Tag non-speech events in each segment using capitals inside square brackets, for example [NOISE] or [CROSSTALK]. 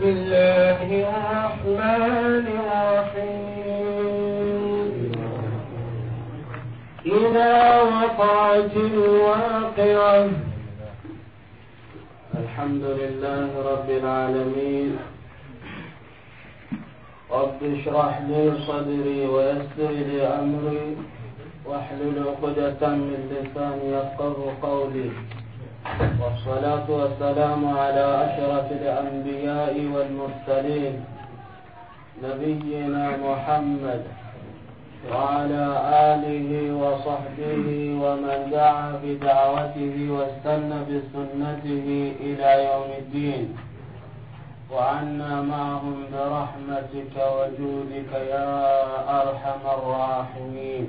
بسم الله الرحمن الرحيم إذا وقعت الواقعة الحمد لله رب العالمين رب اشرح لي صدري ويسر لي أمري واحلل عقدة من لساني يفقه قولي والصلاة والسلام على أشرف الأنبياء والمرسلين نبينا محمد وعلى آله وصحبه ومن دعا بدعوته واستنى بسنته إلى يوم الدين وعنا معهم برحمتك وجودك يا أرحم الراحمين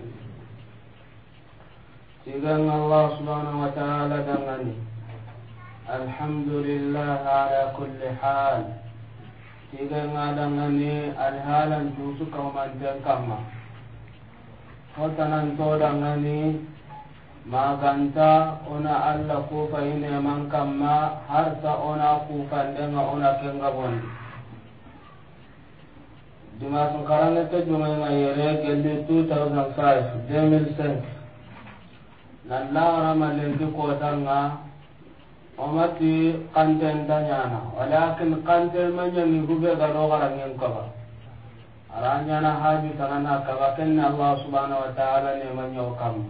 Sigang الله سبحانه وتعالى دمني الحمد لله على كل حال إذا ما دعني الحال أن توسك ومن تنكما وتنان تودعني ما كنت أنا ألا كوفا إني من كما هرتا أنا كوفا لما أنا كنغبون جمعة سنقرانة جمعة يريك اللي 2005 2005 nan laara ma lenki kootanga omati kanten dañana walakin kante mañani hube gado garangen kaba ara ñana hajutanana kaba kenni allah subhanau wa taala nemañoo kamma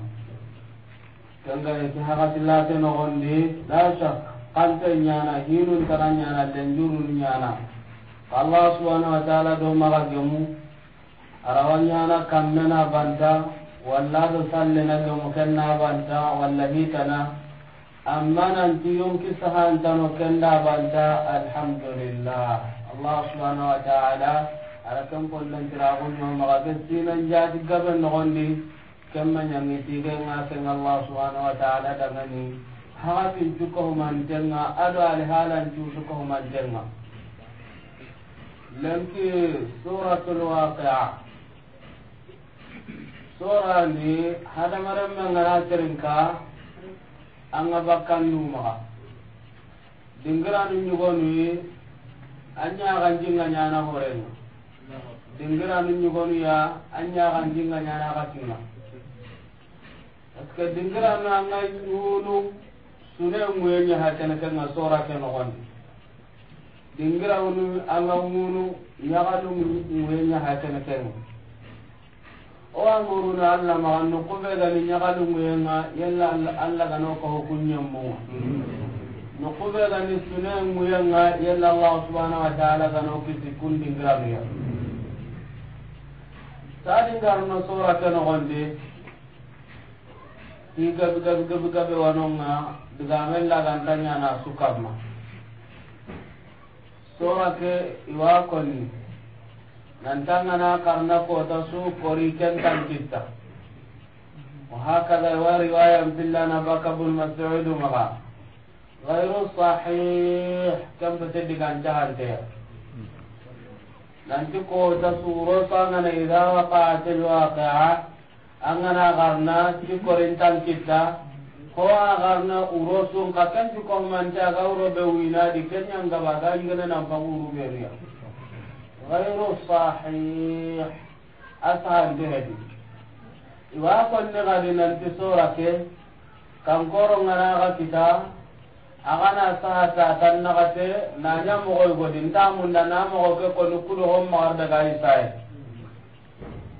kengane ti hakatillate nogondi la shak kante ñana hinun tana ñana lenjurun ñana allah subhanau wa taala do maga gemu na ñana kammena banta walla do sallenangemu kenna banta walla hitana amma nanti yonki no kenda banta alhamdulillah allah subhanahu wa taala ala ken kollentiraguño maxa ken sinan jati gabe noxondi kemma ñangi allah subhanahu wa taala dangani suratul an an ya ga bakkan numaxa dingiranu ñugonuye a ñaxanjinga ñana horenga dingiranu ñugonuya a ñaxanjinga ñana xatinga parce que dingiranu anga ñunu sune ŋuye ñaha kene kene kenga sora ke noxondi dingirawunu anga ŋunu yaxanu ŋuye ñaha kene kene. o amuruna allah maxanno kuɓegani ñagalunguyenga yella allah gano ka hokunñemmunga no kuɓegani sunenguyenga yella allah subhanau wa taala gano kisi kundingiranuya saadingarno sorate nogondi i gabi gabi gabi gabe wanonga digamen lagantañana sukamma sorake iwa konni nantangana karna kota su kori kentan kitta وهكذا ورواية بلنا بك أبو المسعود مغا غير صحيح كم تتدق عن جهل nanti kota suro sangana idha waqa'atil waqi'a angana garna ti korintan kita ko agarna uro sun ka kan ti ko man ta ga uro be wina di kenya nan غير صحيح أسهل بهدي وأقول لغد أنت سورك كم كورو غناغا كتاب agana saha tatan nagate nanya mogoy godi nta munda na mogo ke konu kudo hom magar daga isaye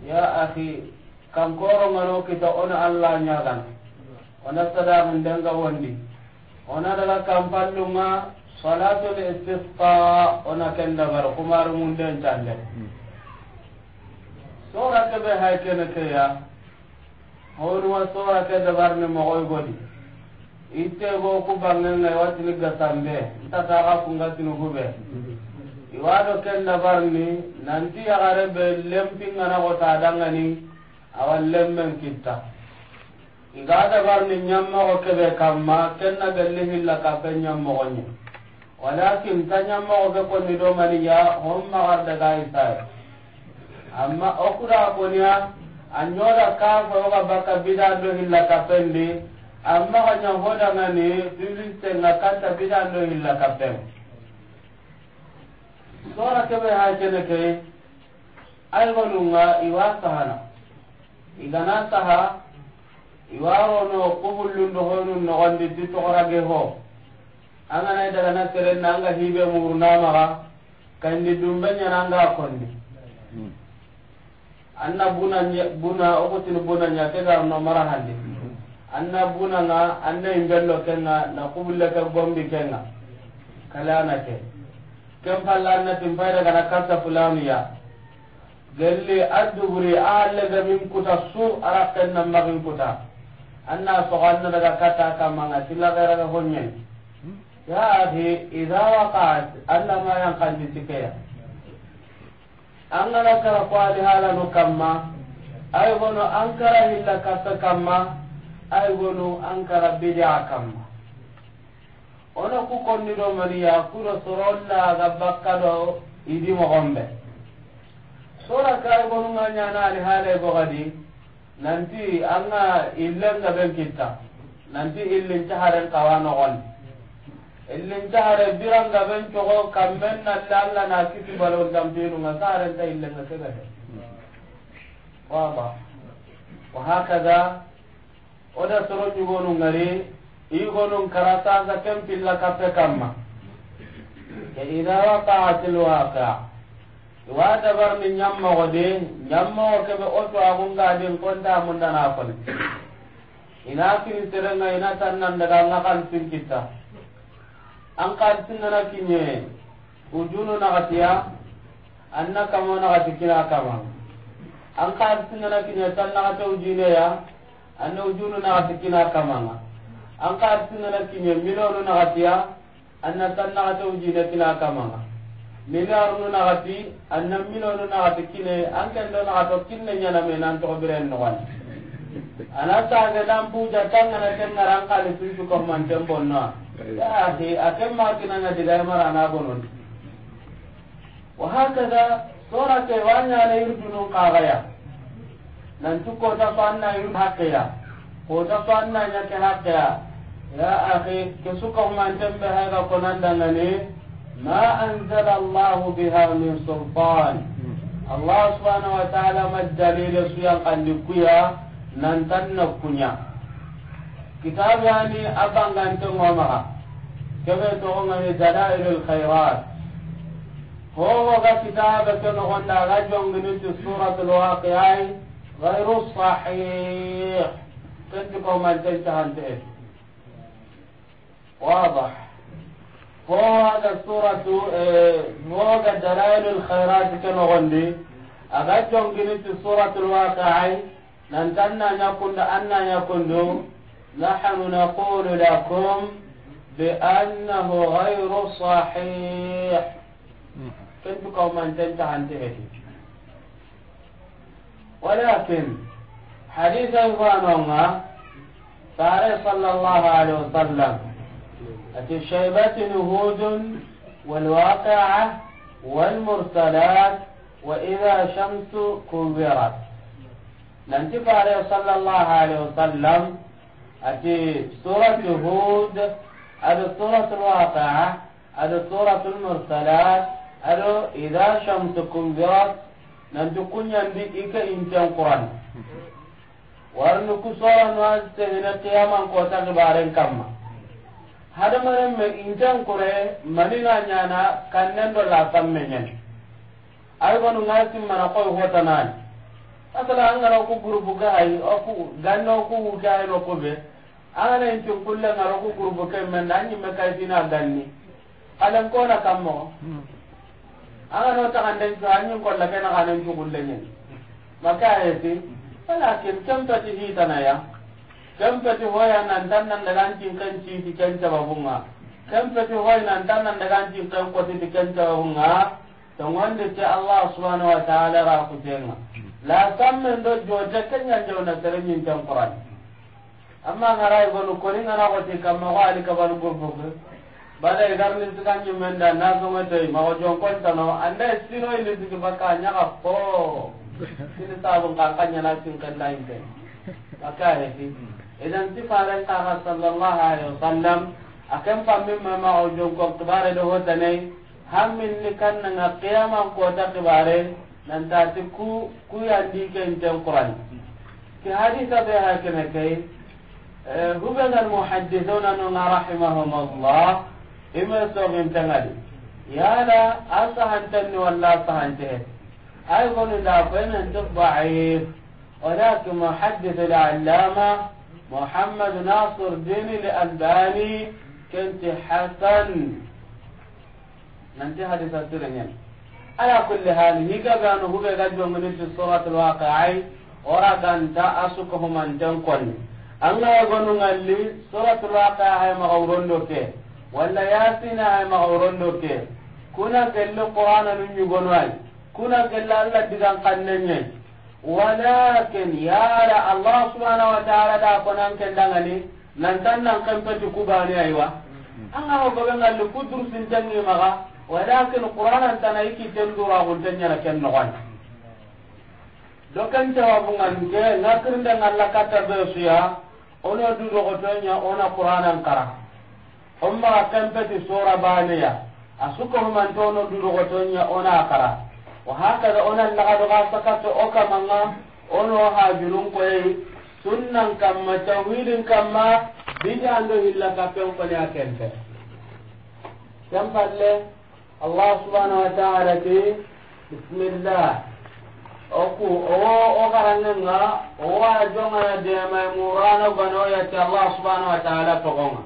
ya akhi kam koro ngano kita ona allah nyagan ona sada mundenga wondi salatul istisqa ona kenda gar kumar munden tande hmm. sora ke be hay kene ke ya hon wa sora ke dabar ne mo goy godi ite go ku bangen na wati ni gasambe ita ta ga ku ngatinu hube hmm. iwado ken dabar ni nanti ya gare be lemping na ko ta danga ni awal lemmen kitta iga dabar ni nyamma ko ke be kamma ken na galle hilla ka be nyamma ko ni walakin tanyammogo ɓe konni ɗo maniya homma gardaga isay amma okuda koniya a ñoda kafa oga bakka bidan ɗo hilla kapendi amma ka ña hodangani publicitenga katta bidan ɗo hilla kapen sora keɓe ha kene key aygonunga iwa sahana igana saha iwa iwarono kuhullundo honun nogondi ti togorage ho anga na daga na seren na anga hibe muru na maka kandi dumbe nyana anga kondi hmm. anna buna buna okotin buna nya ke gar no mara hande anna buna nga anna imbello kenga na kubulle ka bombi kenga kala na ke kem palla na timpaira kana karta fulani ya gelli adubri alle ga min kuta su arakan na magin kuta anna so anna daga kata ka kamanga tilaga raga honyen هذه إذا وقعت ألا ما ينقل بسكية أنا لك رقوالي هالا نكما أيضا أنكر إلا كسكما أيضا أنكر بدع كما ona ku konni do mariya kuro sorolla bakka do idi mo gombe sora kay gonu ma nyana ali hale go gadi nanti illen ga ben kitta nanti illen taharen kawano gonni ilin tahare biran ga ben togo kamben na talla na kiti balon dambinu ma sare ta illen ga kega he waba wa da oda soro jugonu ngari igonu karata ga tempilla kape kamma ke ida waqa'at alwaqi' wa k'a dabar min nyamma gode nyamma o kebe oto agunga den konda munda na fali ina kiri na ina nan daga ngakan sirkita an qadtinna kinye ujunu nagatiya anna kama nagati kina kama an qadtinna kinye tan nagata ujine ya anna ujunu nagati kina kama an qadtinna kinye milonu nagatiya anna tan nagata ujine kina kama miliarnu nagati anna milonu nagati kine an kendo nagato kinne nyana menan to biren nogani ana sage dan puja tangana ten ngaran kali susu ko man ten bonna ahi akem ma kinanga diga mara na gonon wa hakaza sora ke wanya na yurdunun qagaya nan tu ko ta fanna yur hakaya ko ta fanna nya ke hakaya ya akhi ke suka man tambe haga konan dangane ma anzala allah biha min sultan allah subhanahu wa ta'ala madalil suyan kandikuya nan na kunya kitabani abangante ngomaka كبيت عمر دلائل الخيرات هو كتابة غنى رجل من السورة الواقعة غير الصحيح تدكم من تنتهى واضح هو هذا سورة موقع إيه، دلائل الخيرات كنغندي أغجم قلت سورة الواقع ننتنى يكون أن يكون نحن نقول لكم بأنه غير صحيح كنت طيب قوما عن انتهت ولكن حديث إخوانهما فاري صلى الله عليه وسلم أتي الشيبة نهود والواقعة والمرسلات وإذا شمس كبرت ننتي عليه صلى الله عليه وسلم أتي سورة هود ado suratul waqi'a ado suratul mursalat ado idha shamsu kunzirat nanti kunyandi ike inten quran warni ku soranu asenene qiyaman kota kibaren kamma hadamaren me inten kure manina nyana kannen do lasamme nyani ay gonu ngasim mana koy hotanani asala angara ku gurupu ga agana intin kulle ngaro ku gurbu kai men da nyimme kay dina ganni alan ko na kammo agano ta kanden to anyin ko kai na agana ju kulle nyen maka ayati walakin kam ta ti hitana ya kam ta ti hoya nan dan nan da kan cin kan ci ti kan ta bunga kam ta ti hoya nan dan nan da kan cin kan ko ti kan ta bunga to wanda ce Allah subhanahu wa ta'ala ra ku tenga hmm. la sammen do jote na jona terenyin tan qur'an amma ngara igonu koni ngana gote kamma ko ali kabalu gobogo bada idarni sikanyi menda nasongotoi mako jonkontano anda sino ini sigi baka nyaka po sini sabun kaka nyana sinkentainte aka heti idan ti faren kaka sallallahu alaihi wasallam akan pamme mama o jonko kibare do hotane min ni kanna nga qiyama ko ta kibare nan ta ti ku ku ya di ken tan qur'an ki hadisa be hakene kai هبل المحدثون أن رحمهم الله إما سوغن تنغالي يا لا أصحنتني ولا أصحنته أيضا لا فإن أنت ضعيف ولكن محدث العلامة محمد ناصر الدين الألباني كنت حسن ننتهي حديث السيرين على كل حال هيك بأنه هو قد من الصورة الواقعي ورا كانت أسكهم أن تنقلني anga yagonu ngalli suratu raqa hay magawrondo ke walla yasina hay magawrondo ke kuna gelle qur'ana nu nyugonu ay kuna gelle allah digan kannenye walakin yara allah subhanahu wa ta'ala da konan kendangani nan tan nan kan pati kubani aywa anga hogobe ngalli kudur sintangi maga walakin qur'ana tana yiki tendura guntanya na ken nogon dokan ngalli ke ngakir ngalla kata kata suya. ona du dogo tonya ona qur'anan qara umma kampati sura baniya asuko man tono du dogo ona qara wa hakada ona laga doga sakato oka manga ono ha junun koyi sunnan kamma tawhidin kamma bid'a ando hilla ka pen ko ya kempe tempalle allah subhanahu wa ta'ala ti bismillah oku owo ogarannenga owa jongana demay murana ganoyati allah subhanau wa taala togonga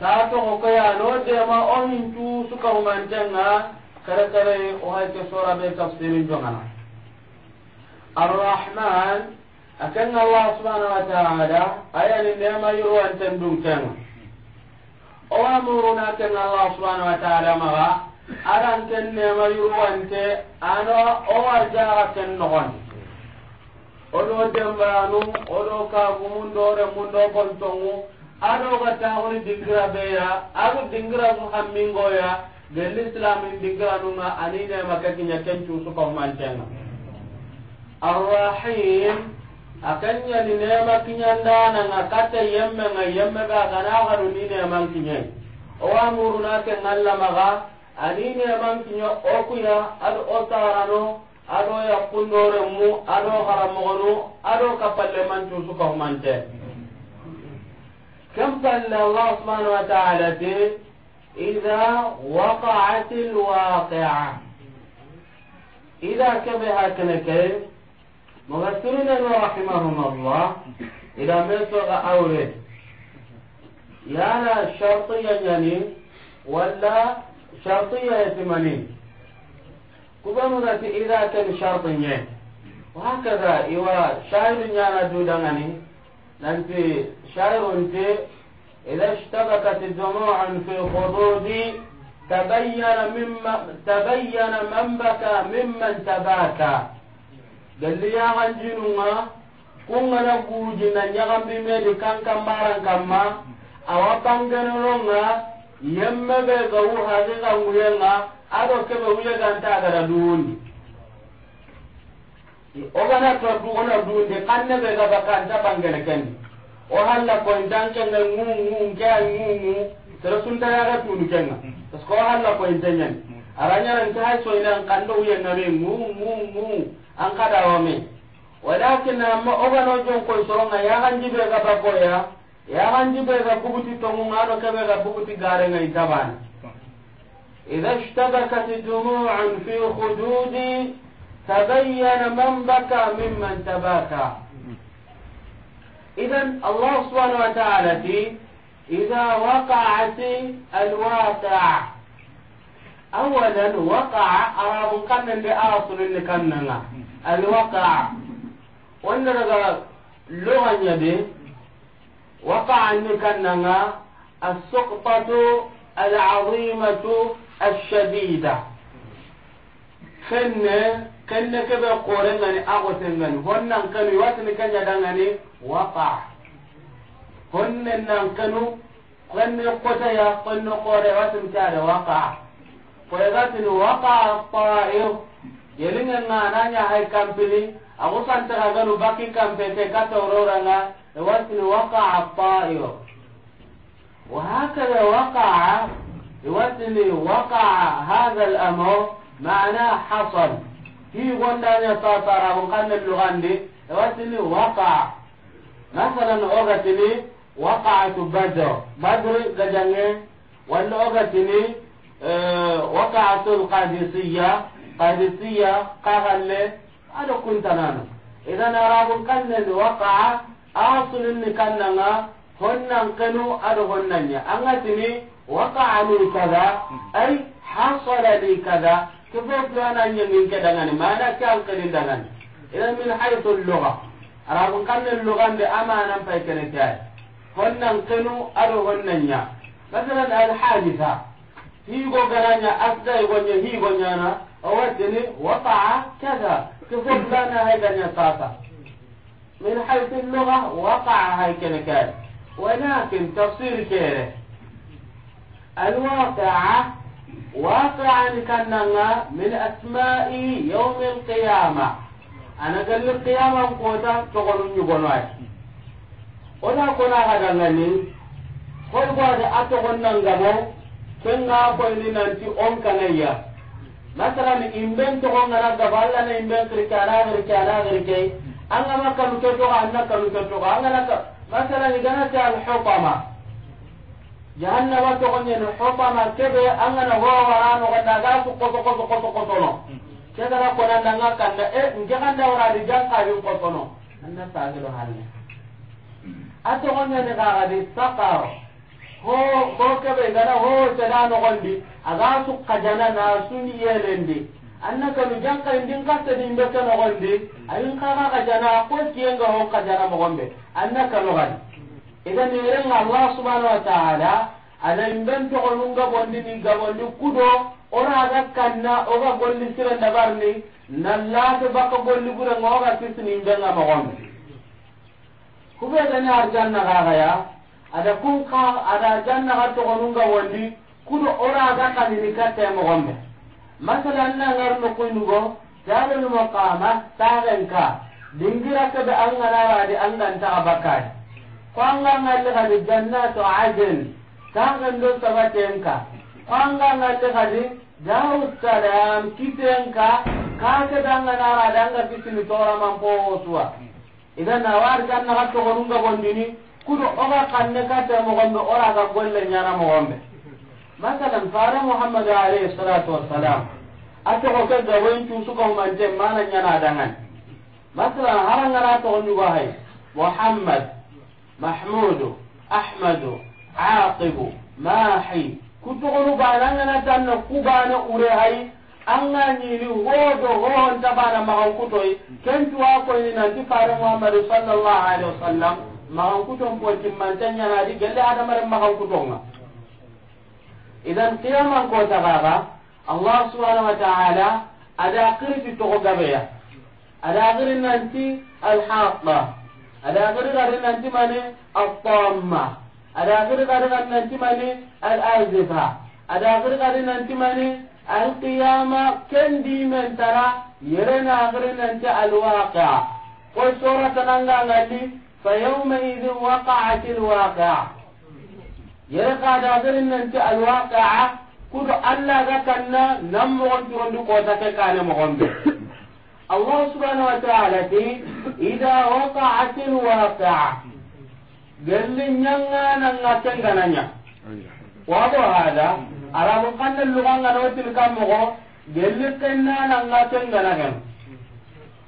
Ta togo koya no dema o omintu sukahumantenga kare kare ohayke sorabe tafsirin jongana arrahman akenga allah subhanau wa taala ayani nema yirwanten dunkenga owamuruna kenga allah subhanau wa taala maga adanten nema yurwante ano o warjaxa ken noxon oɗo dembanu oɗo kaagu mum ɗo remum ɗo koltongu aɗogataxuni dingira ɓeya aɗu dingiranu xammingoya gel islamin dingiranuga ani nema ke kiña ken cuusukommantenga arrahim a ken ñani nema kiñandananga katte yemmenga yemme ɓe a ganaxanu ni neman kiñen owa muruna ken allamaxa anine mankiño o kuya aɗo o sarano aɗo yakkundoremu aɗo haramogonu aɗo kapalle mancusu kahumante kem palle allah subhanau wa taala te ida waqaat lwaqia ida keɓe ha kene ke mufassirinano rahimahum allah ida me soga awre walla shartiya yatimani kubanunati ida ken sharti nye wahakaza iwa shairu ñana dudangani nanti shairunte ida ishtabakat jumuan fi hududi tabayyana mimma tabayyana man baka mimman tabaka galli yaxanjinunga kungana gurujina ñaxambimedi kankan maran kamma awa pangenolonga yemme be ga wu hage ga nguyenga ado kebe wule ganta agara duundi ogana tordu ona duundi kanne be ga bakanta bangene kendi o halla kointankenga ngungu nkea ngungu sere suntayaga tunu kenga parce que o halla kointeñani aranyaranti hay soyne an kando wuyengame ngungu ngungu an kadawame walakin amma ogano jonkoy soronga yaganjibe ga bakoya yaganji be ga buguti tongu ngano kebe ga buguti gare ngai tabani idha ishtadakat dumu'un fi khududi tabayyana man baka mimman tabaka idan allah subhanahu wa ta'ala ti idha waqa'at alwaqi' awalan waqa'a arabun kannan da arasulun kannanga alwaqi' wanda daga luganya de وقع نكنا السقطة العظيمة الشديدة كن كن كبه قورنغني أغوتنغني هن كن يواتن كن يدنغني وقع هن كانوا كن قتيا كن قوري واتن كاد وقع koyegatini waqa ta'ir yelingenga ananya hay kampini agu santagaganu baki kampete katororanga وزن وقع الطائر وهكذا وقع وزن وقع هذا الأمر معناه حصل في غندان يتاطر وقال اللغاندي وزن وقع مثلا أغتني وقعت بدر بدر لجنة ولا آه، وقعت القادسية قادسية قاغل هذا كنت أنا إذا أراد قلنا وقع asunun ni nga honnan kanu ya. honnanya angatini waka li kaza ay hasala di kaza kifo fulana ñangin ke dangani maana ke an kani dangani ila min luga arabu kanna luga ndi amanan pay kene kay honnan kanu honnan ya masalan al haditha higo garanya asda nya higo nyana awatini waqa'a kaza kifo fulana haydanya sasa من حيث اللغة وقع هاي كنكات ولكن تفسير كيره الواقعة واقعا كاننا من أسماء يوم القيامة أنا قال القيامة قوتا تقول نيبوناي ona kona hadangani koy boade atogonnangamo kenga koyni nanti on kanayya masalan imben togongana gaba allah na imben kirke ana kirke ana kirke anga ma kanu ke to anna kanu ke to anga la ka masala ni gana ta al hutama jahannama to gonya no hutama kebe anga na wa wa no ga da ga ko ko ko ko ko no ke da ko nan nan kan da e nge kan da ora di jan ka bi ko ko no anna ta ga lo halle ato gonya ne ga ga di saqar ho ho kebe gana ho ta da no gondi aga su kajana na suni yelendi annaka nu jankan din katta din be ta nogondi ayin kaga ka jana ko tiyenga ho ka jana mogombe annaka nogani idan irenga allah subhanahu wa ta'ala anan ben to onunga bondi ni gabondi kudo ora ga kanna oga golli sira dabarni nalla to baka golli bure ngoga tisni benga mogombe kube ganya arjanna gaga ya ada kun ka ada janna ga to onunga bondi kudo ora ga kanini katta mogombe masalan na ngar no kuinugo darul muqama tarenka dingira ka be an ngara di an dan ta abakai ko an ngal ka di jannatu adn tarenka do sabatenka ko an ngal ka di daru salam kitenka ka ka dan ngara dan ga bisini tora man po suwa idan na war kan na ka to ko ndini kudo oga kanne ka ta mo gombe ora ga golle nyana mo gombe masalan fare muhammad alayhi salatu wassalam ate ko ke da wen tu su ko man je mana nyana masalan haranga na to nyu ba hay muhammad mahmud ahmad aqib mahi kutu ko ba nan na tan ku ba na ure hay anga nyiri wodo ho nta bana ma ko to ken tu ko ni na ti fare muhammad alaihi ko idan qiyaman ko tagaga allah subhanahu wa ta'ala ada kirti to gabeya ada girin nanti al haqa ada girin garin nanti mane al tamma ada girin garin nanti mane al azifa ada girin garin nanti mane al qiyama kendi men tara yerena girin nanti al waqa ko sura tananga ngali fa yawma idhin waqa'atil waqa' yere kada garin nan ta alwaqa'a kudo Allah ga kanna nam mo on to ndu ko ta ka ne mo on [COUGHS] Allah subhanahu wa ta'ala ti idha waqa'atil waqi'a galli nyanga nan na tanga nanya wa do hada arabu kanna luganga no til kam mo galli kanna nan na tanga nanya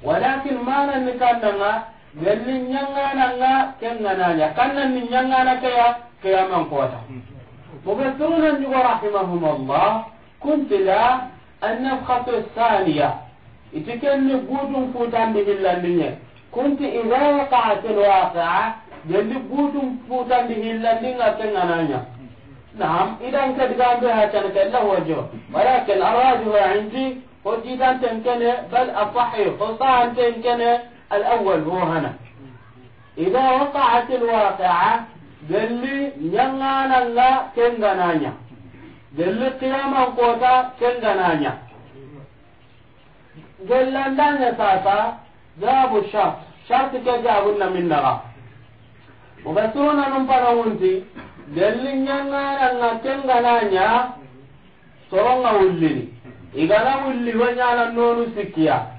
walakin mana ni kanna yalli nyangana nga kengana nya kanna ni nyangana kaya kaya man kota mufassiruna ni rahimahum allah kunti la an nafkhatu thaniya itikenni budun futan di hillandinya kunti idha waqa'at alwaqi'a yalli budun futan di hillandinga kengana nya نعم إذا أنت تقام بها كانت له وجه ولكن أراده عندي قلت إذا أنت بل أصحي خصا kene. الأول هو هنا إذا وقعت الواقعة قال لي نيانا لا كنغنانيا قال لي قياما قوتا كنغنانيا قال لندان ساسا جابوا الشرط شرط كجابنا من نغا وغسونا نمبرونتي قال لي نيانا لا كنغنانيا soronga wullini igana wulli wanyana nonu sikkiya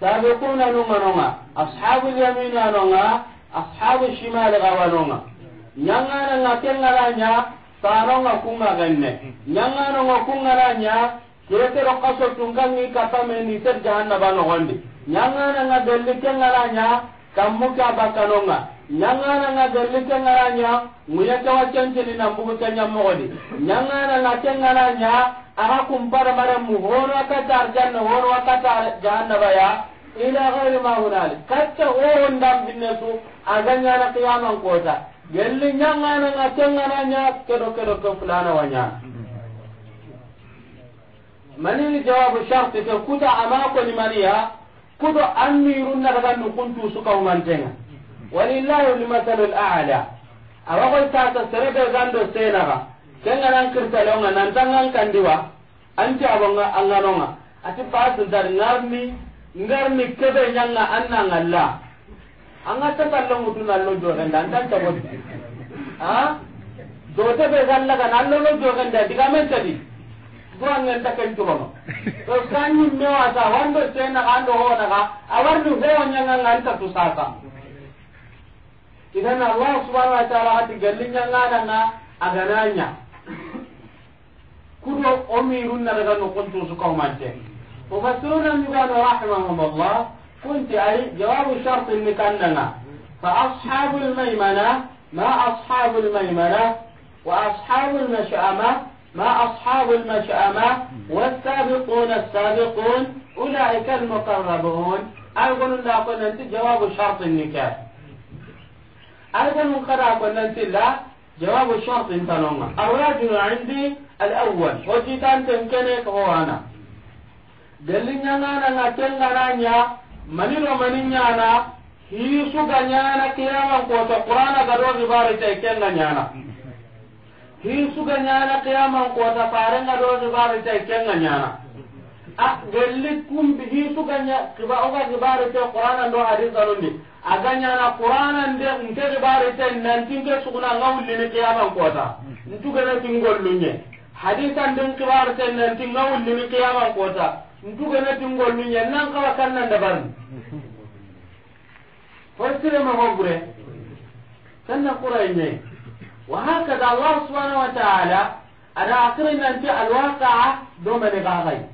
sabiquna numanonga ashabu lyamini anonga ashabu shimali gawanonga ñangananga kengaranya saronga kungagenne ñanganonga kungaranya ketero kaso tungangi kapamendi ter jahannaba nogondi ñangananga delli kengaranya kammuke abakkanonga nyangana nga berlite ngaranya munya tawa cenceni na mbugu kanya mogodi nyangana nga tengaranya ara kumpara bara mu hono akata horo ka akata jahannaba baya ila ghairi ma hunal katta hoho ndam binnesu na qiyamang kota gelli nyangana nga tengaranya kedo kedo ke fulana mani manini jawabu sharti ke kuta amako ni mariya kudo anmirunna daga nukuntu suka umantenga walillahi almasalul a'la awa ko tata serebe gando senaga kenga nan kirta longa nan tangan kandiwa anti abonga anganonga ati pasun dar ngarmi ngarmi kebe nyanga anna ngalla anga tata longu dunallo jore ndan tan tabot ha do dote be galla kan allo lo jore ndan digamen tadi burangen ta ken ma [LAUGHS] to kanyi mewa sa wando sena ando hona ga awardu hewa nyanga nganta tu sa. idan allah subhanahu wa ta'ala ati gallinya ngana na agananya kudo omirun na daga no kuntu su ko mante mufassiruna ni ga no rahimahumullah kunti ay jawabu shart ni kannana fa ashabul maymana ma ashabul maymana wa ashabul mash'ama ما أصحاب المشأمة والسابقون السابقون أولئك المقربون أقول لك أنت جواب شرط النكاح أرجو كرا كنا تلا جواب الشرط تنونا الراجل عندي الأول وجيتان تنكنك هو أنا قال لي na أنا تلنا manino mani ñana hiisu ga ñana kiyama kota qur'ana ga do gibare tay kenga ñana hiisu ga ñana kiyama kota fare ga do gibare tay kenga ñana a gelli kum bihi suganya kiba oga gibare te qur'ana ndo hadis alundi aganya na qur'ana nde nke gibare te nanti nke suguna ngawulli ne qiyamam kota ntuga na tingollunye hadis andin kibare te nanti ngawulli ne qiyamam kota ntuga na tingollunye nan kawa kanna da ban ma hobure kanna qur'anye wa hakada allah subhanahu wa ta'ala ana nanti alwaqa'a do mane gagai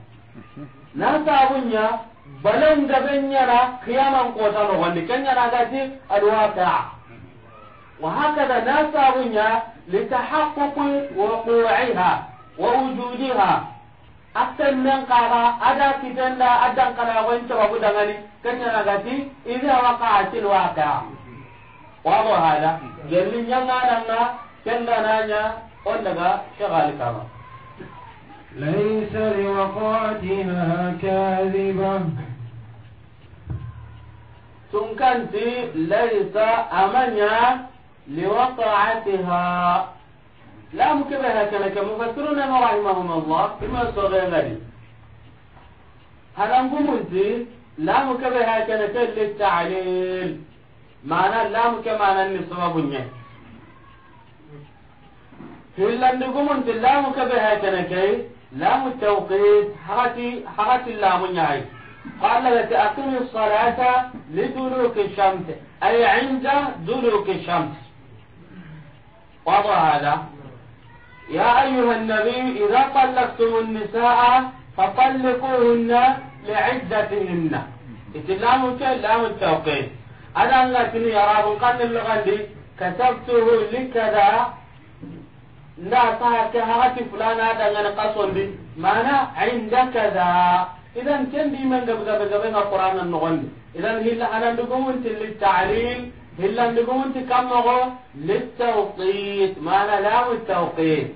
nan sabunya balan gabe nyara kiyaman kota no wandi kenya ragati ta wa hakada nan sabunya litahaqquq wuqu'iha wa wujudiha akan nan qara ada kitanda adan kana wanca babu dangani kenya ragati idza waqa'at alwaqa wa hada gelli nan na kenda nanya on daga shagali kama ليس لوقعتها كاذبة سمكنت ليس أمنيا لوقعتها لا مكبه كلك أنا رحمهم الله بما صغير غري هل أنكم لا مكبه كلك للتعليل معنى لا مكمعنى السبب نيه hillandi gumunti lamu kebe hekenekei لام التوقيت حرتي حركة اللام نعي قال لك أقم الصلاة لدلوك الشمس أي عند دلوك الشمس وضع هذا يا أيها النبي إذا طلقتم النساء فطلقوهن لعدتهن إتلام لام التوقيت أنا لكن يرى قال اللغة كتبته لكذا لا تاك هاتف لا نادى أن قصر بي معنى عند كذا إذا كان دي من قبل قبل قبل قرآن النغني إذا هل أنا بقول أنت للتعليل هل أنا بقول أنت كم نغو للتوقيت معنى لا والتوقيت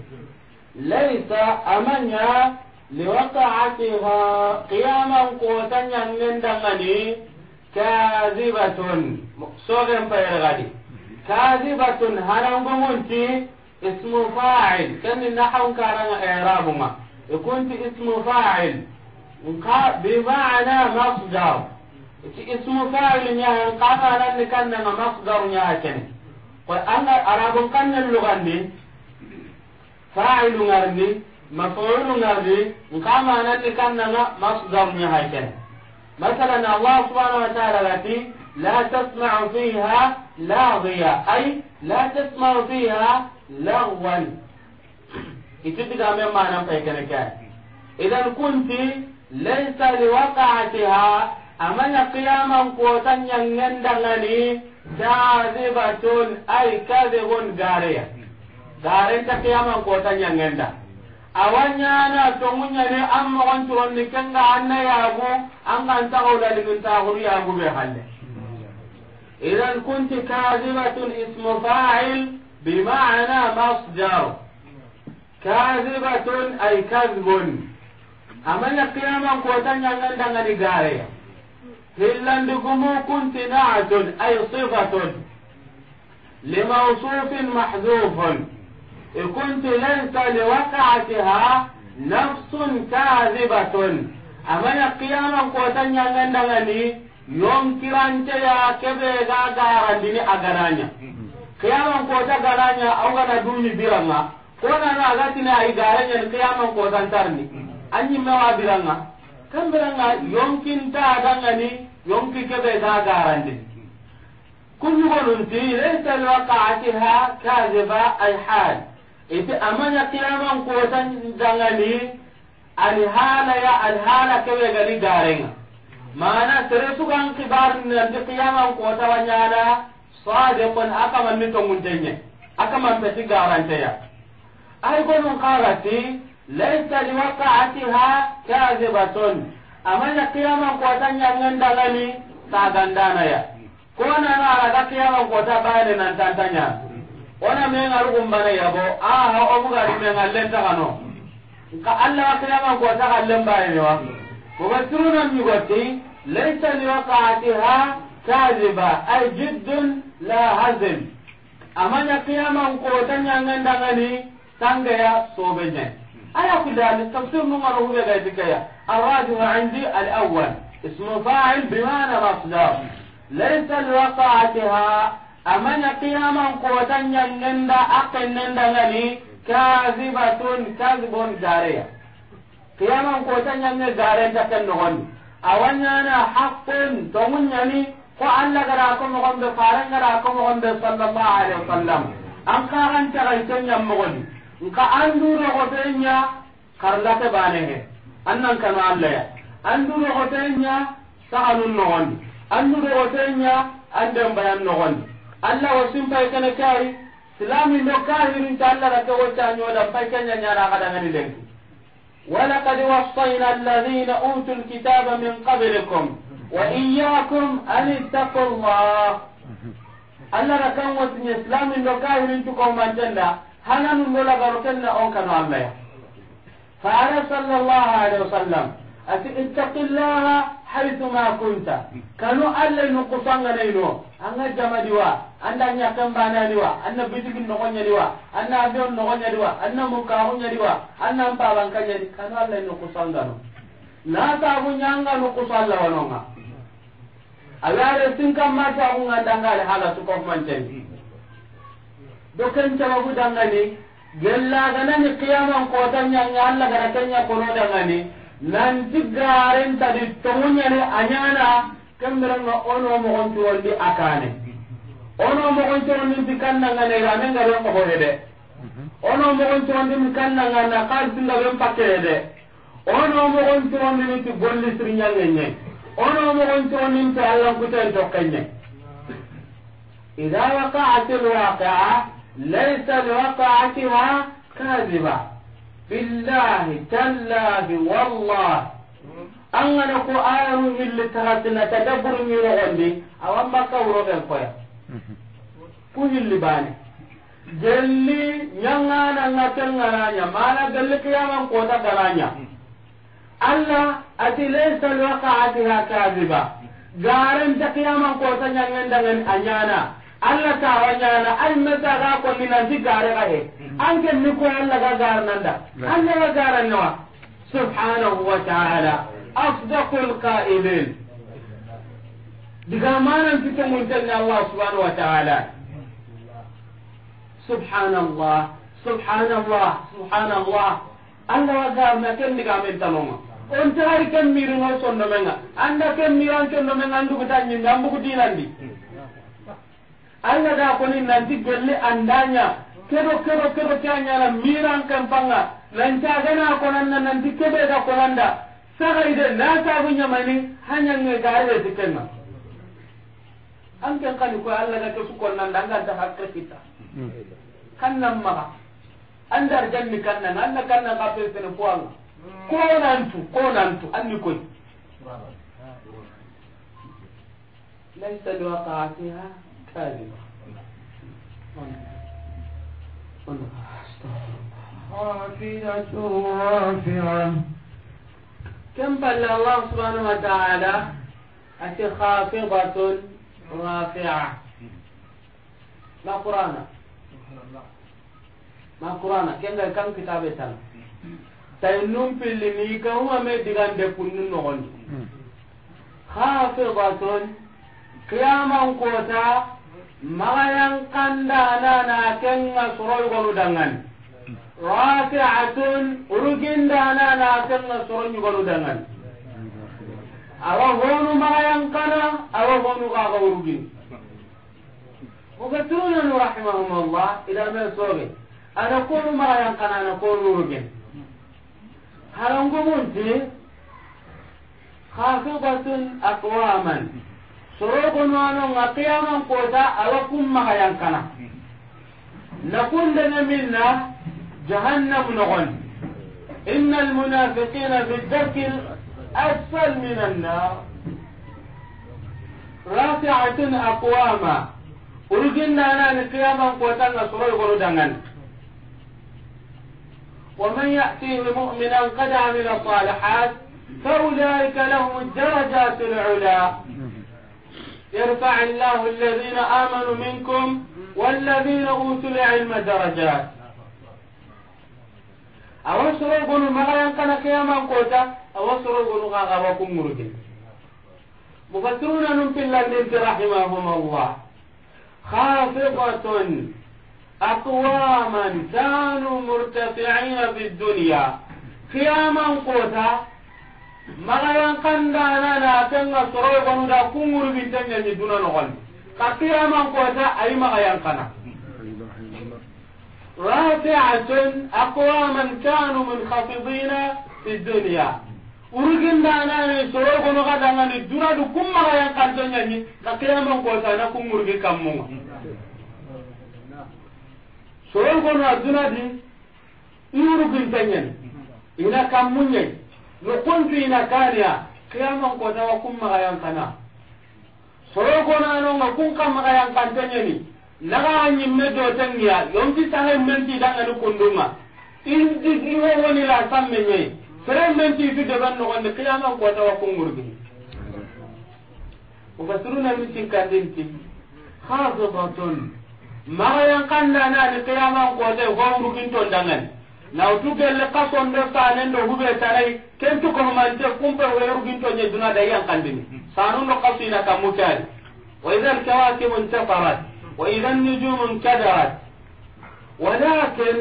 ليس أمنيا لوقعتها قياما قوتا من دمني كاذبة مقصود في الغد كاذبة هل أنا بقول ismu fa'il kanni nahwu karanga i'rabunga ikunti ismu fa'il nka bi ma'ana masdar ti ismu fa'il nya han qata nan ni kanna ma masdar nya ken ko anga arabun kanna lugandi fa'il ngarni maf'ul ngarni nka ma nan ni kanna ma مثلا الله سبحانه وتعالى التي لا تسمع فيها لاغية أي لا تسمع فيها لغوا يتدقى من معنى فيكنك إذا كنت ليس لوقعتها أمن قياما قوتا ينندغني كاذبة أي كذب غارية غارية قياما قوتا ينندغ awanyana tonguñani an mogontironni kenga anna yagu an kan tagawlalingintaxuru yagu ɓe halle idan kunti kadibatun ismu fa'il بمعنى مصدر كاذبة أي كذب أما القيامة قوتان يغنى دعني قارية هلان دقمو كنت نعت أي صفة لموصوف محذوف كنت ليس لوقعتها نفس كاذبة أما القيامة قوتان يغنى دعني يوم كرانتيا كبه غاغارا دني أغرانيا kiyaman kota garanya au gana duni biranga ko na na agatina ay garanya ni kiyaman kota antarni anyi mewa biranga kan biranga yonkin ta adanga ni yonki kebe da garande kun yugo nunti laysa alwaqa'atiha kadhiba hal ite amanya kiyaman kota dangani alhala ya alhala kebe gali garenga mana tere sugan kibar ni ande kiyaman kota wanyana sadiqun akaman ni tonguntenye akaman peti garanteya ay gonun karati laysa liwaqa'atiha kadhibatun amanya qiyaman na ngendagani sagandanaya konana ko qiyaman kuwata bayane tantanya ona ri yabo aha obugari mengallentakano nka allah wa ko wa ko kallen bayanewa mubassiruna nyugoti laysa waqa'atiha kaziba ay jiddun la hazim amanya qiyaman ko tanya nganda ngani tangaya sobenya ala kudal tafsir nu maro hube ga dikaya الراجح عندي الأول اسم فاعل بمعنى مصدر ليس لوقعتها أمن قياما قوتا ينند أقل نندغني كاذبة كذب جارية قياما قوتا ينند جارية تكنغني أولا حق تمنيني ko alla gara ko mo gombe faran gara ko mo gombe sallallahu alaihi wasallam an ka ran ta kai tanya mo nka an duro ko tanya karla ta bane he annan kan alla ya an duro ko tanya sahalun no an duro ko tanya an dan bayan no goni alla wasim pai kana kari silami no kahirin ta alla ra ko tanyo da pai kanya nyara kada ngani lenki ولقد وصينا الذين أوتوا الكتاب من قبلكم وإياكم أن اتقوا الله Allah da kan wasu ne islamin da kahirin ci ko mancan da hananun dola garutan na on kanu amma ya fara sallallahu alaihi wasallam ati ittaqillaha haythu ma kunta kanu alla nu kusanga ne no anga jama diwa anda nya kan bana diwa anna bidigin no gonya diwa anna abion no gonya diwa anna mukahu nya diwa a wiyaren sin kam ma ta mun ga dangare haga su kofu man can do kan tawa bu dangane gella ga nan ne qiyamam ko tan nya nya Allah ga tan nya ko no dangane nan tigaren ta di tonya ne anyana kan mera no ono mo on to wali akane ono mo on to min di kan dangane ga men ga ron ko hede ono mo on to min kan dangana kal tin da ron pakke hede ono mo on to min ti bolli sirnya ngene ono mogon conin ta Allah kutai to kenya idza waqa'at alwaqa'a laysa liwaqa'atiha kadhiba billahi tallahi wallahi an gana ko ayanu hilli taratina tadabburu ni rogondi awan makka wuro ken koya ku hilli bani jelli nyanga na ngatel ngana nya mana gelli kiyaman kota garanya alla ati laysa alwaqa'atiha kadhiba garan ta qiyama ko ta nyangen dangan anyana alla ta wanyana ay meta ga ko ni nan di gare ga he an ken ni ko alla ga gar nan da alla ga garan nawa subhanahu wa ta'ala afdaqul qa'ilin diga manan fite mun tan Allah subhanahu wa ta'ala subhanallah subhanallah subhanallah anda garna ken diga men tanonga on taari ken miri no sondo menga anda ken miran sondo menga andu ko tanyi ngambu ko dinandi anga da ko ni nanti gelle andanya kedo kedo kedo tanya la miran kan panga lanta gana ko nan nanti kebe da ko landa sagai de na ta bunya mani hanya ngai ga re tikenna an kan kan ko Allah ga ke su ko nan danga ta hakka hmm. kita kan nan ma andar janni kanna na anna kanna ka pe tene ko an ko nan tu ko nan tu anni koy laysa liwaqa'atiha kadhiba خافضة رافعة كم بل الله سبحانه وتعالى أتي خافضة رافعة لا قرآن ma qur'ana kenga e kan kitabe tan tay num pilli ni ka huma me hmm. kota magayan kanda nana kenga soroy golu dangan hmm. rafi'atun nana kenga golu dangan awa honu kana awa honu urugin nu rahimahumullah ila me ada konu mara yang kana na konu rugen harangu munti khafidatun aqwaman sorogo nono nga qiyaman kota awa mara hayang kana nakundene minna jahannam nogon inna almunafiqina fi darki asfal min annar rafi'atun aqwama ni kiyaman kota nga sorogo no dangani ومن يأتيه مؤمنا قد عمل الصالحات فأولئك لهم الدرجات العلى يرفع الله الذين آمنوا منكم والذين أوتوا العلم درجات أوسر يقول ما غير كان كيما قوتا أوسر يقول غاغا وكم مرجي مفسرون نمت الله رحمهم الله خافضة aqwaman kanu murtafi'ina fi dunya qiyaman kota magayan kandana na tanga soro gonu da kunguru bitanya ni duna no gal ka qiyaman kota ay magayan soro ga du ni ka qiyaman kota na kunguru bi kamunga soron kono aduna di iwurugintanyani ina kammunyai nukuntu ina kaniya kiyaman kota wa kun magayan kana soron kono anonga kun kan magayan kantanyani naga anyimme dotengiya yonki sahe menti dangani kundunga iwowoni la sammenyai sere menti itu deban nogondi kiyaman kota wa kun ngurgini mufasiruna mitin kandinti khasatun maxoyen kandanani qiyaman kote gomrukin ton dangen nawtu gelle kasonde sanendo huɓe taray kentu kohmante kumpe werugin toñe duna da yankandini sanundo kasina kammu cari wa ida alkawakibu intasarat wa ida annijumu inkadarat walakin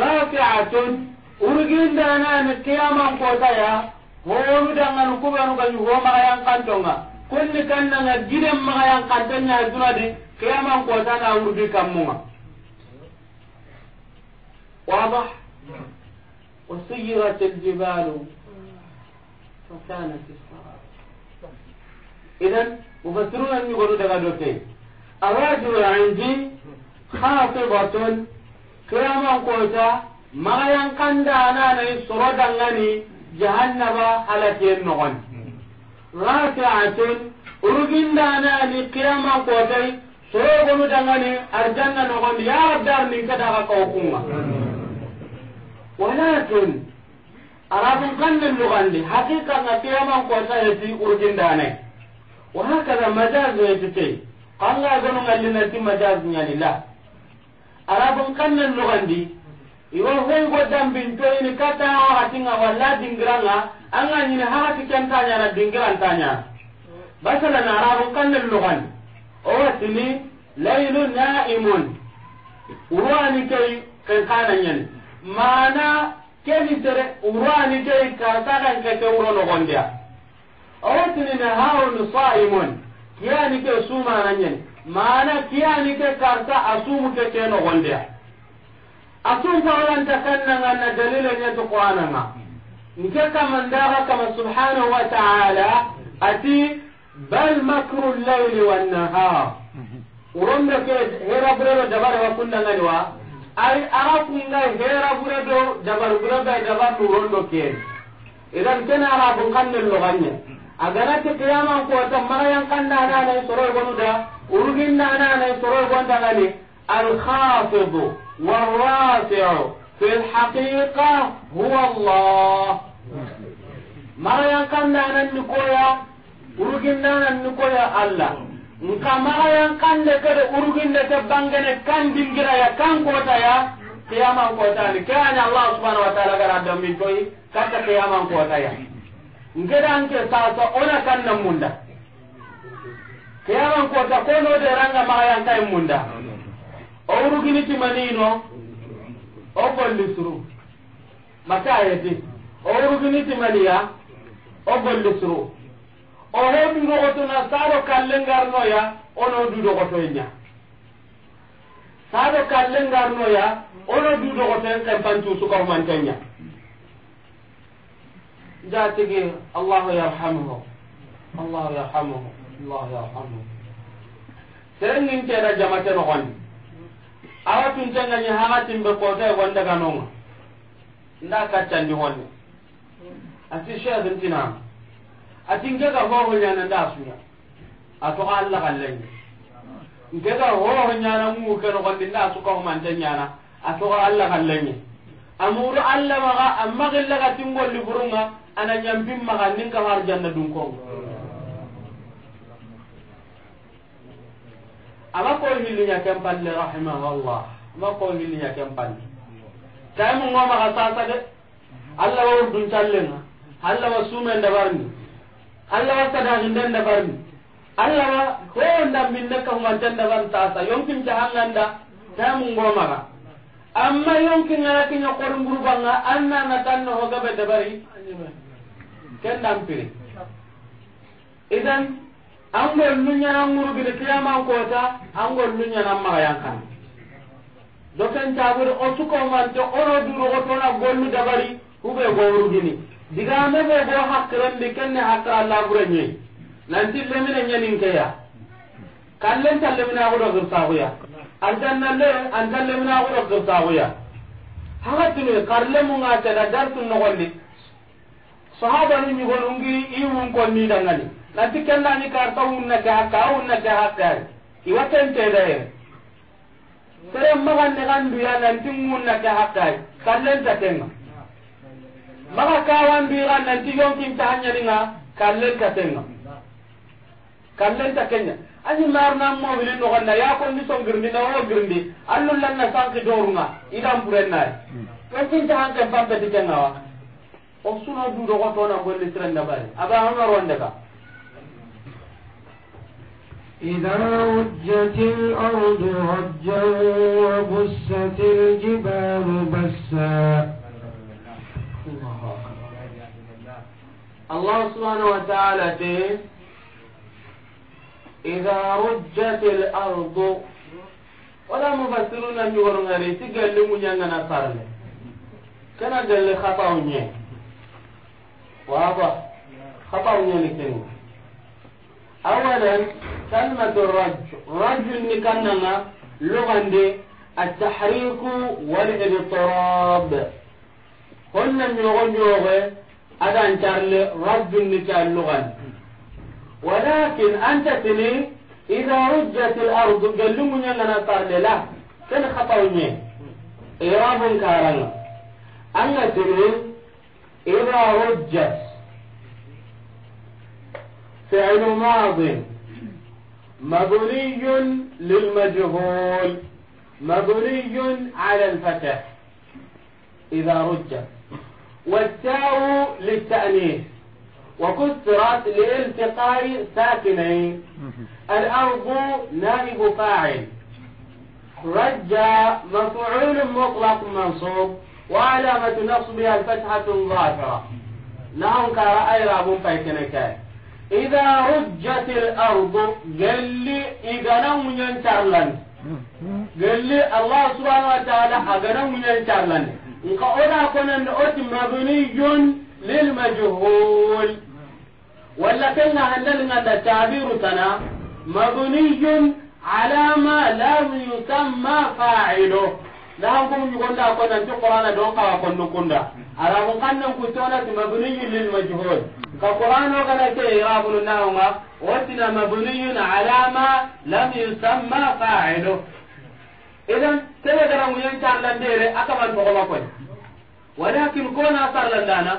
rafiatun urugindanani qiyaman kotaya hoonu dangani kuɓenugañu ho maxayankantonga kunni kannanga giden maxayankante ñae duna de kiyaman kota na wurbi kan muma wadah wa sayyirat aljibal fa kanat sarab idan mufassiruna ni godo daga dote arajul indi khatibatun kiyaman kota mayan kanda anana ni soro dangani jahannama halake nogon rafi'atun urugin dana ni kiyaman kota sorogonu dangani arjanna nogondi ya rabdar nin kadaga kawkunga walakin arabun kannin lugandi hakika nga kiyaman kota heti urgindane wahakada majazu yetite kanga gonu ngallinati majazu ñanila arabun kannin lugandi iwa to dambintoyini kata wakatinga walla dingiranga anga ñini hakati basala na arabu arabun kannin lugandi owatini laylu naimun urwani kei kenkananyani mana keni tere urwani kei kartakan keke wuro nogondeya owatini naharun saimun kiyani ke sumananyani mana kiyani ke karta asumu keke nogondeya asum farolanta kannanga na dalilenyeti qur'ananga nke kamandara kama subhanahu wa taala ati bal makru al-layl wan nahar uronda ke hera burero dabar wa kunna ngani wa ay ara kunga hera burero dabar burero dabar urondo ke idan kana ara bun kanne loganya agana ke qiyamam ko ta marayan kanna na na soro gonu da urugin na na na soro gonda ngani al-khafid wal-rafi' fi ni koya urugindanan ni koya allah nka magayan kande kede uruginde te bangene kan dingiraya kan kotaya kiyaman kotani ke ani allah subhanau wa taala gara dammin toyi katta kiyaman kotaya ngedanke sasa ona kanna munda kiyaman kota kono deranga magayan kay munda o urugini timanino o golli suru maka ayeti o urugini timaniya o golli suru oho dudogotona sado kallengarnoya ono dudogotoya sado kallengarnoya ono dudogotoen kempancusukahumanteya jatigi allahu yarhamuhu allahu yarhamuhu allahu yarhamuhu serengin ceda jamate nogondi awa tuntengañi hakatimɓe kootoe gondeganonga e nda kaccandi honne asi cheikh ntinama atinke ga hoho nyana nda suya atoka alla kallenye nke ga hoho nyana mu ke no gondi nda suka ho mante nyana atoka alla kallenye amuru alla maga amma gella ga tingolli burunga ana nyampim maga ninka har janna dun ko ama ko hilinya kempalle rahimahullah ama ko hilinya kempalle tay mo ngoma ga sasa de alla wa dun challenga alla wa sumen da barni allah ga sada ginden da barni allah ga ko nda minne ka huma tan da ban ta sa yonkin ta hanganda ta mun goma ga amma yonkin ngana kinya qorun gurbanga anna na tan no ga be da bari ken dam pire idan an gol nunya nan muru bi kiyama ko ta an gol nunya nan ma yan kan dokan ta bur o su ko man to oro duro ko to na gollu dabari hube gowru gini diga me be go hakran de kenne hakra Allah burenye nanti lemine nyanin kaya kallen talle mina go an sahuya antanna le antalle mina go do sahuya haga tunu karle mu nga ta dar tun no golli sahaba ni ni golungi i wun ko ni dangani nanti na ni karta unna ka hakka unna ka hakka iwaten te da ye sere magan ne kan duya nanti munna ka kan kallen ta tenga maka kawan bira nan tigon kin ta hanya dinga kallen ta tenga kallen ta kenya anyi mar nan mo bilin no ganda ya ko ni son girndi na wo girndi allu lan na sanki dorunga idan buren na hmm. ko tin ta hanka bambe ti tenga wa o suno du do goto na golle tren da bare aba hanga ronda ka إذا رجت الأرض رجا وبست الجبال بسا allah subhanahu wa ta'ala te idha rujjat al ardu wala mufassiruna ni warungari ti galle munyanga na sarne kana galle khata unye waba khata unye ni kenga awalan kalmatu التحريك والإضطراب هن من غنيوغي adan charle rabbin ni challugan walakin anta tini idha rujjat al ardu gallumu nyangana tarle la ken khatawnye irabun karanga anga tini idha rujjat فعل ماض مبني للمجهول مبني على الفتح إذا رجت والتاء للتأنيث وكسرت لالتقاء ساكنين الأرض نائب فاعل رجى مفعول مطلق منصوب وعلامة نصبها الفتحة ظاهرة نعم كرأي رابون فايتنكاي إذا رجت الأرض قال لي إذا نوم ينترلن قال لي الله سبحانه وتعالى أغنى من ينترلن nka oda konande oti mabniyun lilmajhul walla kenga da tabiru tana mabniyun ala ma lam yusamma failo lahankum ñugonda konanti qur'ana don kawa konnu kunda ku arabun mabini kutonati mabniyun lilmajhul ka qur'an ogana ke irabunu nahonga otina mabini ala alama lam yusamma failo idan kene gara munyan callan dere aka ban to ma koy walakin ko na sarlan dana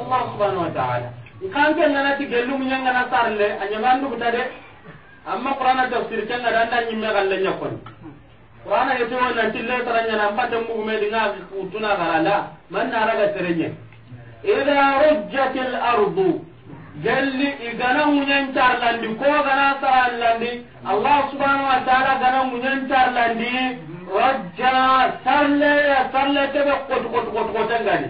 Allah subhanahu wa ta'ala kan ke ngana ti gelu munyan ngana sarle anyaman du de amma qur'ana tafsir kan ngada nan nyimme galle nyakon qur'ana yeto nan tille taranya nan patam mu me dinga utuna garala man na raga terenye idha rujjatil ardu jalli igana munyen carlandi ko gana sarallandi allah subhanahu wa ta'ala gana munyen carlandi rajja sarle sarle tebe kot kot kot kot ngani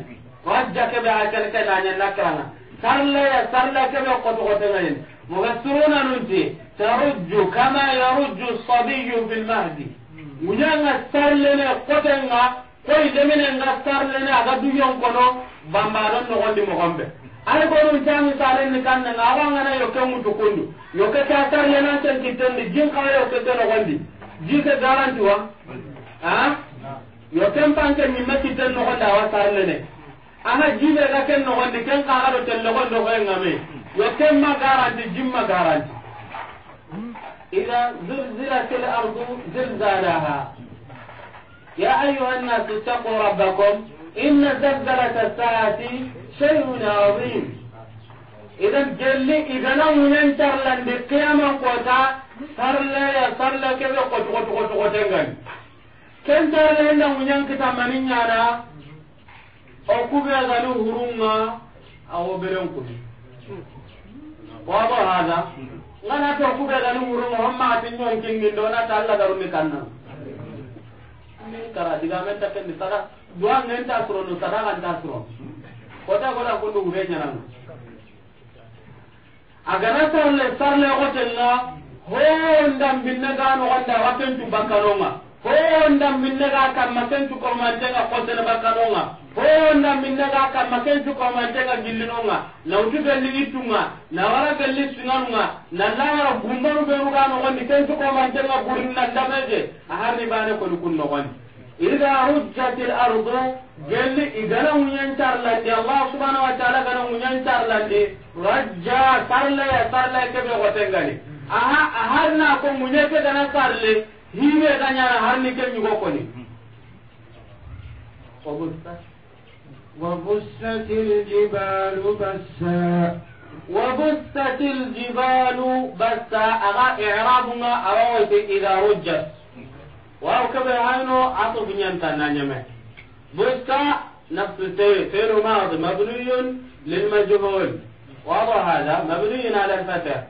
rajja kebe akal kana nya nakana sarle sarle kebe kot kot ngani mufassiruna nunti tarujju kama yarujju as-sabiyyu fil mahdi munyanga sarle ne kotenga koy demene nga sarle ne aga duyon kono bambaro no gondi mo gombe ay gonu jami salen ni kan nga yo ke yoke mutu y'o ke ta tar yana tan di jin ka ke to na gondi ji ke garanti wa ha pan ke ni ma kiten no gonda wa sarle ne ana ji be ga ken no gondi ken ka garo tel no gondo ko ngame yoke ma garanti jin ma garanti إذا زلزلت الأرض زلزالها يا أيها الناس اتقوا ربكم إن زلزلة sa'ati شيء عظيم إذا جلي إذا لم ينتر لن بقيامة قوتا صار لا صار لا كذا قط قط قط قط كن تر لن لم ينكت منين يانا أو كوبا غلو هروما أو بريون كوبي واضح هذا ngana to ku be ganu muru muhamma tin yon kin min dona ta Allah garu mi kanna min kara diga men ta ken sara duan men ta suro no sara kan ta suro kota kota kundu ube ñananga agana sarle sarle xotenga ho ndambinne ga noxonda wa kencu bakkanonga ho ndambinne ga kamma kencu komantenga xotene bakkanonga ho ndambinne ga na kencu komantenga gillinonga nawtu gelli ittunga nawara gelli singanunga nallawara gumbanu ɓenu ga noxondi kencu komantenga gurinna ndameje aharni bane koni kun noxondi إذا رجت الأرض جل إذا لم ينتر لدي الله سبحانه وتعالى قال لم ينتر لدي رجا سرلا يا سرلا كبير وتنغني أها أهرنا كم منيك دنا سرلا هي غنيا هرني كم يغوكني وبست الجبال بسا وبست الجبال بسا أغا إعرابنا أروت إذا رجت waaw kebe hayno ato fuñanta nañeme busta nafsu tee feno maadi mabnuyun lilmajmuul waado hada mabnuyun ala lfatir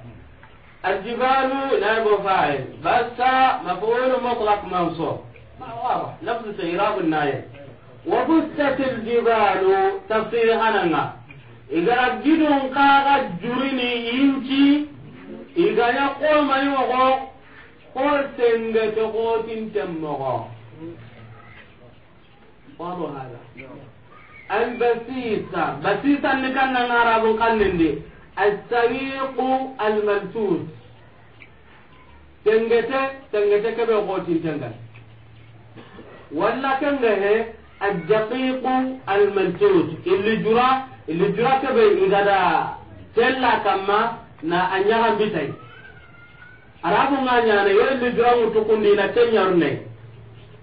aljibalu naygo fail basta mafulu mutlak manso nafsu te irabu naye وبست الجبال تفسير أنا إذا أجدون قاعد جريني إنتي إذا يقوم أيوه ko tende to ko tin temmo wado hada al basisa basisa ni kan na arabu kan nende al tariqu al maltus tengete tengete ke be ko tin tengal walla kan he al daqiqu al maltus illi jura illi jura ke be igada tella kamma na bitai arabu nga ñana yerelli durangu tukundi ina ke ñarne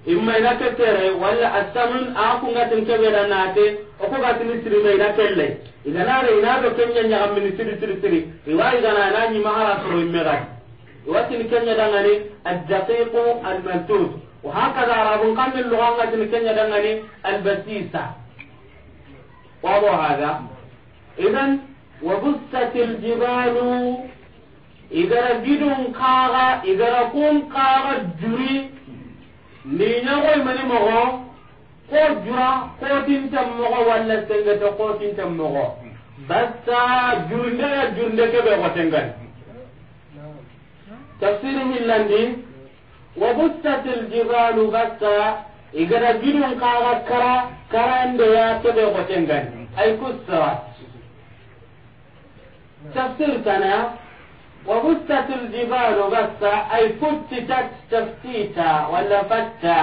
imma ina ke tere walla asamin akungatin keɓeɗa naate okugatini sirime ina kelle iganare inaɗo kenya ñagamini siri siri siri iwa igana ina ñima hara soro imme gati iwatini kenya dangani addaqiqu almaltus wahakada arabun kammin lugangatini kenya dangani albasisa wabo haga idan wa وبست الجبال igara gidun kaga igara kun kaga juri ni nyago mani mogo ko jura ko tinta mogo walla tenga to ko tinta mogo basta jurnde ya jurnde ke be gotengan tafsir hillandi wa bustatil jibalu basta igara gidun kaga kara karande ya ke be gotengan ay kusra tafsir kana وبثت الجبال بثا أي فتتت تفتيتا ولا فتا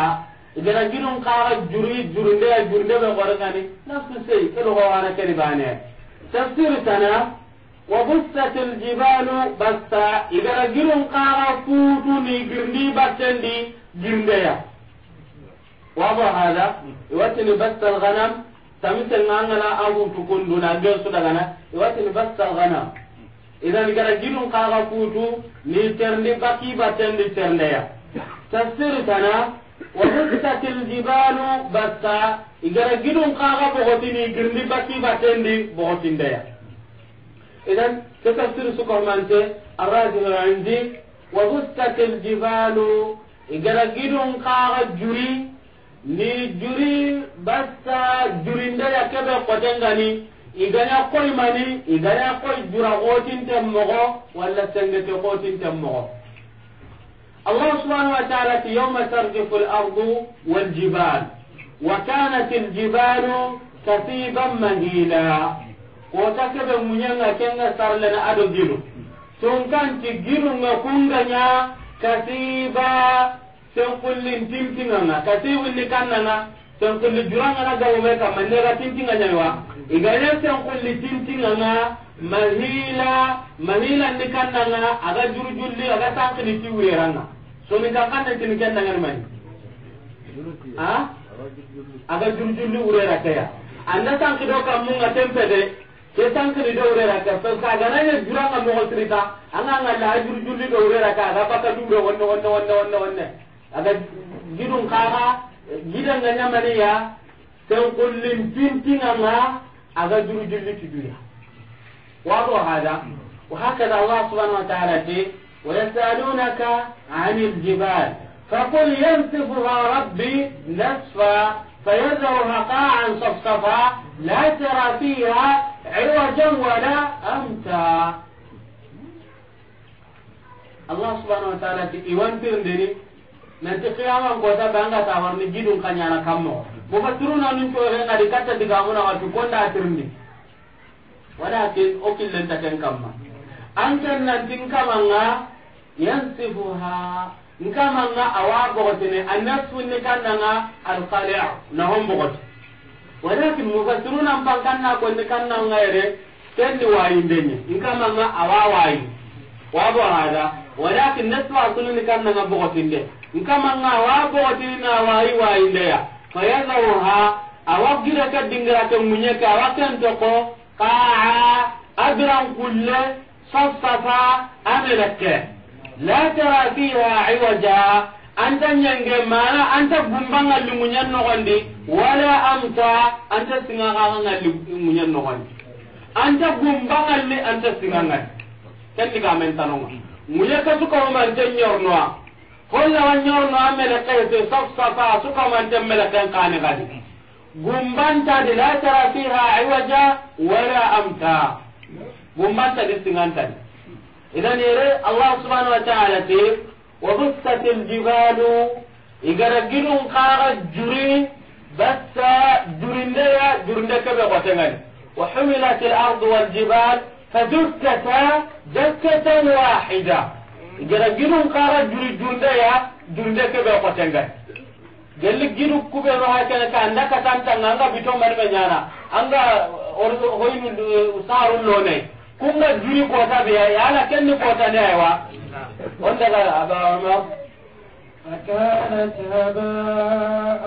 إذا جرم قارا جري جرندي جرندي بغرغاني نفس الشيء كله هو أنا كرباني تفسير سنة وبثت الجبال بثا إذا جرم قارا فوتوني جرندي بثندي جرندي واضح هذا يوتني بث الغنم تمثل ما أننا أبو تكون دون أجل سلغنا يوتني بث الغنم idan gara gidun kaga kutu ni terndi baki batendi terndeya tafsir tana wa hussatil jibalu basta igara gidun kaga bogotini girndi baki batendi bogotindeya idan ke tafsir sukomante arrajihu indi wa hussatil jibalu igara gidun kaga juri ni juri basta jurindeya kebe kotengani igana koy mani igana koy jura gotin tan mogo walla sengete gotin tan mogo Allah subhanahu wa ta'ala ti yawma tarjifu al-ardu wa kanat al-jibalu mahila ko ta kebe munyanga kenga sarle na ado gilu tun kan ti gilu nga kunganya ni kannanga sen kulli jurangana gawome kamma nega tintinga ñamewa igane sen kulli tintinganga mahila mahilanni kannanga aga juru julli aga sankini ti wuyeranga soni kan kannentini kennangani mani a aga juru julli wurera keya anda sankido kammunga tempede ke sankini do wurera ke ka que aganañe juranga mogotirita anga ngalla a juru julli do wurera ka aga bakka duɓe wonne wonne wonne wonne wonne aga jirun kaga gidanga ñamaniya ten kollin pintinganga aga juru julli tuduya wato hada وهكذا الله سبحانه وتعالى ويسألونك عن الجبال فقل ينسفها ربي نسفا فيذرها قاعا صفصفا لا ترى فيها عوجا ولا أمتا الله سبحانه وتعالى يوانتر دني nanti kiyaman kota banga ta warni jidun kanyana kammo mufassiruna nun coore ngadi katta digamuna watu konda atirni walakin o killenta ken kamma an ken nantin kamanga yansifuha nkamanga awa bogotini annasunni kannanga alqali'a nahon bogoti walakin mufassiruna mpan kanna konni kannanga yere kenni wayindenye nkamanga awa wayi wabo hada walakin naswa sunni kannanga bogotinde nkamanga wa yi wa bogotinina wayi wayindeya fayazaruha awa girata dingirate muñeke awa kentoko kaa abiran kulle sassafa ameleke la tara fiha iwaja anta ñange mana anta gumbanga limuñen nogondi wala amta anta singakakanga limuñen nogondi anta gumbangalli anta singangali kenni kamen tanonga muñeke sukawomante ñornoa holla wa nyorno a melekete safsafa sukamanten meleken kane gadi gumbantadi la tara fiha iwaja wala amta gumbantadi singantadi idan yere allah subhanau wa taala te wabustat aljibalu igara gidun kaga juri batta jurindeya jurinde keɓe kotengani wa humilat alardu waljibal fadukata dakkatan wahida jara ginun kara juri jurde ya jurde ke be ko tenga gelli ginu kube no ha kana ka anda ka tan tan anga bito man be nyana anga ordo hoynu usaru lone kunga juri ko ta be ya ala kenni ko ta ne wa on daga aba ma فكانت هباء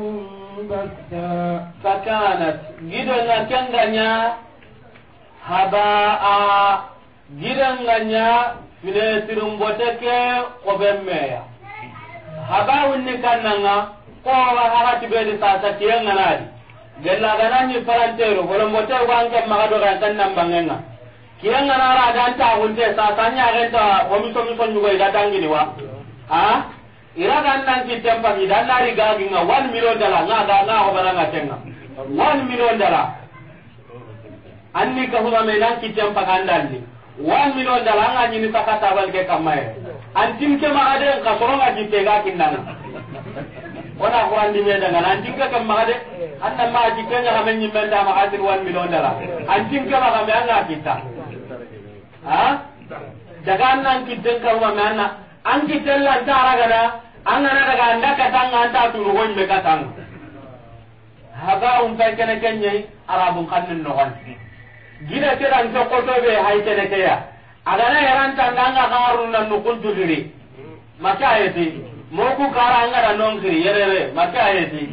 منبثا فكانت جدنا كنغنيا هباء جدنا mine sirimbote ke koɓenmeya haga wunni kannanga kowa hakati ɓedi sasa kiyenganadi gellagananñi parantero holombote wanke maga dogan kan nambangenga kiyenganara adantagunte sasa ñagenta homisomiso ñugoy ga ni wa ira a iragan nankitten paki dannari nga one million dala nga ngaga nga hobananga tenga one million dala anni kahumame nan kitten pakandalni wan mino ndala anga nyini saka tabal ke kamaye antim ke magade ka soronga jike ga kinnana ona qur'an andi meda ngana antim ke kam magade anna ma jike nya kamen nyi menda magadir wan mino ndala antim ke magame anga kita ha daga annan kitten ka wa mana an kitella ntara gana an ana daga anda katanga anda me gonye katanga haga um kai kene kenye arabun kannin nogon gina tiran to ko be hay tele ke ya yaran tan danga garun nan no kun tuliri maka ayati moku ku kara anga da non kiri yerere maka ayati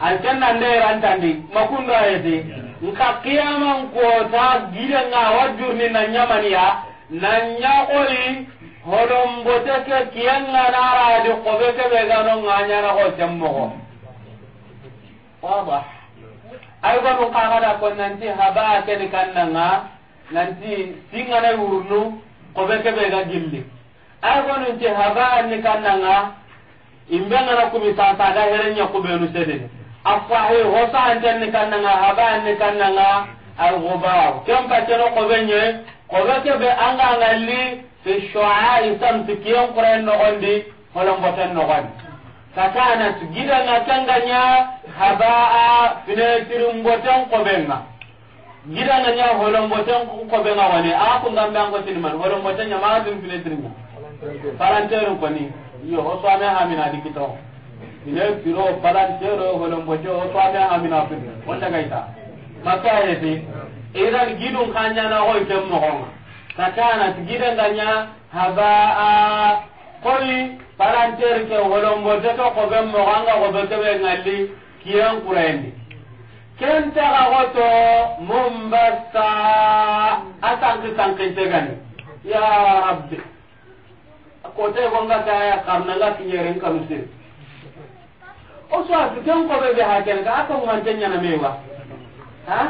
an tan nan de yaran tan di makunda ayati nka kiyaman ko ta gina nga wajur ni nan nyamani ya nan nyakoli oli hodon bote na kiyanga nara di qobe ke be ganon nga nyara ko temmo ko wabah ay gonu kagada ko nanti haba kene kannanga nanti singana wurnu kobe kebe ga gilli ay gonu nti haba ni kannanga imbe ngana kumi tata ga herenya kubenu sedene afahi hosa anten ni kannanga haba ni kannanga al ghubar kem pateno kobe nye kobe kebe anga ngalli fi shu'a'i samti kiyon qur'an no gondi holon boten no gondi katanat gidanga tanganya habaa finetirimboten gida nga nya holomboten koɓenga wane a kungambe angotiniman holomboten ñamaatin finetiringa palanterin koni yo o soame hamina dikitao ine biro palantero holombote o soame hamina fin wondagayta makayeti iran gidun kanñana koy kem nogonga gida nga nya habaa kori palanter ke wolombote to koɓe mogo anga koɓe keɓe ngalli kiyen kurendi ken taxa xoto mumbasa a sanki sankintegani ya rabbi kote gonga kaya karnanga kiñeren kanu sir o soasi ken koɓe ɓe xa kene ka a tongumante ñanamewa a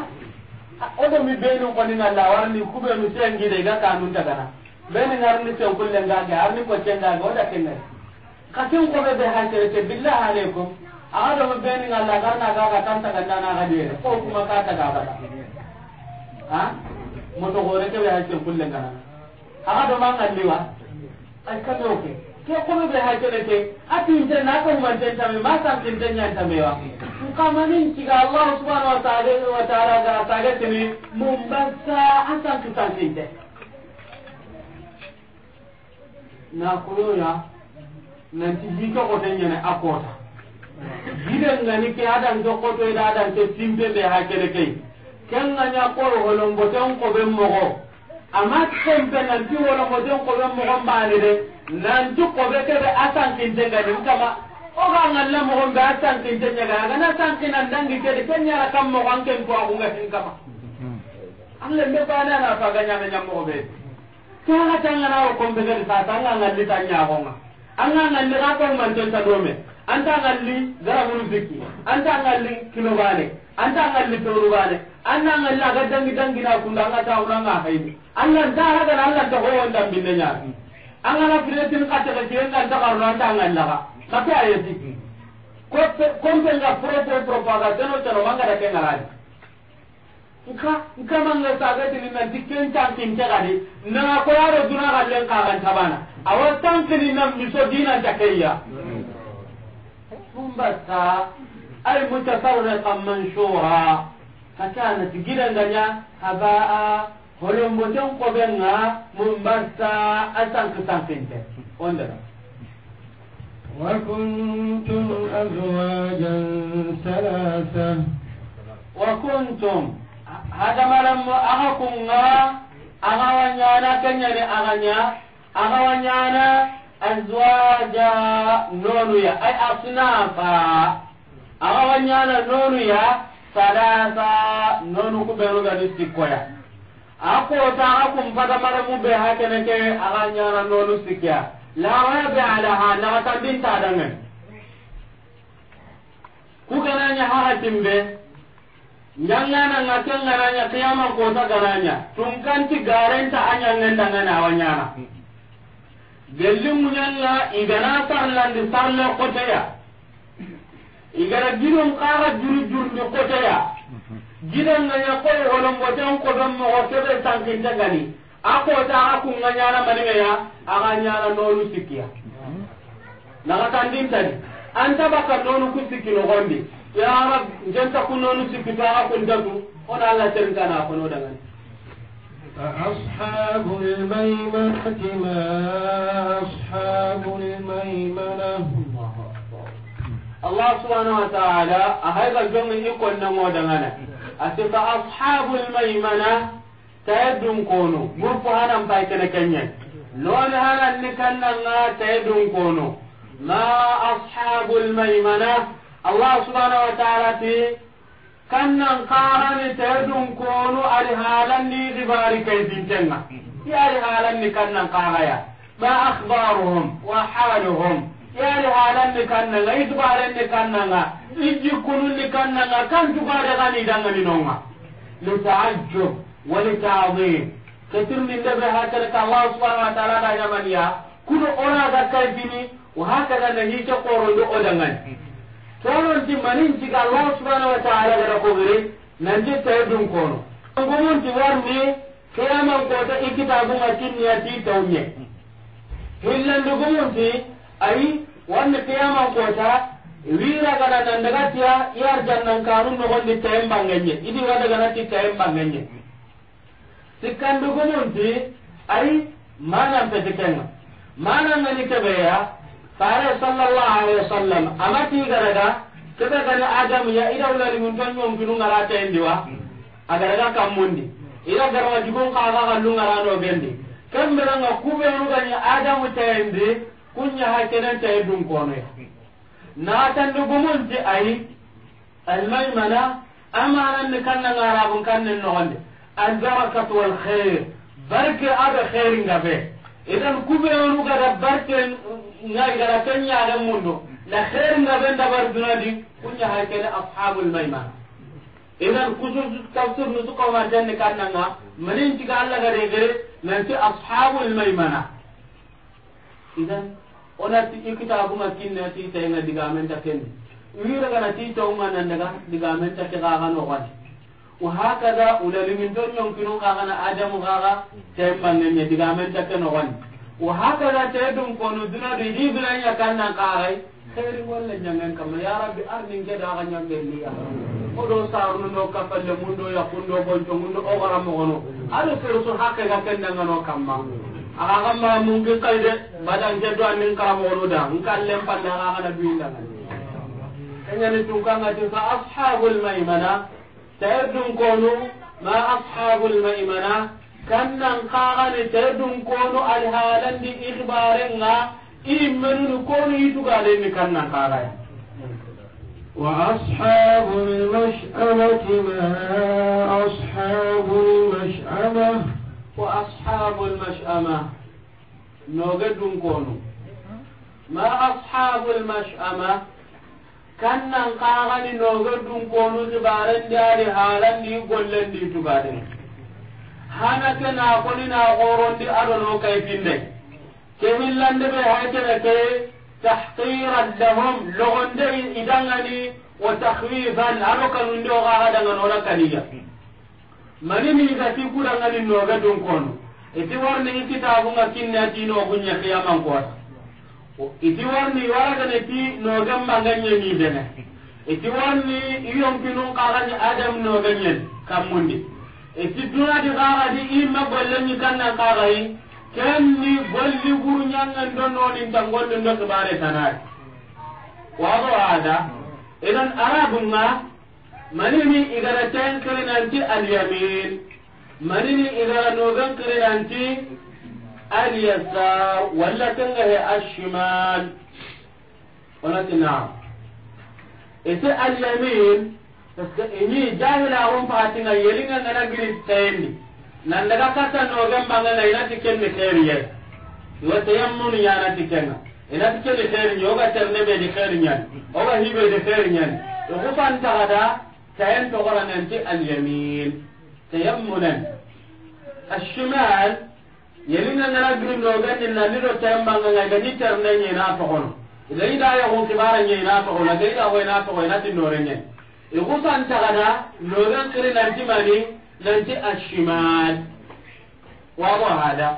o domi ɓenin konina la warani kuɓenu sengide ga kanuntagana beni ngarni ten kulle ngage arni kocce ngage oda kenne katin koɓe ɓe hayterete billah aleykum aga ɗomo beni ngalla garnagaga tan tagandanaga jeere ko kuma ka ta tagagata a moto hoore keɓe hay ten kulle ngana aga ɗoma ngalliwa ay kameo ke ke koɓe ɓe hayterete atinten ta ma santinten ñantamewa kamanin ciga allahu subhanau wa taala wa taala ga sagetini mum basa an sankitankinte na koyoya nanti jike kote ñene a kota jiden ngani ke adanke kotoyda adanke simpebe ha kene key ken gaña kor holomboten koɓen mogo ama kempe nanti holomboten koɓen mogo mbani de nanti koɓe keɓe a sankinte ganin kama o oga ngalla mogon ɓe a sankinte ñaga agana sankinan dangi kede ken ñara kam mogo an ken tuwagunga hin kama mm-hmm. an lembe banana faga ñana ñammogo ɓee kaga tangana o kombe gari sa tanga ngalli tanya honga anga ngalli ga ko man ton ta dome anta ngalli gara huru ziki anta ngalli kilo bale anta ngalli toro bale anna ngalli aga dangi dangi na kunda anga ta uranga haini anga da haga anga ta ho onda binne nya anga na firetin kata ga jenga anta karu anta ngalla ga kata ayati ko kombe ga pro pro propaganda no tano manga da ke kengalani nka nka manga saga dini nan dikken tankin ke gade na ko yaro duna gallen ka kan tabana awa tankin nan miso dina jakayya kumbata ay mutafarriqa manshura kakana tigidanganya habaa holomboten kobenga mumbasta atank tankinte ondera وكنتم أزواجا ثلاثة وكنتم hadamaranmo aga kunga aga wanyana kenyani aganya aga wanyana azwaja nonuya ay asnafa aga wanyana ya salasa nonu kuɓenugadi aka kun kota aga kumpadamaramu be ke aka nyana nonu sikkeya lawaya be alaha nagatandintadange kugananya hagatimbe nyangana nga kengana nya kiyama kota garanya tungkanti garenta anya ngenda ngana awanyana gelli munyalla igana sarlandi sarle ya igara giron mkara juru jurni koteya gidan nga nya ko holon boten ko don mo hotebe sankinta gani ako ta aku nganyana mani manime ya aga nyana nonu sikiya naga tandin tadi anta baka nonu kusikino gondi ya rab jenta kunno nu sikki ta ha kun dabu on ala tan kana ko no dagan ashabu al-maymanati ma ashabu al Allah subhanahu wa ta'ala a haiga jomi ni kon na mo dagana ati fa ashabu al-maymana tayadum kono murfu hanan baita na kenya lol halan ni kan na tayadum kono ma ashabu al allah subhanahu wa ta'ala ti kannan karani tedun konu ari ni dibari kay dintenga ya ari halandi kannan karaya ma akhbaruhum wa haluhum ya ari halandi kannan ay dibarandi kannan iji kununi kannan kan tubare gani danga nonga. li ta'ajjub wa li ta'dhim katir min dabe hakal ka allah subhanahu wa ta'ala da ya yamaniya kuno ona ga kai kalbini wa hakala nahi ta qoro do odangani tononti manin cika allah subhanahu wa taala gara kogiri nanti tedun kono gumunti warni kiyaman kota ikitagunga kinniya ti tawnye hillandi gumunti ayi warni kiyaman kota wira gana nan daga tiya iyar jannan karun no gondi tayen bangenye idi wada gana ti tayen bangenye sikkandu gumunti ayi manan pete kenga manan ngani kebeya fare sallallahu alaihi wasallam amati garaga kebe gani adam ya ida ulari mun tan nyom kinu ngara tendi wa a agaraga kamundi ida garaga jibon ka ga kallu ngara do bendi kembe nga kube ngani adam tendi kunya ha kenan tay dun kono na tan du gumun ti ai almaymana amana ni kan kanna ngara bun ni no hande albarakatu wal khair barke ada khairin gabe idan kube ngani ga barke na igara tanya da mundo la khair na ben da bar dunadi kunya haykele ashabul maimana idan kusur tafsir nu suko ma janne kannanga manin tiga Allah ga regere nan ti ashabul maimana idan ona ti ikitabu makinna ti nga diga men ta ken wira ga ti to ma nan daga diga men ta ga ga no wadi wa hakaza ulalimin don yon kinu ga ga na adamu ga ga tayman ne diga men ta ken no wadi wa hakada te dum kono duna do idi duna nya kanna karai khairi walla nyangen kama ya rabbi arni da ga nyangen yi ya Ko do sarnu no kafalle mundo ya kundo bonto mundo o gara mo gono ado sero so hakke ga kenna ngano kamma aga kamma mun ge da. badan je do anin karamo do da ngkalle panna ga na duinda kenyani tungkanga ti fa ashabul maimana te dum dunkonu ma ashabul maimana kannan kaxane tedun konu alhalandi ixibarenga iimmenunu konu yitugalenni kannan kaxaya وأصحاب المشأمة ما أصحاب المشأمة وأصحاب المشأمة نوجد كونو ما أصحاب المشأمة كان نقاغني نوجد كونو تبارن داري حالا دي قولن دي تبارن hana ke na koni na gorondi ado no kay pinde ke hillande be hakene ke tahqiran lahum logonde idangani wa takhwifan ado kanundo ga hadanga nona kaniya mani mi ga ti kudangani no ga dun kono iti warni kitabu ga kinna dino gunya qiyamang ko iti warni waragane ti no gamba ganye ni bene iti warni iyonkinun kagani adam no ga ganyen kamundi iti e dunadi kaxadi imma gollenñi ni kaxayi kenni golli guru ñangen do ni gollin do kibare wa do ada idan arabu mani ni igara ten yamin mani ni igara nanti al yasa walla kengahe wala tinna ese al yamin parce que ini jahila won patinga yelinga ngana giri tayni nan daga kata no gamba ngana ina tikenne khairie ya na yana tikenna ina tikenne khairi yoga terne be de khairi nyan oga hibe de khairi nyan to ko fan ta ada tayen to goran anti al yamin tayammunan ashimal yelinga ngana giri no gani nan do tayamma ngana gani terne nyina to gono ida ida ya ko kibara nyina to gono ida ko ina to ko ina tinore nyina igusantaxana logan kiri nantimani nanti ashimal wago hada wa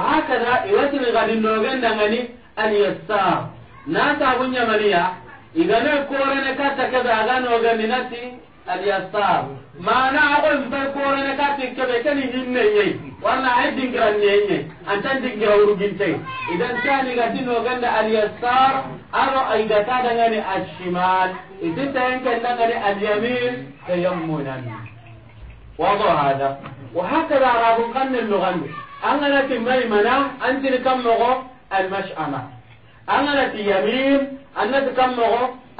wahakada iwatini gadi logen dangani alyasar na sabunyamaniya igane korene katta kebe aga nogeni nati اليسار ما انا نعقل بكورنا كاتين كبه كان يجينا يي ولا عيد دينغران يي أنت دينغرا ورجنتي إذا كان يقتين وقال اليسار أرى اذا كان الشمال إذا كان كان لغني اليمين تيمنا واضح هذا وهكذا أعراب قن اللغة أنا ميمنا أنت كم المشأمة أنا يمين أنت كم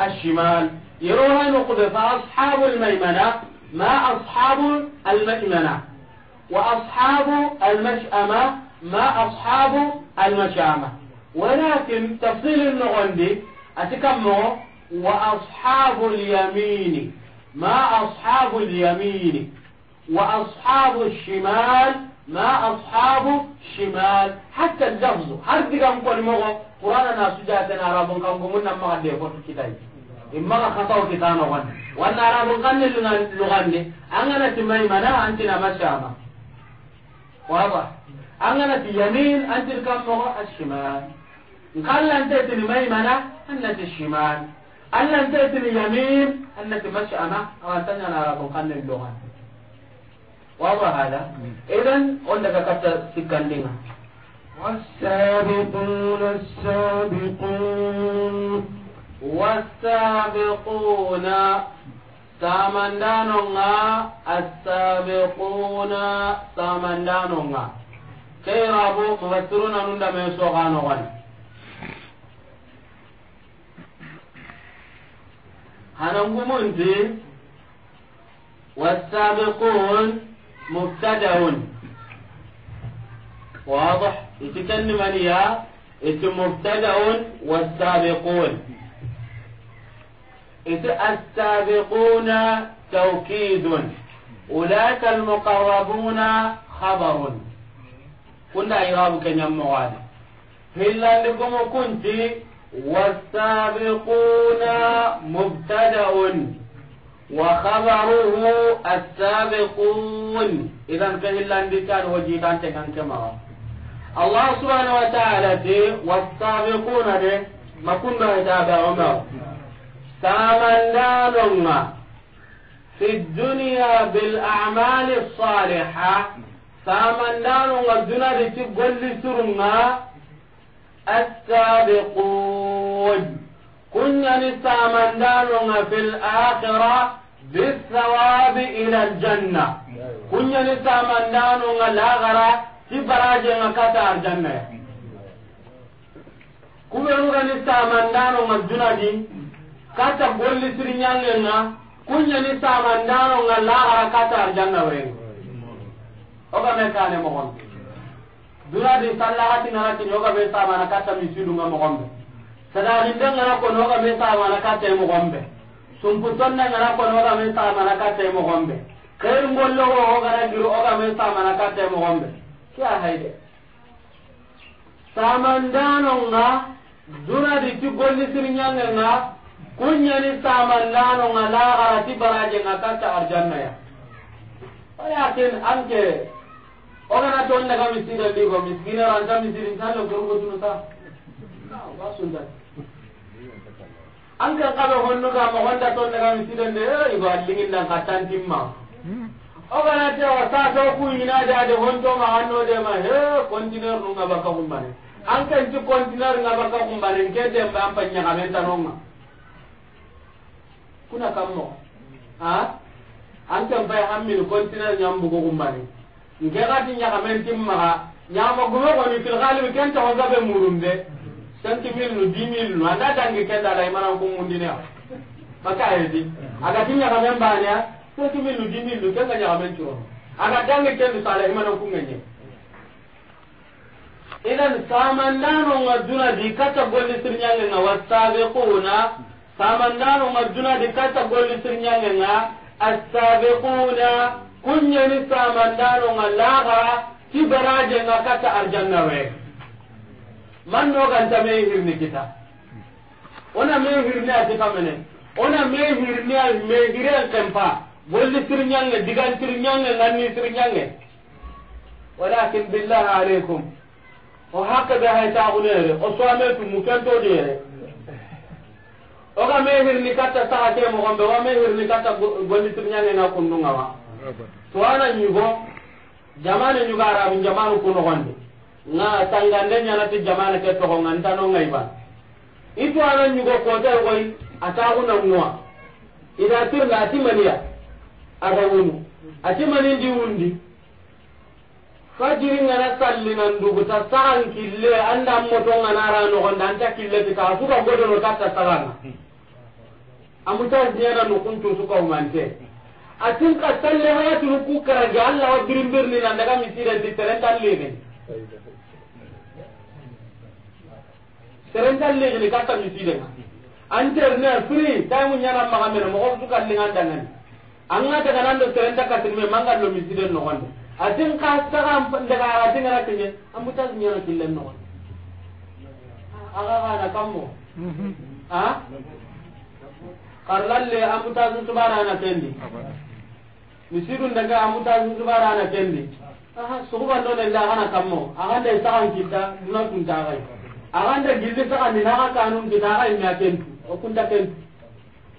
الشمال يروها نقول فأصحاب الميمنة ما أصحاب الميمنة وأصحاب المشأمة ما أصحاب المشأمة ولكن تفصيل النغندي أتكمو وأصحاب اليمين ما أصحاب اليمين وأصحاب الشمال ما أصحاب الشمال حتى اللفظ هل تقام قول مغو قرآن ناس جاءتنا رابن قام قمنا مغدي فوتو كتابي imma ka khataw kita no wan wan arabun kanne lungan lugande angana timai mana antina mashama waba angana ti yamin antil kam mo ashimal ngalla anta tin mai mana annati shimal alla anta tin yamin annati mashama awatanya arabun kanne lugande waba hada idan onda ka kata sikandinga والسابقون السابقون والسابقون تامن دانونغا السابقون تامن كي خير أبو تفسرون أنو دا ميسو هنقوم انت والسابقون مبتدعون واضح يتكلم عليها انت مبتدعون والسابقون السابقون توكيد أولئك المقربون خبر كنا إراب كنيم مغاد هلا لكم كنت والسابقون مبتدأ وخبره السابقون إذا كهلا كان وجيبان تكن كما الله سبحانه وتعالى والسابقون ما كنا إذا عمر samandanonga fi dunia bilamali saliha samandanonga dunaditi gollisurunga asabiqun kunyani samandanonga fi lakhira bisawabi ila aljanna kunyani samandanonga lagara ti barajenga kata arjannaya kuɓenugani samandanonga dunadi kata golli siri ñallenga kuñani lahara kata arjanna ogame kane ogame samana katta misidunga mogonɓe ngana ogame samana katta mogonɓe ngana ogame samana katta mogonɓe ogame samana katta mogonɓe ke a hayde ti golli siri kunyani saman lano nga lagara ti baraje nga kata arjanna ya oya ken anke ogana ton daga misira ligo miskina ranta misiri sallo gorgo tunu ta wa sunda anke kabe honno ga ma honda ton daga misira de e eh, go allingin dan katan timma ogana te wa ta to ku ina da de honto ma hanno de ma he eh, kontiner nu nga baka kumbane anke ti kontiner nga baka kumbane ke de mbam panya kamen tanonga kuna kammo ha anten pay hammini continent ñambugo gummani nke gati ñakamen timmaxa ñama gume goni fil galibi ken taxo gabe murum de cinq mille nu dix mille nu anda dangi kendada imanan kumundinea baka hedi agati ñakamen mbanea cinq mille nu dix mille nu kenga ñakamen curono aga dangi kendu sala imanan kungeñe idan samandanonga duna di katta golli sirñangenga wasabiquna samandano marjuna di kata golli sirnyangenga assabiquna kunyani samandano ngalaga ti baraje nga kata arjanna we man no ganta me hirni kita ona me hirni ati kamene ona me hirni al me gire al tempa golli sirnyange digan sirnyange ngani sirnyange walakin billah alaikum o hakka da hayta gunere o swame tu mukanto dere oga mehir ni katta saha ke mo gombe wa mehir ni katta gondi tirnya ne na kundunga wa to ana nyugo jamane nyuga arabu jamanu kuno gonde na tangande nyana ti jamane ke to gongan tano ngai ba itu ana nyugo ko ta goyi ataku na muwa ida tirna timaniya aga wunu atimani ndi wundi fajiri ngana salli nan dugu duguta sagan kille da moto ngana ara nogonda ta kille ti ka su ka suka godono katta ta amuta nyana no kuntu suka umante atin ka salli hayatu ku karaga Allah wa ni nan daga misira ndi teren dalle ne teren dalle ne katta misira anter ne free ma nyana magamene mo ko suka lingan an anga daga nan do teren ta katirme mangal lo misira no gonda atin ka taga daga aratin ara tinye an buta nya na killen no aga ga na kammo ha karlalle an buta sun tubara na tendi misidun daga an buta sun tubara na tendi aha suba no le la kana kammo aga da tagan kita duna kun taga aga da gilde taga ni na kanun kita aga mi aten o kun ta ken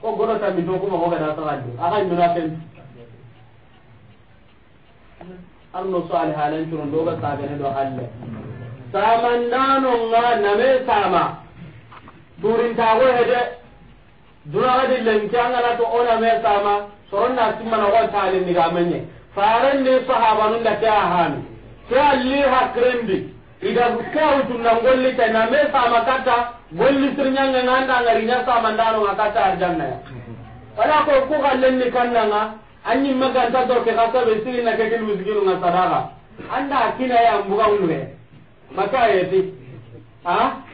ko goro ta mi do kuma ko ga da taga aga mi na ken arno so al halan curon do sabene do halle saman nano nga name sama durin ta go hede dura ga dillen la na to ona me sama soron na timma na wata tale ni gamenye menye faran ne sahaba nun da ta han ke alli hakrendi ida kawu na ngolli ta na me sama kata golli sirnyanga nganda ngari nya sama ndano ngakata arjanna ya wala ko ku kallen ni kannanga anyi maganta to ke kasa be siri na ke kin miskin na sadaka anda kina ya mbuga unre maka yeti ha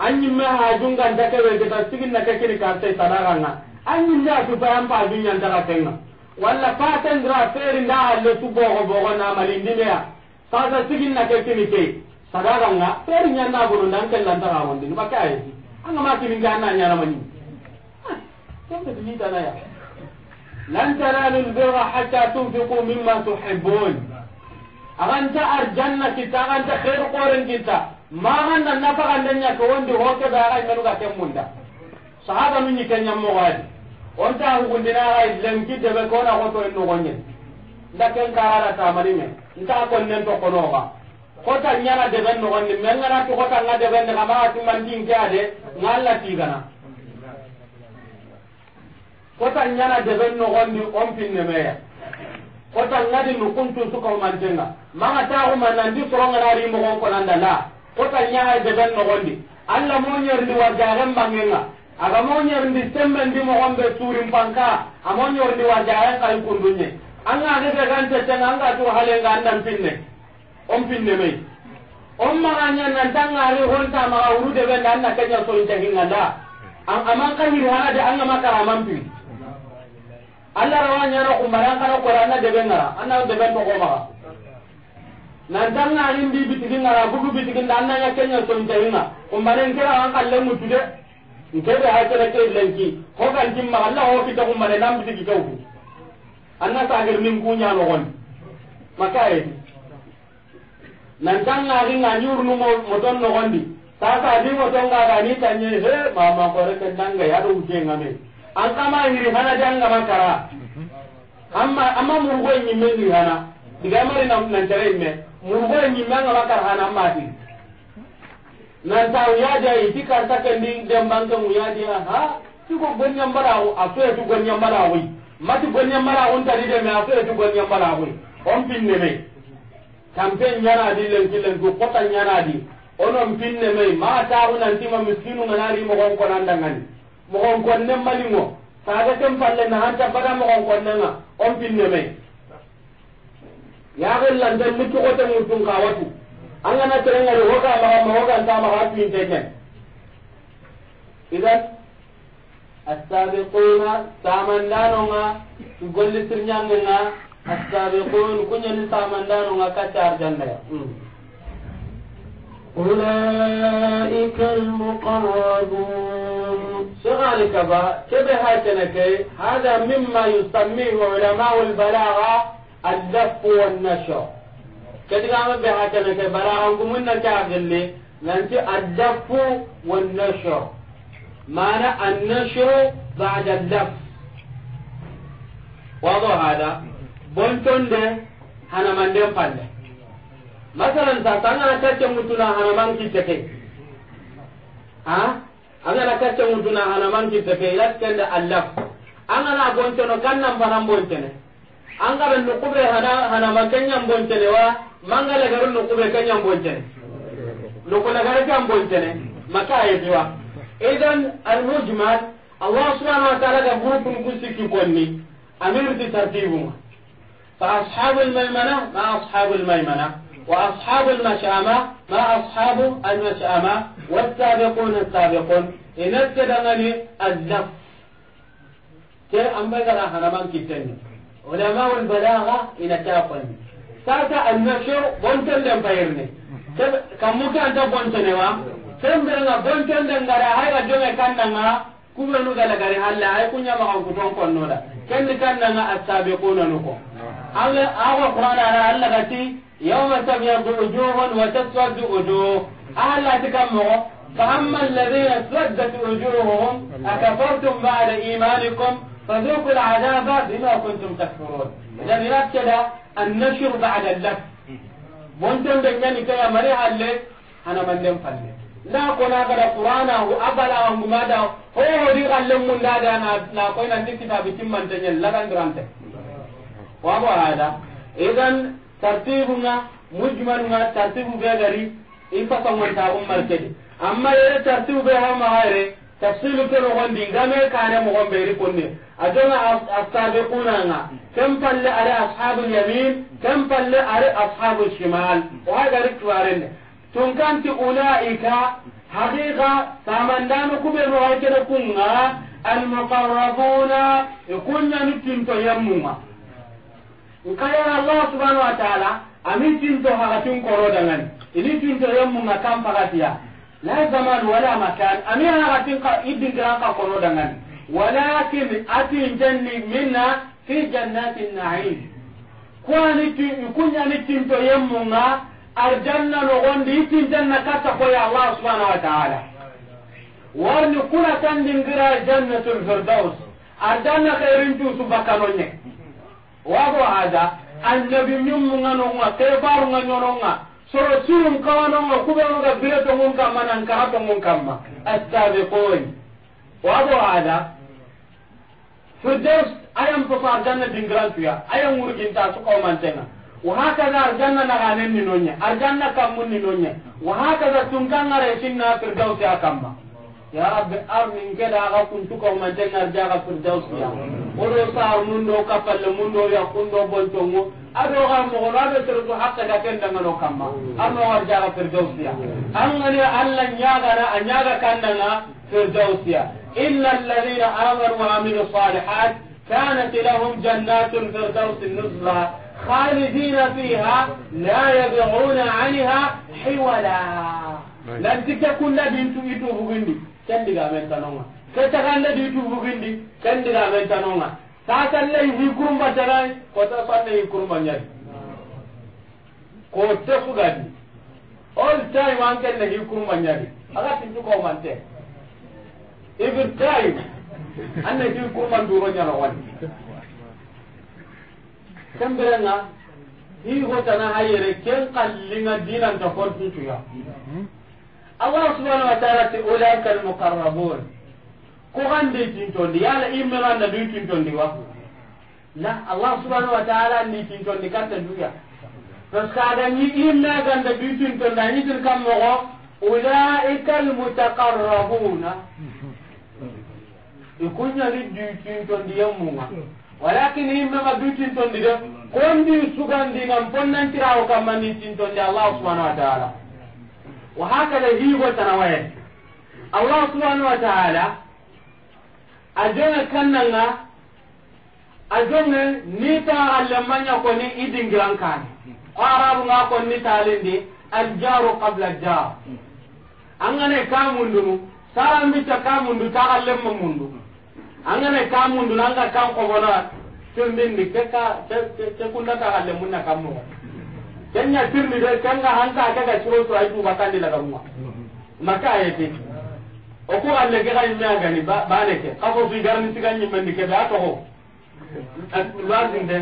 anyi ma ha junga nda ke be ta sigin na ke kin kasa sadaka na anyi nda ku pa am pa dunya nda ka tenga walla pa ten dra feri nda halle tu bogo bogo na malindi me ya sasa sigin na ke kin ke sadaka na feri nya na buru nan kan lanta ra wandi maka yeti anga ma kin nda na nya na mani ko ke dilita na ya lan tanalu albirra hatta tunfiqu mimma tuhibbun aganta arjanna kita aganta khair qoren kita maganda napagandanya ko wondi hoke ɓeaxay menuga ken munda sahaba nu ñikenya moxoadi onta hugundinaxay lenki deɓe kona xotoen noxoñe nda ken karana tamanime nta konnen tokonoxa xota ñana deɓen noxonni me ngana ti xotanga deɓenne xamaxa timmantinke ade nga alla tigana kota nyana deben no gondi on pinne meya kota ngadi no kuntu su man ma ta suka mantenga manga tawo manandi soronga nari mo ko kolanda la kota nyana deben no gondi alla mo nyerndi warjaren bangenga aga mo nyerndi sembendi mo gombe surim panka amo nyerndi warjaren kay kundunye anga ne be gante tan anga to halenga andan pinne on pinne meya on maga nyana tangari honta maga urude be nan na kenya so inta hinga da an aman kan hiri hana da an ma karaman pinne alla rawa nyana kumbara an kana kora anna debe ngara anna debe to ko ma nan tan na rin bi bitigi ngara bugu bitigi nan na yake nya son tayina kumbara kira an kalle mutu de nke be ha kala ke lenki ko kan timma alla ho kita kumbara nan bitigi ko ku anna ta gir min kunya no gon maka e nan tan na rin na nyurnu mo moton no gondi ta ta di moton ga ga ni tanye he mama ko re ke nanga ya do uke an kama hiri hana dan gama kara amma amma murgo ni men ni hana diga mari na nan tare me murgo ni men ngama kara hana amma di nan ta ya ja yi ka ta kan din dan banka mu ya dia ha ti ko gonya mara o afa tu gonya mara o mati gonya mara on tari de me afa tu gonya mara o on pinne me campaign nyana di len kilen ko kota nyana di onon pinne me ma ta unan tima miskinu ngana ri mo gon ko nan dangani mogon konne malingo saga ken palle na hanta bada mogon konne ma on pinne me ya gella ndan mutu ko tan mutun ka watu an ga na tare ngare hoka ma ma hoka ta ma hatu inte ken idan astabiquna tamandanonga golli tirnyangenga astabiqun kunyani tamandanonga kacar jannaya mm. أولئك المقربون سؤالك با كيف هاتنك هذا مما يسميه علماء البلاغة الدف والنشر كده قام بهاتنك بلاغة قمنا كاغل لأنت الدف والنشر معنى النشر بعد الدف واضح هذا بنتون ده هنا من دين masalan ta tanga ta ce mutuna man ki take ha anga na kace mutuna hanaman ki take ya tanda allah anga na bonce no kan nan banan bonce ne anga ran no kubre hana hana makanya bonce ne wa mangala garu no kubre kanya bonce ne no kula garu kan bonce ne maka ayi wa idan al mujmal allah subhanahu wa ta'ala ga hukun kusiki konni amirti tartibu fa ashabul maimana ma ashabul maimana وأصحاب المشامة ما أصحاب المشامة والسابقون السابقون إن التدغني الزف كي أنبغر هرمان كتن علماء البلاغة إن تاقن ساتا النشر بنتن لن بيرني كم ممكن تبنتن بنتن وا سنبرنا بنتن لن لنغرا هاي رجوة كاننا كبرنو غلغري هلا هاي كنيا مغان كتون كنولا كن كاننا السابقون نكو Allah awa Qur'an ala Allah gati يوم تبيض وجوه وتسود وجوه أهلا تكمغو فأما الذين اسودت وجوههم أكفرتم بعد إيمانكم فذوقوا العذاب بما كنتم تكفرون إذا نركز النشر بعد اللف وانتم بنياني كيا مريحا لك أنا من لم فلت na kona gara qur'ana hu abala hu mada ho ho di kallem mun da na na ko nan dikita bitin man tanyen la kan grante wa ba hada idan tartibu nga mujmalu nga tartibu be gari ifa sangonta um markedi amma yere tartibu be ha mahare tafsilu ke nogondi ngame kane mogonɓeeri konni adona asabiquna nga ken palle are ashabu lyamin ken palle are ashabu shimal o hagari kibarenne tunkanti ulaika haqiqa samandano kuɓenu hay kene kunga almuqarrabuna ikunyani tinto yammunga nkayana allah subhanahu wa ta'ala ami tinto hakatin koro dangani ini tinto yemmu nga kam pakatiya la zaman wala makan ami hakatin ka idin gran ka koro dangani walakin atin janni minna fi jannatin na'im kwani ti kunya ni tinto yemmu nga arjanna no gondi itin janna kata ko ya allah subhanahu wa ta'ala warni kuna tan dingira jannatul firdaus arjanna khairin tu subakanonya wago hada annabi nyum ngano nga te baru ngano nga soro surum kawano nga kube nga bire to ngun kamma nan ka to ngun kamma astabiqun wago hada firdaus ayam to sarjanna dingran tuya ayam urgin ta su man mantenga wa haka hakaza arjanna na ganen ni nonya arjanna mun ni nonya wa haka hakaza tungkangare sinna firdaus akamma يا رب أرني كذا أكون تكو من جنة جاك في الجوس يا ولو صار منو كفل لمنو يكون دو بنتمو أبي أقول مغنا بترد حق لكن لما لو كم أنا أرجع في الجوس يا أنا ألا نجعنا أن نجع كنا في الجوس يا إلا الذين آمنوا وعملوا الصالحات كانت لهم جنات في الجوس النزلة خالدين فيها لا يبغون عنها حولا لا تكون لدي انتو ايتو ken diga men tanonga ke tagande di tubugindi ken diga men tanonga tasalle hi kurumba tanai kota sanne hi kurumba nyari ko te fugadi all time an kenne hi kurumba nyari aga tu ko mante every time anne hi kurumba duro nyara wani kemberenga hi hotana hayere ken kallinga dinanta ya allah subhanahu wa ta'ala ti ulaika al muqarrabun ko gande tintondi yala imme wanda du tintondi wa la allah subhanahu wa ta'ala ni tintondi katta duya parce que ada ni imme ganda du tintondi ani tin kam mo ulaika al mutaqarrabuna ikunya ni du tintondi yamunga walakin imme ma du tintondi de kondi sugandi nan ponnantirawo kamma ni tintondi allah subhanahu wa ta'ala wa haka hakada higo tanawaye allah subhanahu wa ta'ala ajonga kannanga ajonga ni ta allamanya ko ni idingiran kan arabu nga ko ni talindi al jaru qabla al jar angane ka mundu sarambi ta ka mundu ta allamma mundu angane ka mundu nanga kan ko bona tundindi keka te kunda ka allamunna kammo kenya tirni de kanga hanta ka ga ciro to ayu makandi la garuma maka ayete o ko alle ga ga imma ga ni ba ne ke ka ko su garni tiga ni men ke da to ho lazim de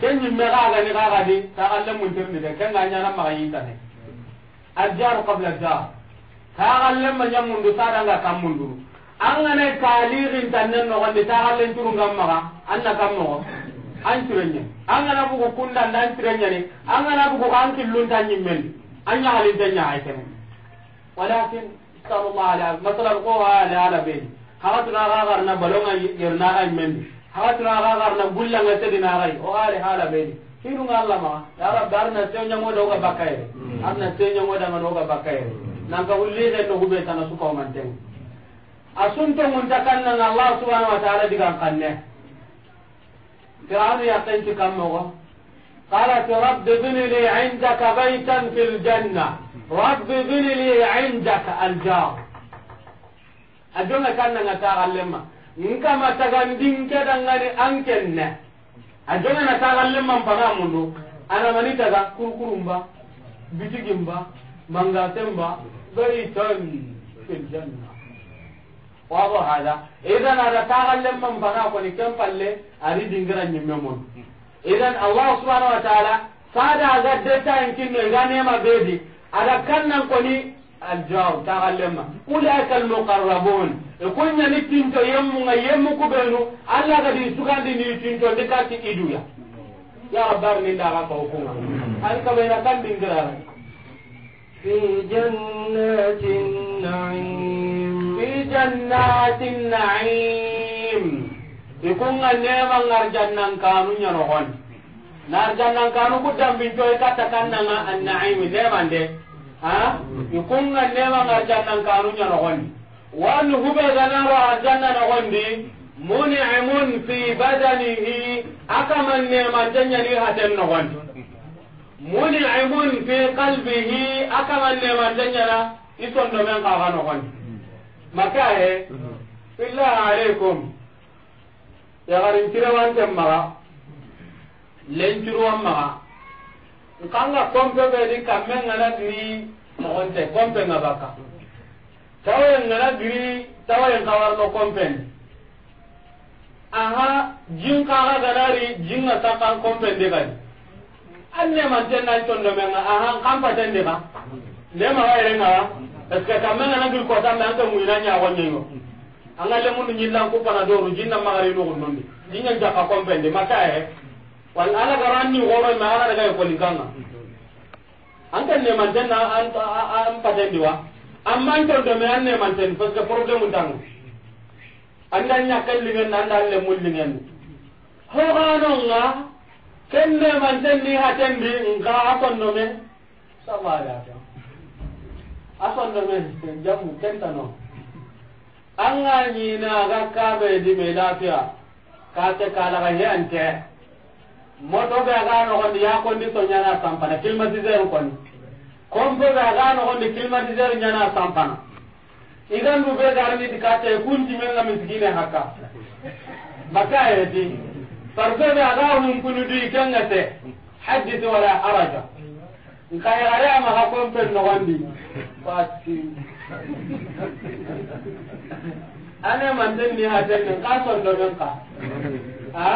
kenyi me ga ga ni ga ga di ta alle mun tirni de kanga nya na ma yi ta ne ajjar qabla da ta alle ma nya mun du ta danga kam mun du an ga ne kalirin tan ne no ga ta alle turu ngam ma an na kam no an tirenye an gana bugu kunda dan tirenye ne an gana bugu an killun tan nyimmen an ya halin tan ya aitan walakin sallallahu alaihi masalan ko ala ala be hawatu na ga garna balonga yirna ay men hawatu na ga garna bulla nga dina ray o ala ala be hiru ngalla ma ya rab darna tenya moda ga bakaye hmm. arna tenya moda ma ga bakay nan ga ulli ga no hube tan su ko man ten asunto mun takanna allah subhanahu wa ta'ala digan kanne فرعون يقيت كم مغا قالت رب ابن لي عندك بيتا في الجنة رب ابن لي عندك الجار أجونا كان نتاغل لما nkama tagandin kedangani ankenne ajona na tagalle man paga mundu ana mani taga kurkurumba bitigimba mangatemba baitan fil janna واضح هذا اذا انا تاغل لما بنا كون كم فل اريد انغرا نيممون اذا الله سبحانه وتعالى صاد هذا دتا يمكن نغاني ما بيدي على كان كون الجو تاغل لما اولئك المقربون يكون نتين تو يم يم كوبلو الله غادي يسوغان دي نتين تو دكاتي ايدويا يا رب ارني دا غا بوكو هل كبينا كان دينغرا في جنات النعيم جنات النعيم يكون النعمة نرجنا كانوا ينهون نرجنا كانوا قدام بنتوي كتكنا النعيم نعمة دي ها يكون النعمة نرجنا كانوا ينهون وأن هو بدنا رجنا نهوندي منعم في بدنه أكما النعمة تنيني هتن نهوندي mun'imun fi qalbihi akama ne mandanya na ison do men kaga no kon makaye billah alaikum yagarin tirewanten maga wan maga nkanga kompe ɓedi kamme ngana diri mogonte kompe nga baka tawaye ngana diri tawaye nkawarno kompendi aha jin kaga gadari jinga sakan kompendi kadi an nemanten nan condomenga aha nkampatendika ndemaga yerengawa est ce que tammen ngana gil kota me anke muina nya wonye ngo anga le mun nyilla ko pana do ru jinna magari no gunnon ni jinya ja ka kompende maka e wal ala ni woro ma ala daga ko likanga anke ne man tan an an patendi wa amma an tan do me an ne man tan parce que problème tangu anda nya kallingen anda le mullingen ho ga no nga ken ne man tan ni hatendi nga akon no me sama ya asondome jamu no anga te ka la ga yan kate mo do moto ga aga ni ya kondi so ñana sampana climatiseur koni kompo be aga nogondi climatiseur ñana sampana igandu be garniti kate kuntimenga misigine hakka maka yeti parfe be aga hunkunudi kenga te haddith wala haraja nkayagare amaga kompen nogondi fatin ane manden ni haten ka son do men ka ha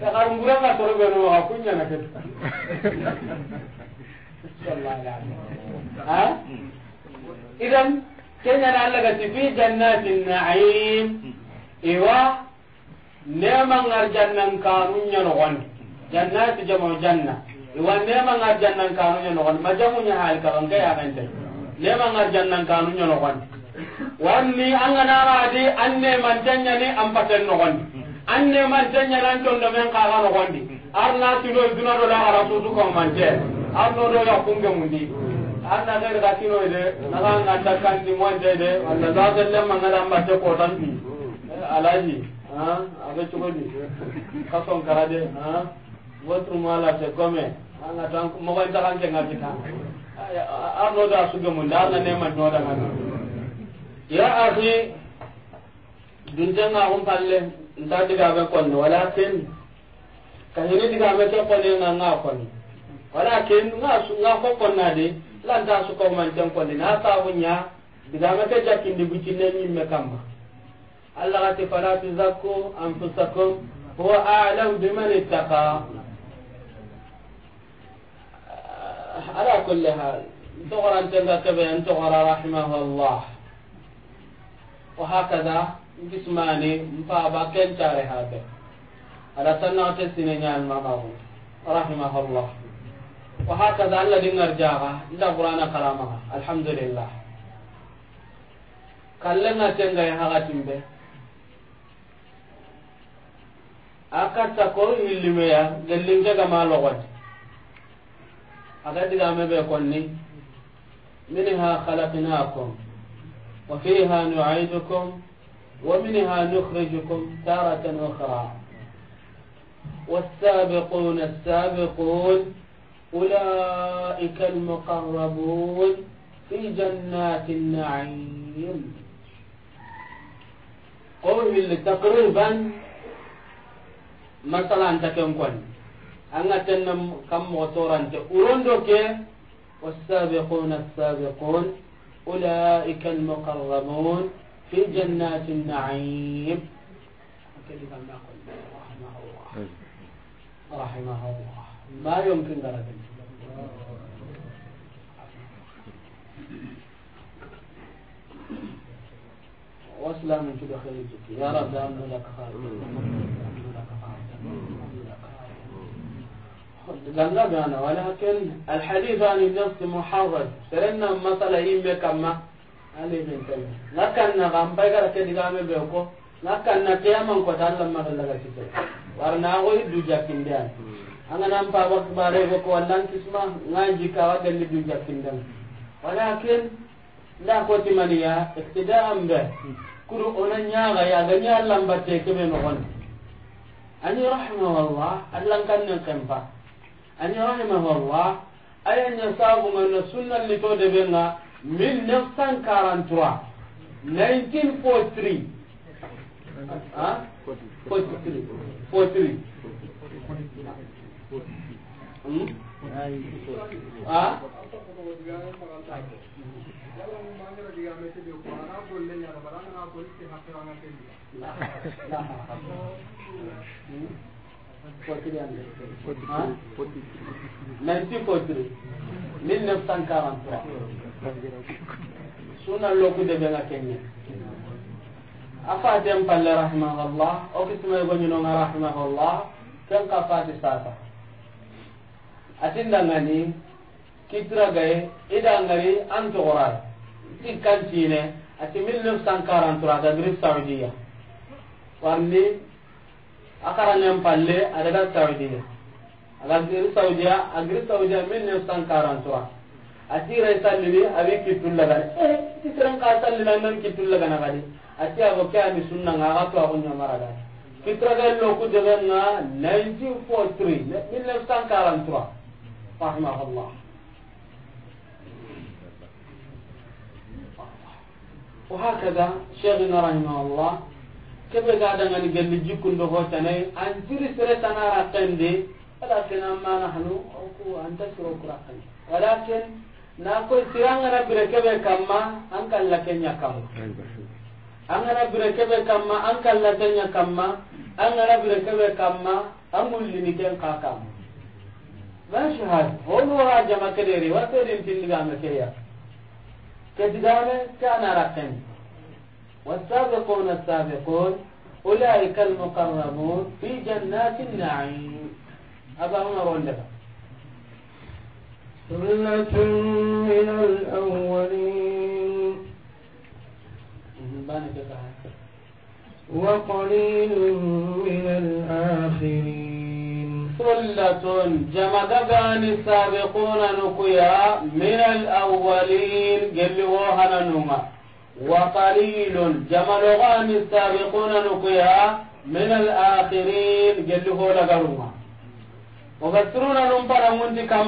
ta karungura ka toro be no ha kunya na ket ha idan kenya na Allah ga fi jannatin na'im iwa neman arjannan kanunya no gon jannati jama'a janna iwa neman arjannan kanunya no gon majamunya hal karon kaya ya dai nema ngar jannan kanu nyono gon wanni anga naradi anne man tanya ni am paten no gon anne man tanya nan ton do men kaga no gondi arna tino duna do la rasu su ko manje arno do ya kunge mundi arna ngare ka tino de naga ngata kan di manje de walla da galle mangala am patte ko tan bi alaji ha abe chukodi kason karade ha votre mala se comme anga tan mo gon ta kan ke ngati ta arno da su gamu da Allah ne man noda kan ya akhi dun tanga on palle nda diga be kon walakin kahini diga me ke kon na na kon walakin na su na ko kon na de lan ta su ko man tan kon na ta hunya diga me ke jakin di buci ne ni me kamba Allah ta fara tuzakku anfusakum huwa a'lamu biman ittaqa ala kulli hal togoran tenga kebe an togora rahimahullah wa ada ko illimeya gellinke ga malogoti aga digame ɓe konni minha halaknakum wa fiha nuidukum wa minha nukhrijukum taratan ukhra والسابقون السابقون أولئك المقربون في جنات النعيم قول تقريبا مثلا تكون anga tenna kam mo torante urondo ke والسابقون السابقون أولئك المقربون في جنات النعيم رحمه الله رحمه الله ما يمكن درجة واسلام تدخل يا رب لك خالد لك خير ganga gana walakin alhadith an nafs muharrad serenna masala yimme kamma ale ben tan gara ke digame be ko ko warna du jakin anga nam pa bare ko kisma ngaji ka wa den du jakin walakin ko timaniya be kuru onanya ga ya no won ani allah kan ani rahimahullah ayanya sagumana sunna li to de benga 1943 1943 ah 43 43 hmm ah [LAUGHS] [LAUGHS] nanti fotri mille neuf cent quarante trois suna loku de benga kenya afa dem palle rahimahullah o kisma go nyino nga rahimahullah ken ka fati sata atinda ngani kitra gae ida ngari an to goral tikkan cine ati 1943 ga gris saudiya warni akarangen palle adaga saudia aga giri saudia agiri saudia mille neuf cent quarante trois atire sallini abe kittullagani eh, tisiren ka sallina nan a kittullagana gadi ati ago ke ani sunnanga aga to ago ñamaragani kitragen loku degenga nineteen four three mille neuf cent quarante trois rahimahullah وهكذا شيخنا رحمه الله kebe ga dangani gelli jikkundo hotanai an jiri sere tana rakkendi walakin ko nahnu ku anta siro kurakani walakin na koy sirangana bire kebe kamma an kalla kenya an angana bire kebe kamma an kalla kenya kamma angana bire kebe kamma an mullini ken ka kamma mashi hal honu wara jama kedere wa kedin tindigame keya kedigame kana rakkeni والسابقون السابقون أولئك المقربون في جنات النعيم أبا عمر لك ثلة من الأولين وقليل من الآخرين ثلة جمع دبان السابقون نقيا من الأولين قل وهنا نمأ وقليل جملغان السابقون نقيا من الآخرين جله لغرما مفسرون نمبر منتي كم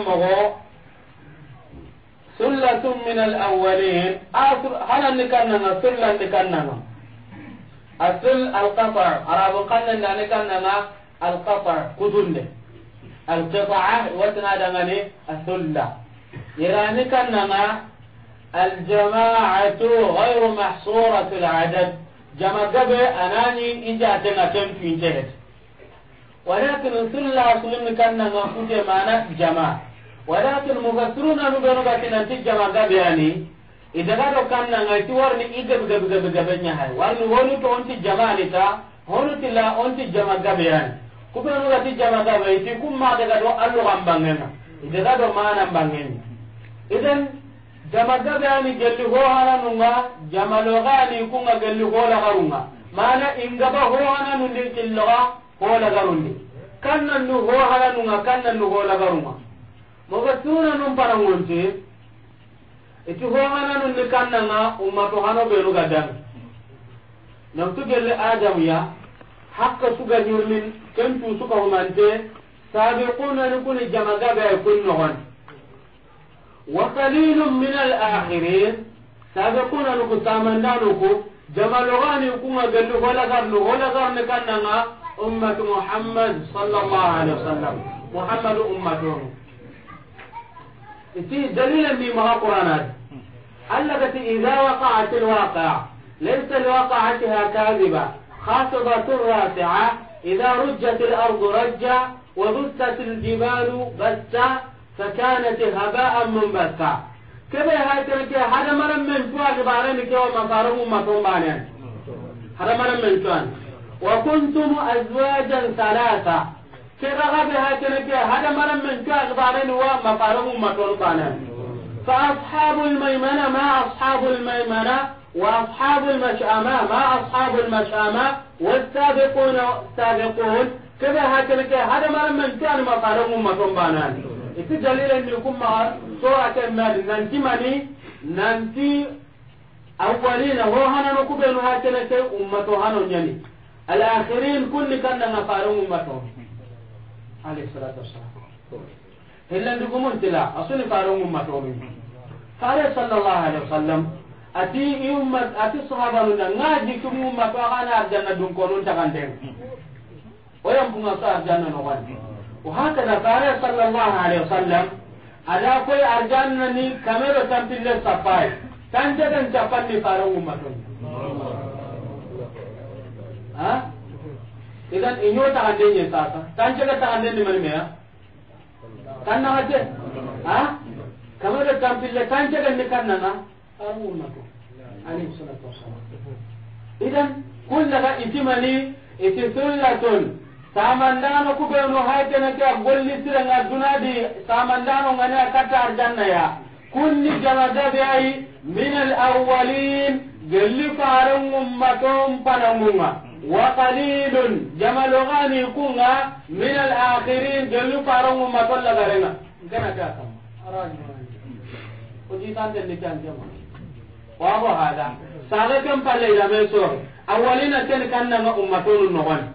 سلة من الأولين آخر هل نكنا سلة نكنا السل القطع عرب قلنا نكنا القطع كتلة القطعة وتنادى السلة يراني كنا الجماعة غير محصورة العدد جمع قبل أناني إجا تنكم في جهد ولكن رسول الله صلى الله كان نقول جماعة جماعة ولكن مفسرون نبنو باتنا تجمع قبل يعني إذا قالوا كان نغيتي ورني إجا بقبل قبل قبل نهاي ورني ورني تونتي جماعة لتا ورني لا أنتي جماعة قبل يعني kubenu gati jama gaba iti kumma daga do allu gambangena idaga do mana bangeni idan jama gabeani gelli hohananunga jama logaani kunga gelli holagarunga mana ingaba hohananundi killoga holagarundi kannannu hohananunga kannannu holagarunga moga tunanun panangunti iti hohananunni kannanga ummato hano benu gaddami naftu gelle adamuya hakka suga hirnin kentu suka humante ni kuni jama gabeai kun nogoni وقليل من الآخرين سابقون نكو تامنا لكم جمالغاني كما قالوا ولا غرن ولا غرن كاننا أمة محمد صلى الله عليه وسلم محمد أمته إتي من بما قرآن التي إذا وقعت الواقع ليس لواقعتها كاذبة خافضة رافعة إذا رجت الأرض رجا وبثت الجبال بثا فكانت هباء منبثا كبه هاي تلك هذا مرم من فوا غبارين كيو مصارهم بانيان هذا مرم من فوا وكنتم أزواجا ثلاثة كرغب هاي تلك هذا مرم من فوا غبارين ومصارهم بانيان فأصحاب الميمنة ما أصحاب الميمنة وأصحاب المشأمة ما أصحاب المشأمة والسابقون السابقون كذا هكذا هذا ما من كان مطالبهم مطمبانان iti dalilen ni kuma sura ta mali nanti mani nanti awwalina ho hanano kubenu hatene te ummato hano nyani al akhirin kunni kanna na faru ummato alayhi salatu wassalam hillan du gumun tila asuni faru ummato min fare sallallahu alaihi wasallam ati i ummat ati sahaba nuna ngaji kumu ummato kana arjanna dun konon tagandeng oyam bunga sa arjanna no wani وهكذا haka صلى الله عليه وسلم على كل أرجان ني كاميرو تنبيل الصفاي تنجد idan sasa tan ta ni meya tan na hade ha kamar da tan pille tan ni kan na na idan kun itimani samandano kubenu haytenake a golli sirenga dunadi samandano ngani a katta arjannaya kunni jamadabe ayi min alawalin gelli farengummaton panangunga wa qalilun jamalogani kunga min alakhirin gelli farengummaton lagarenga nkenake a kamma ojitantenni kankema wabo hada saga ken palleirame soro awalina ken kannanga ummatonu nogoni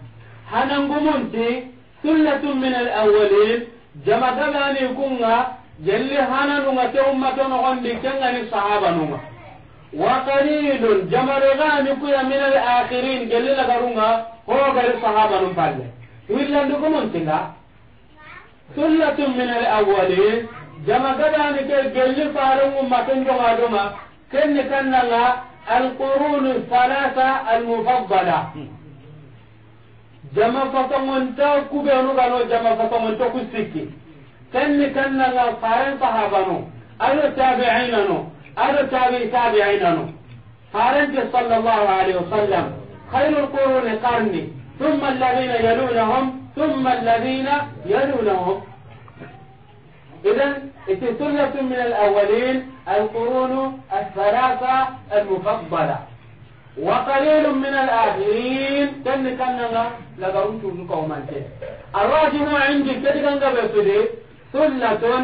hanan hanangumunti sullatun min alawalin jamatagani kunga jelli hananunga ke ummatonogondi kengani sahabanunga wa qalilun jamaregani kuya min alakhirin gelli lagarunga hogari sahabanun palle willandugumuntinga sullatun min alawalin jamagadani ke gelli faren ummatonjogadoma kenni kannanga alqurunu thalatha al hmm. jama fatongonta kubenu gano jama fatongonta ku sikki kenni kannanga faren sahabano ado tabiinano ado tabi tabiinano farente sallallahu alaihi wasallam خير القرون قرني ثم الذين يلونهم ثم الذين يلونهم إذا سنة من الأولين القرون الثلاثة المفضلة wa qalilun min al akhirin tan kan nga la garu tu ko man te arrajimu indi kadigan ga be sude sunnatun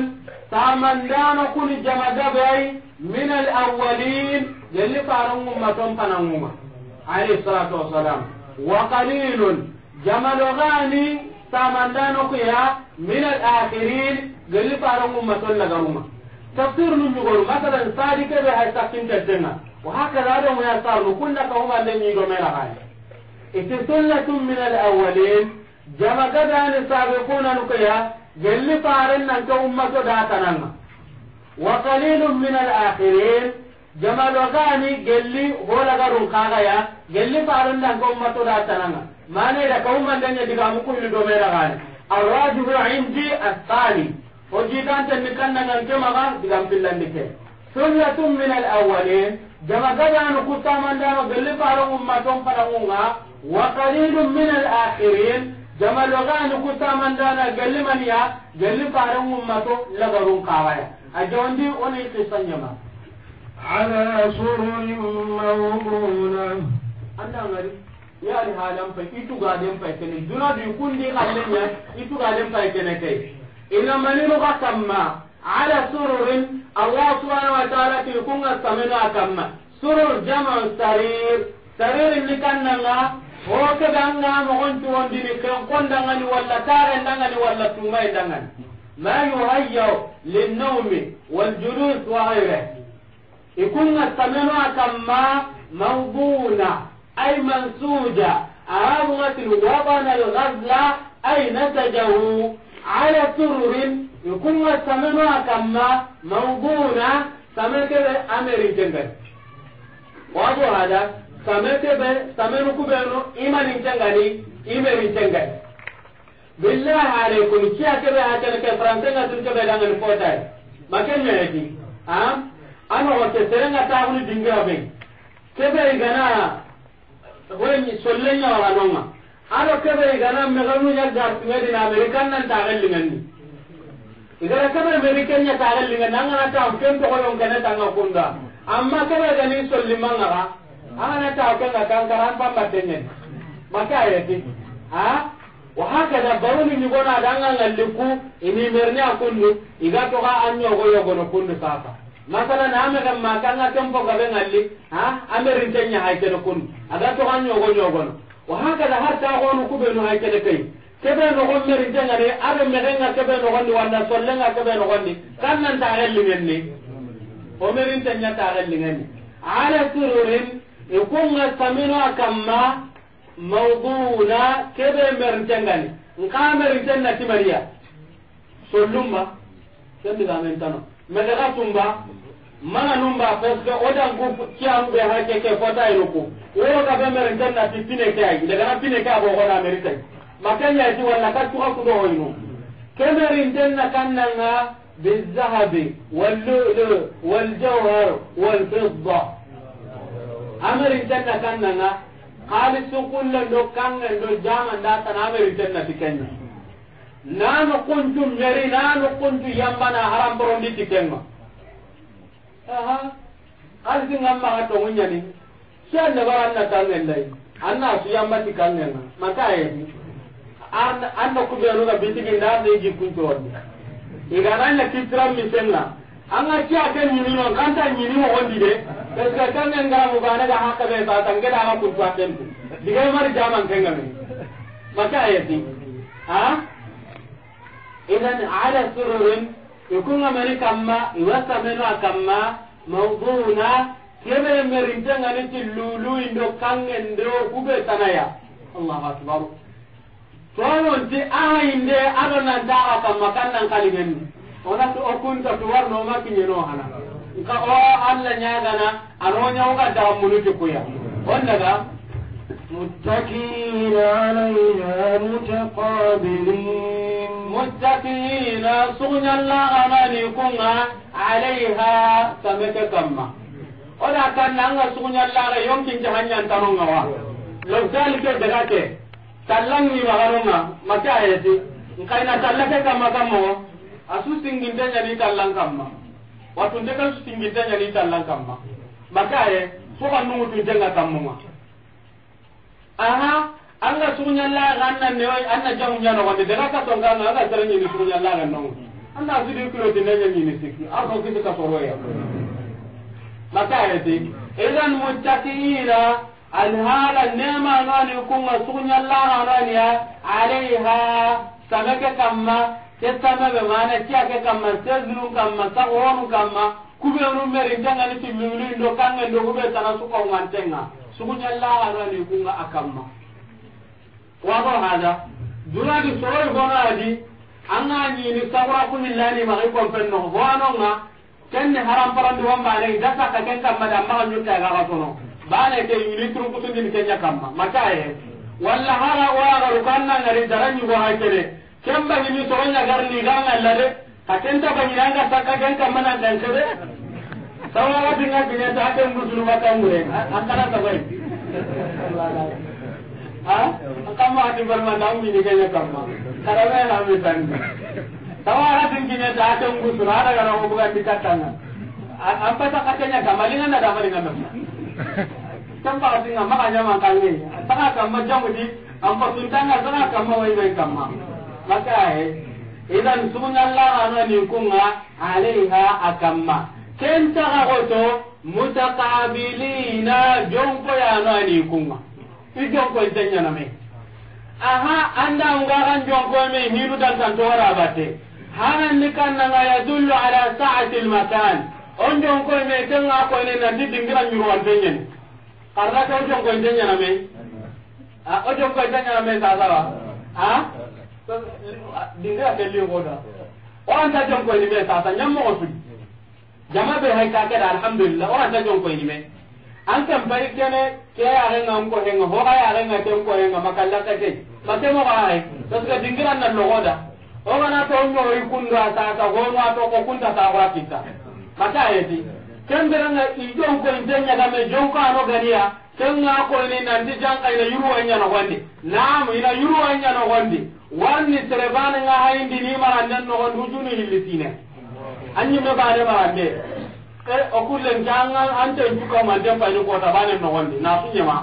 tamandana kun jamaga bay min al awwalin yalli farangu maton pananguma alayhi salatu wassalam wa qalilun jamalogani tamandano kuya min al akhirin yalli farangu maton la garuma وهكذا هذا ما يصار كلك هما لن يجمعنا هاي إذا سنة من الأولين جمع كذا السابقون نكيا جل فارنا أنت أمة داتنا وقليل من الآخرين جمع لغاني جل هو لغرون كاغايا جل فارنا أنت أمة داتنا ما نيدا كوما لن يجمعنا كل دومينا هاي الراجح عندي الثاني وجيت أنت نكنا نكما دقام في اللندكي سنة من الأولين jaga gajanu kutamandano gelli faronumma ton padangunga wa qalilun min alakhirin jama logani kutamandana gelli maniya gelli faronumma to lagarun kawaya a jawandi oni kisanyama ala sururin mawduna andangari yari halan fay itugaden fay kene dunadu kundi kallenya itugaden fay kene kay ilamaninu ka kamma ala sururin allah subhanahu wa ta'ala ti kunga samena kamma surur jama sarir sarir ni kannanga ho ke ganga mo on tu on dini kan kondanga ni walla tare ndanga ni walla tumai ndanga ma yuhayyu lin-nawmi wal-julus wa ghayrihi ikunga samena kamma mawbuna ay mansuja arabu ngati wabana al-ghazla ay natajahu ala sururin ikunga sameno akamma kamma manguna same kebe amerikengani wato hada same kebe samenu kubenu imaninkengani imerinkengani billahi alaikum kiya kebe hakene ke français nga tun kebe dangani fotai makenmeeti a anoxo ke serenga taxunu dingira ɓeng kebe igana hoyni solle ñawaxanonga aɗo kebe igana mexenuña gartimedina american nantaxellingenni igara kebe meri kenya tagallinga na taam ken togonon kene tanga kunda amma kebe gani sollimangaga angana taam kenga kankara an pambattengen maka ayeti a wahakada baruni ñigona adanga ngalli ku ini merni a kundu iga toga an ñogo yogono kundu sasa na amegen ma kanga ken fogabe ngalli a amerinte ñahay kene kundu aga toga an ñogo ñogono wahakada har taagonu kubenu hay kene kay kebe nogon meri jangane ado mexenga kebe nogondi walla sollenga kebe nogondi kan nan taxellingenni o merinte ña taxellingenni ala sururin ikunga e samino a kamma mawduna kebe merintengani nka merinten nati mariya sollumba kendigamentano mexexa tumba mana numba parce o dan danku kianɓe ha keke fotaynuku woro kafe merinten nati pine ke ay dagana pine ke ko na meritay nga wal wala makenyati walla kattuka kutohoyinu kemerintenna kannanga bilzahabi wallulu waljawhar walfidda amerintenna kannanga kalisu kullendo kangendo jamanda tan amerintenna ti kenya nanu kuntu meri nanu kuntu yambana haramborondi ti kenma aha alsingammaka togunyani sianne baranna kangendai anna su yamba ti kangenga makaeni an na anna kubenuga bitigi ndande jikkuncorondi igananna kitiran an anga ci ake ñinino kanta ñini mogondi de parce que ta ngaramuganaga hakkaɓe na tangeɗaga kuntu akentu digay mari jamankengame maka ayeti a idan ala sururin ikunga mani kamma iwasamenu a kamma mawduna keɓe merintengani ti lulu indo kangende kuɓe sanaya allahu akbaru toyonti ahayinde aɗo a kamma kan nan kaligenni onati o kunta tuwarno ma kiñeno hana nka o oh, allah ñagana ano ñawga daxa munuti kuya on oh, daga متكئين عليها متقابلين متكئين سغن الله غماني عليها سمك كما ولا كان لنا سغن الله يمكن جهنم تنونها لو ذلك دغاته tallangi magarunga maka ayeti nkaina tallake kamma kammo asu singinte ñani tallan kamma watunte ka su singinte ñani tallan kama maka aye foka nungutuntenga kammunga aha anga suguñallaga anna newa anna jaguñanogondi daga katonkanga anga sereñini suguñallaga nongu anda asidi kilotineñañini sikki arko kiti kasoroya maka ayeti idan muttakiina alhala nema anani kunga anani ya alaiha sameke kamma te samebe mana kiake kamma sezirun kamma sagoronu kamma kubenu meri ntengani timmiwilindo kangendo kube tana sukaungantenga suguñallaha anani kunga a kamma wato hada duradi soroi gonoadi anga ñini sagura kunillani maxi kompennoxo hoanonga kenne haramparandiwambanei dasaka ken kamma da ga ga sono bana ke yuni turu kusundi ni kenya kamma maka ye walla hara wa garu kanna ngari daranyi go hakere kemba ni to nya garni ganga lade atenta banyanga saka gen kamana dan kede sawara dinga binya ta ke musulu maka ngure akara ta bai ha akamu ati barma daum ni kenya kamma karawe na mi tan sawara dinga ta ke musulu ada gara obuga dikatanga apa ta katanya kamalingan ada kamalingan namanya tan ba tinga maka jama kanne saka kamma jamudi am fa suntanga saka kamma wai bai ma maka ai eh, idan sunan la ana ni kunga alaiha ma. ken ta ga goto mutaqabilina jonko ya ana ni kunga i jonko tanya na me aha anda ungaran jonko me hiru dan tan ba te. hanan ni kan na ya dullu ala sa'ati al makan on jon koy me ken ga koy ne nan didin gira nyuru an tenyen karna ta jon koy tenyen ame a o jon koy tenyen ame sa sa ha dinga ke li goda o an ta jon koy ni me sa sa nyam mo su jama be hay ka ke alhamdulillah o an ta jon koy ni me an kan bari kene ke ya re ngam ko he ngam ho ga ya re ngam tem ko he ngam makalla ka te mate mo ga hay to ka dingira nan lo goda o gana to nyo ikunda sa sa go no to ko kunta ta wa kita kata yeti kemberanga ijon ko intenya game jonko ano ganiya kenga ko ni nanti janka na yuru wanya no gondi naam ina yuru wanya no gondi warni serebana nga hayndi ni mara nan no gondi hujuni hillitine anyi me bare marande e okulle janga ante juka mande panyo ko tabane no gondi na sunyema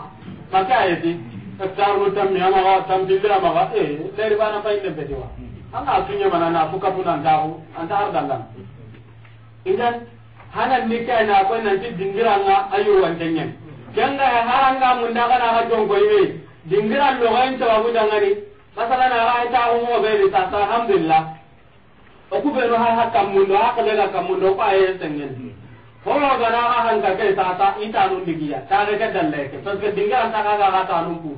ma yeti e, tarno tammi ama ga tambilla ma ga e serebana pa inde betiwa anga sunyema ma na fuka punan dawo anta har dalan idan hana ni kai na ko nan ti dingiranga ayu wantenyen kenga ha haranga mun daga na ha jongo ibe dingiran lo gain to abu dangani masala na ha ta ho be ri ta ta alhamdulillah o ku be no ha ha kam mun do ha ka daga kam mun do pa ye tengen ho lo ga na ha han ka ke ta ta ita nun digiya ta ga ka dalle ke to ke dingiran ta ga ga ta nun ku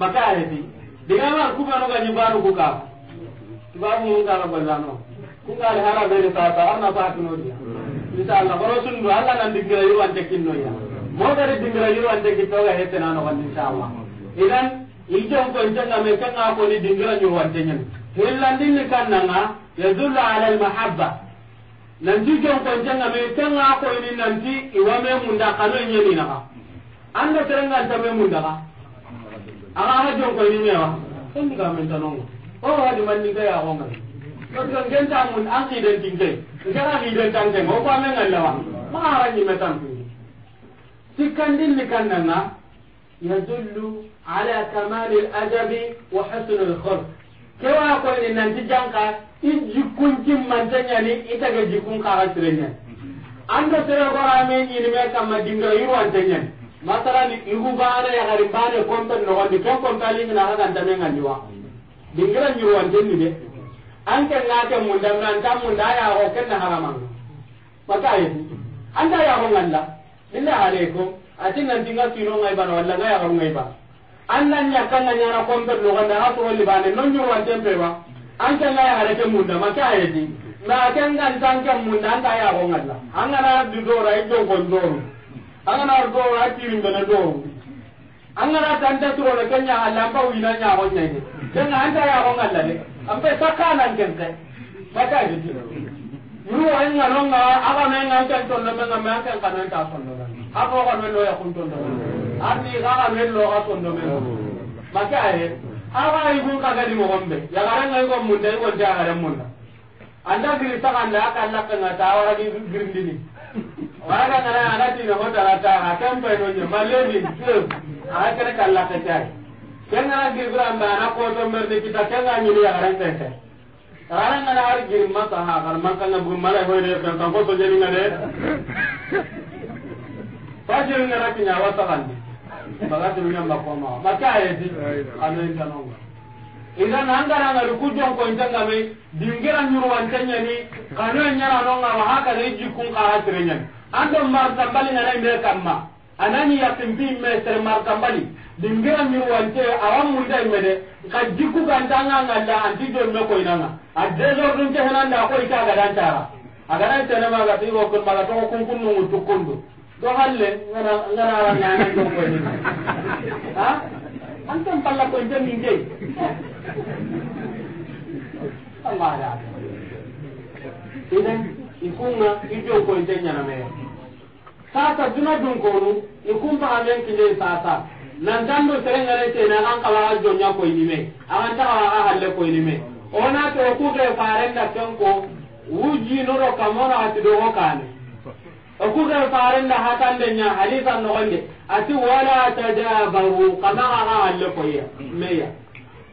maka ye ti dinga ma ku be no ga ni baru ku ka baru mun ka ga no kunga al harabe ni ta ta ta kino dia inshallah baro sun do nan digira yiru ante kinno ya mo dari digira yiru ante kitto ga hete na no inshallah idan ijon ko janga me kanga ko ni digira yiru ante nyen hillandin ni kannanga yadullu ala al mahabba nanti jon ko janga me kanga ko ni nanti na anda ka aga ha ko ni ga men o ha di ya parce que kenta mun an ki den tinte ngara ki den tante mo ko amen ngalla wa ma ara ni metam tikandin ni kannanga yadullu ala kamal al adabi wa husn al khulq kewa ko ni nan ti janka i jikun ti mantanya ni ita ga jikun ka ga sirenya ando sere gora me ni me kamma dinga yi wantanya masalan igu baana ya gari baana kontan no wandi kon kon tali ni na ga ndame ngani wa dingira ni wantanya ni de an anke ngake munda nan tan munda ya ko kenna haraman maka yi da ya ko ngalla billa alaikum atin nan tinga tino ngai bana walla ngai ho ngai ba nan ya kanna nyara ko mbe lo ganda ato wali bane non yo wan tembe ba an anke ngai ya hare ke munda maka yi di na kan kan tan da munda da ya ko ngalla angana du do ra ijo ko do angana do ra ti min bana do angana tan ta turo le kenya Allah ba na nya ni nyai nan ta ya ko ngalla ne ampe saka nan kenke saka gitu yu an ya longa aga men nan kan ton na men men kan kan ta son do apo ko ya kun ton do ga ga men ga ton do men maka aga ibu ka ga di mo gombe ya ga nan ko mun dai ko ja ga mun anda giri ta kan da kan la kan ta wa di giri ni wa ga na na ti na ho ta ta ha kan no je maleni a ka kan la ka ta kenga girbiran da na ko to merde kita kenga ni ya garan tete garan na har gir masa ha gar man kan bu mala ho ko to jeni na rakin ya kan ko ma ma ka ye di na ku ko inta dingira nyuru wan ni kanu no haka ne jikun ka hatire nyen ando mar na anani yakin bi me ser markambali dingira mi wante awam munda imede ka jikku kan tanga ngalla anti do me ko inanga A do dun ke hanan da ko ita ga dan A aga dan tana ma ga tiro kun mala to kun kun nu tukundu do halle ngana ngana ra ngana do ko ni ha antum palla ko inde min ge Allah ya idan ikunga ijo ko inde nyana me sasa duna dun i ikun pa amen kine sasa nan tan do serengare na an kala ha jonya ko inime an ta ha halle ko inime ona to ku ke farenda kenko wuji noro kamona ati do hokane oku ke farenda hatande nya halisa no gonde ati wala tajabaru kama ha halle ko ya meya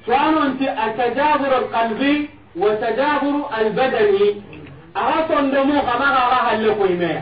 suwano nti atajaburu alqalbi wa tajaburu albadani de sondemo kama ha halle ko imeya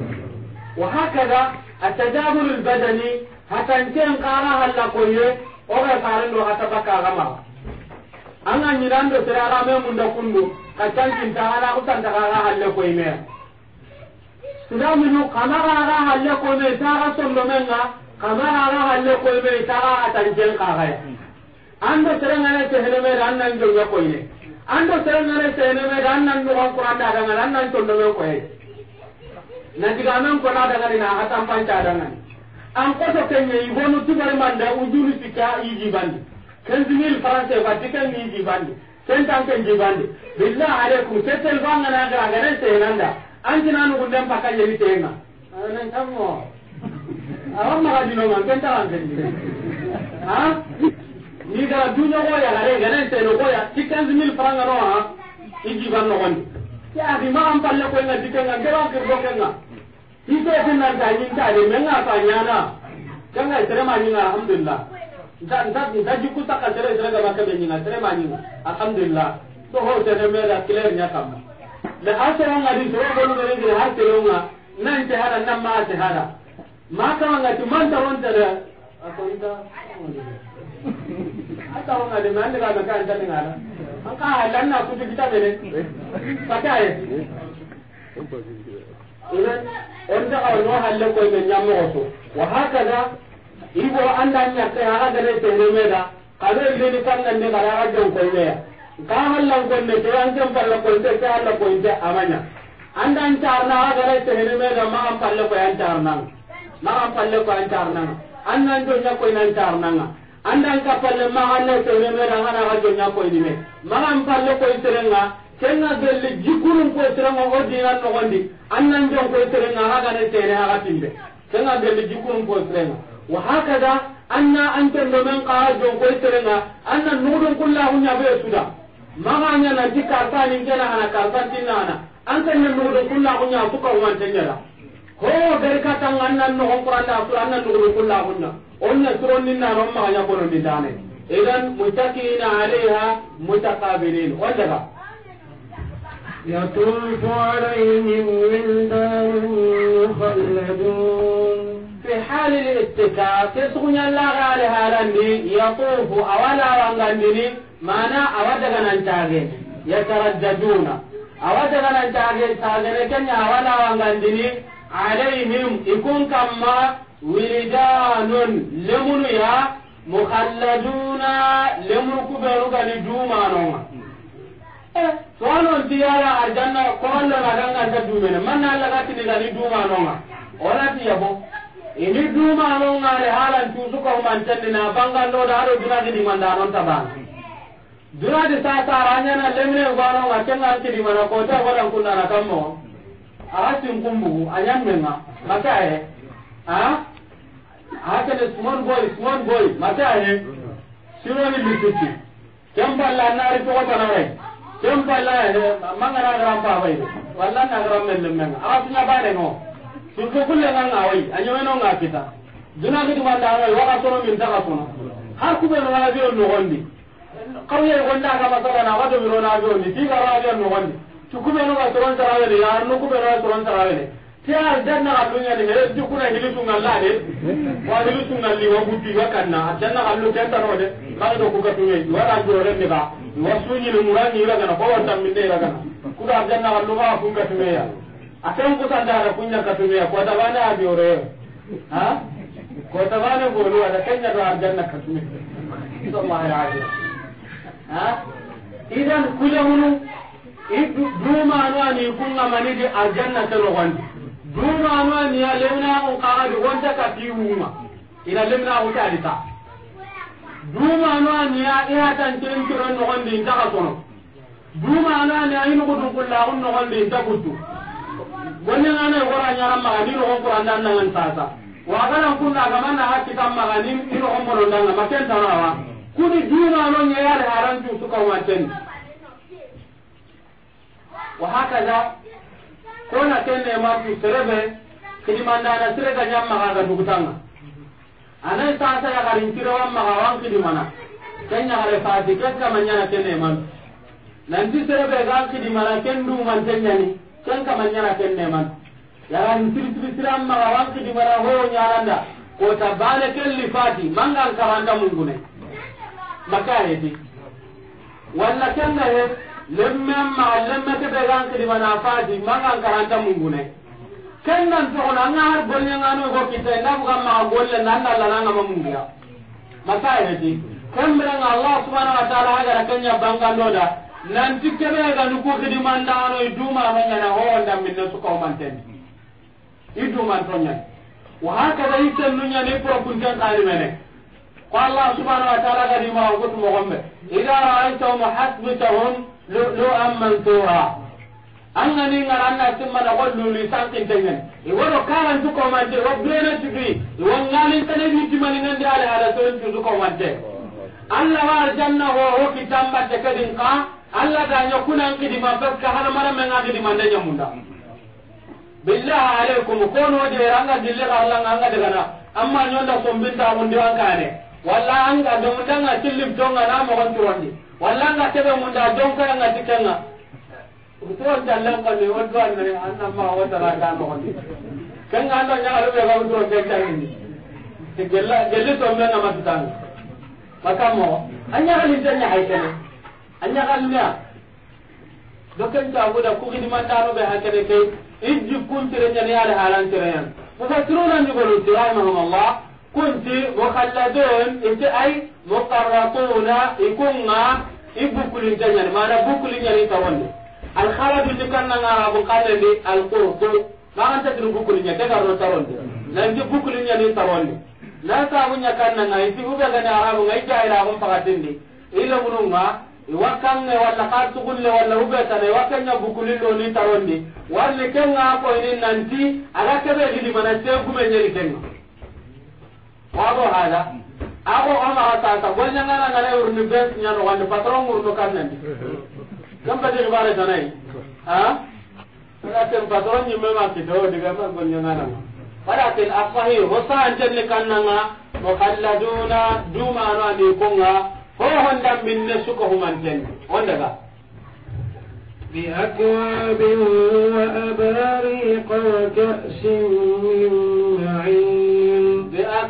وهكذا التجاهل البدني هتنتين قارا هلا كويه oga sarin do hata baka gama anga nyiran do sirara me munda kundu kacan kinta ala utan daga ga halle ko ime sudamu no kamara ga halle ko me ta ga sondo menga kamara ga halle ko me ta ga atan jeng ka ga ando seranga ne te hele me ran nan jo ko ine ando seranga ne te hele me ran nan do nan na diga men ko na daga na ha tan panca daga an ko to kenye i honu tibari manda ujuru sika i jibandi kenzi mil france ba tikan ni bandi sen tan ken jibandi billahi alaikum tetel banga na ga ga ne tenanda an tinanu gundem pakanye ni tenga anan tammo awan maga dino man ken an ken ha ni du dunyo ko ya ga ne ga ne ko ya tikan mil franga no ha i ban no gondi yaabi maxam palle koynga dikenga ngewa kirdo kenga iseetinanta ñintani menga fa ñana kanga serema ñinga alhamdulillah nta nta nta jikku takka sere sere gaba kebe ñinga serema ñinga alhamdulillah to ho sene mela clair ña kamma mais a seronga di soro golugene gire har seronga nante hada namma ate hada ma kamangati manta wontere akonta a tawonga de mais andiga me ka antaninga ada aka lanna kutu kita bene kata ye ina onda aw no halle ko be nyammo so wa hakaza ibo anda nya ka ha ga ne tele meda kabe ile ni kan nan ne ga ra jon ko ne ka halla ko ne to an kan parla ko te ka halla ko te amanya anda an tarna ha ga ne tele ma an parla ko an tarna ma an parla ko an na an nan do nya ko andan kapalle maxanne sene mena xana xa joña koyni me maxan palle koy serenga kenga gelli jikurun koy serenga o dinan noxondi annan jon koy serenga xagane sene xaxa timbe kenga gelli jikurun koy serenga wa hakada anna antondo men xaxa jon koy serenga anna nuxudon kullahu ñabe suda maxaña nanti kartanin kena xana kartantinna xana an kenne nuxudon kullahu ña suka wante ñada ho gari katangan nan noxon quranda asura anna nuxudon kullahu ña onya turonin na non ma nya bono mitane idan muttaqina alaiha mutaqabilin wanda ga يطوف عليهم ولدان مخلدون في حال الاتكاء تسغن الله على هالندي يطوف أولا وانغندني معنى أودغ ننتاغي يترددون أودغ ننتاغي تاغي كن أولا وانغندني عليهم يكون كما wildanun lemunu ya mukhalladuna lemunu kubenu gani dumanonga eh, sonon tiyala arjanna korollo na danganta dumene manna allah gatini gani dumanonga onati yabo ini dumanonga re halan cusukahumantenni na bangandoda aɗo dunagidi mandanon taban dunadi sasaranyana lemine ganonga kengankidi mana kota godan kunnana kammo aga sin kumbugu añammenga makae a ah. hakene small boy small boy mata he sironi bisuti kemba la nari to ko tanawe kemba la he mangara gram pa bai walla na gram mel men asna bare no sun ko kulle nan awai anyo no nga duna ko to wanda awai wa asoro min daga kono har ku be no biyo no gondi kawye gonda ka masala na wado biro na biyo ni ti ga ra biyo no gondi ku be no ga toron tarawele ya no ku be no toron tarawele te arjanna kallu ñani he dikuna hili sungalla de wa hili sungalli wa gutti wa kanna arjanna kallu kentano de kaga do kugatuye wara jorenne ba wa suñini murani iragana ko wantamminde iragana kuda arjanna kallu maa kungatumeya aken kusandara kuñakatumeya ko tabane a joroyo ha ko tabane golu ada kenya do arjanna katume somahe aja ha idan kujamunu i dumanu ani kungamanidi arjanna te nogondi duma no ni lemna ko kaga do wonta ka tiwuma ila lemna ko ta dita duma no ni ya ina tan ten tiro no gondi inta ka sono duma no ni ay no gudun kulla on no gondi inta kutu wonni ngana wora nyara ma ni no ko anda nan nan tata wa kana kunna ga manna hakki tam ma ni ni no ko no nan ma ten tarawa kuni duma no ni ya ran tu suka ma ten wa hakaza kona kenne maku serebe kidimandana sire ga ñammaga ga dugutanga anan sasa yagarin kirewan maga wan kidimana ken yagare fati ken kama ñana kenne man nanti serebe gan kidimana ken duman tenñani ken kama ñana kenne man yagarin sirisiri siran maga wan kidimana ho ko ta bane ken li fati mangan karanta mungune maka heti walla kenga he lemme ma lemme ke be gan kidi mana faati mangan karanta mungune ken nan to na nga har golle nga no go kita na buga ma golle nan na lana nga mungia masa ene ti ken bere nga allah subhanahu wa taala aga ra kenya banga da. nan ti ke be ga nuko kidi manda no iduma ma nyana ho onda minna su ko manten iduma to nyana wa hakada iten nunya ne pro kuntan kali mene ko allah subhanahu wa taala ga di ma go to mo gombe ida ra'aytahum hasbutahum lo ammantoha angani ngaranna timmana golluli sankintengen iwoɗo karantu komante wo bena tigi iwo ngalintene witimaningendi ala ala sorencusu komante allah wa arjanna ho ho kitambatte kadin ka da ka daña kunankidima parce que hana maramenga kidimande ñamunda billah alaikum kono dera anga dille karla anga degana amma nyonda sombinta mundi wankane walla anga domutanga tilim tonga na mo gonti wandi walla nga tebe munda jonka nga tikenga utron jallan ka ne wodo anne anna ma wata la ka no ni kenga ando nya alu be ga utron ke ta ni te gella gelli to me na matan maka mo anya ga linta nya hay kana anya ga nya dokan ta go da ku gidi man da no be hakene ke ijji kun tire nya ne ala halan tire yan mufassiruna ni go lu tirai mahum allah kunti mukhalladun iti ay muqarratuna ikunga ibukulin tanyan mana bukulin yani tawonde al kharaju tikanna ngarabu qalli al qurtu magan ta dun bukulin ya daga ro tawonde nanti bukulin yani tawonde na sabu nya kanna ngai ti uga gana arabu ngai jaira ko pagatindi ila bununga iwakanne walla kartugulle walla ubetana iwakanya bukulillo ni tarondi warni kenga ko ini nanti aga kebe gidi mana se gume nyeri kenga wado hada ako ama ka tata gonya ngana ngana urni bes nyano wande patron urno kanne gamba de ibare tanai ha ala tem patron nyimme ma kido diga ma gonya ngana wala tel afahi hosan jenne kannanga mukhalladuna duma no ani konga ho honda minne suko humanten onda ga بأكواب وأباريق وكأس من معين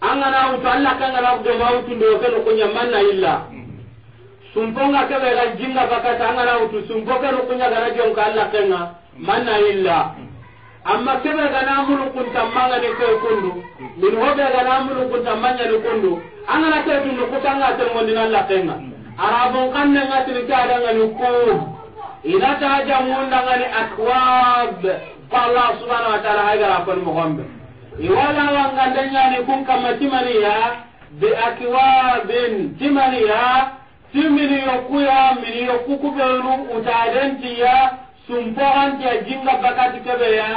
angana wutu alla kangana goma wutunde o kenu kunya manna illa sumponga kebe ga jinga bakata angana wutu sumpo kenu kunya gana jonka alla kenga manna illa amma kebe ga namuru kunta manga ni ko kundu min hobe ga namuru kunta manga ni kundu angana ke tundu kutanga tan woni alla kenga arabon kanne ngati ni kada ngani ko ina ta jamunda ngani akwab Allah subhanahu wa ta'ala hagara kon mo gombe iwala wanganda ñani kun kamma timaniya be akiwabin timaniya timini yokkuya mini yokku kuɓenu utadentiya sumpoxantiya jinga bakati keɓeya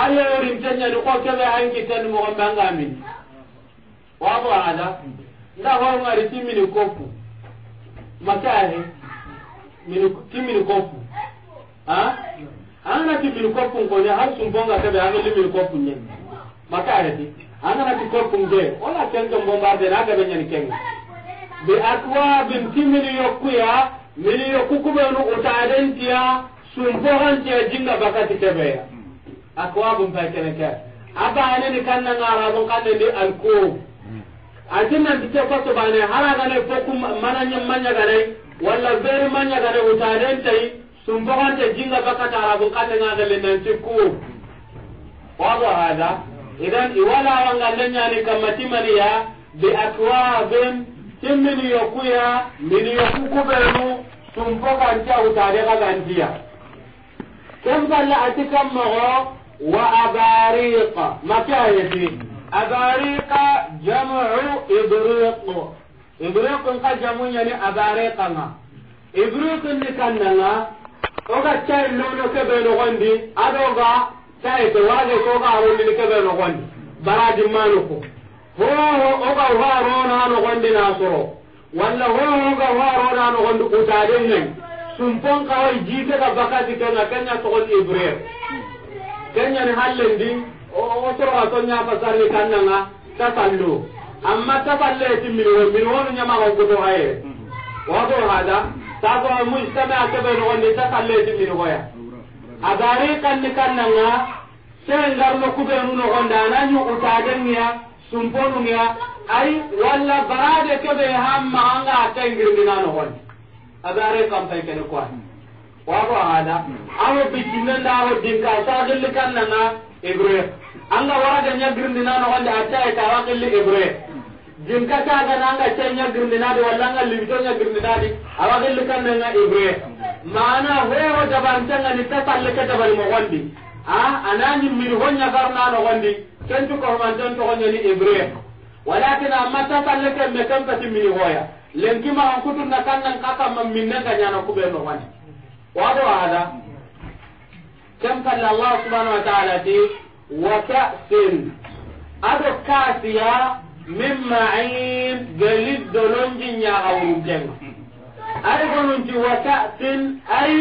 ayeyorinte ñani ko keɓe hankiteni moxonɓe anga mini waabo ada nda hoongari timini koppu makahe timini koppu a anganati mini koppu nkone har sumponga keɓe angelimini koppu ñeni maka arati angana ti korkum de ona kenke bombarde na gabe nyani kenga bi akwa bin timini yokuya mini yoku kubenu utaadentiya sumpohantiya jinga bakati kebeya akwa bun pa keneke aba aneni kanna ngara bon kanne ni alko atinna bite ko to bane haraga ne fokum mananya manya gane walla beri manya gane utaadentai sumpohantiya jinga bakati arabun kanne ngara le nanti ku wado hada idan iwala wanga lenyani kamati maria bi atwabin timmini yokuya mini yoku kubenu tumpo kanta utade kagantiya kem falla ati kammogo wa abariqa makayeti abariqa jamu ibriqu ibriqu ka jamu nyani abariqa nga ibriqu ni kannanga oga cai lono kebe nogondi adoga tae te wage ko ga ro ni ke be no gondi baradi manu ko ho ho o ga wa ro na no gondi na soro walla ho ho ga wa ro na no gondi ku ta den ne sumpon ka wai jite ga di ke na kanya to gondi ibrer kenya ni hallen din o o to ga to nya pasar ni kannanga ta sallu amma ta balle ti min wo min wo nya ma ko to haye mm-hmm. wa do hada ta ko mu istama ke be no gondi ta salle ti min wo ya agare kanni kanna kannanga sen garno kubenu nogonda ananyu utadenniya sumponungiya ay walla barade kebe hamma anga atengirmina nogondi agare kampay kene quoi wabo hada awo bicinenda awo dinka sagilli kannanga ibre anga warade nyagirndina nogondi attaye tawakilli ibre din ka ta ga nan ga canya girni na di walla nga limto nya girni na di awa gilli kan nga ibre mana hero daban canga ni ta talle ka dabar mo gondi a anani mi honya garna no gondi kentu ko man tan to gondi ni ibre walakin amma ta talle ka me kan pati mi hoya lenki ma an kutun na kan nan kaka man minne ka nya na kube no gondi wado hada kam kan Allah subhanahu wa ta'ala ti wa ka'sin ado kasiya mimma ayib galid jinya ñahawru kenga ari gonunti wa ka'sin ay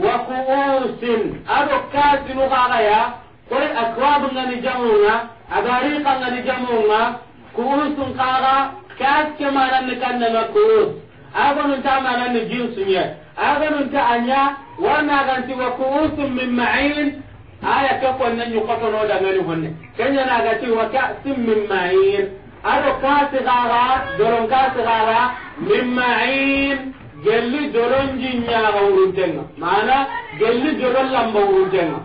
wa ku'usin ado kasinu ya koy akwab ngani jamunga agariqa ngani jamuna ku'usun kaxa kas ke mananni kannama ku'us agonunta mananni jinsuñe agonunta anya warnaganti wa ku'usun min ma'in aya ke konne ñukotono dangani honne keñanagati wa ka'sin min ma'in ado ka sigara doron ka sigara min ma'in gelli doron jinyaga wuruntenga mana gelli doron lamba wuruntenga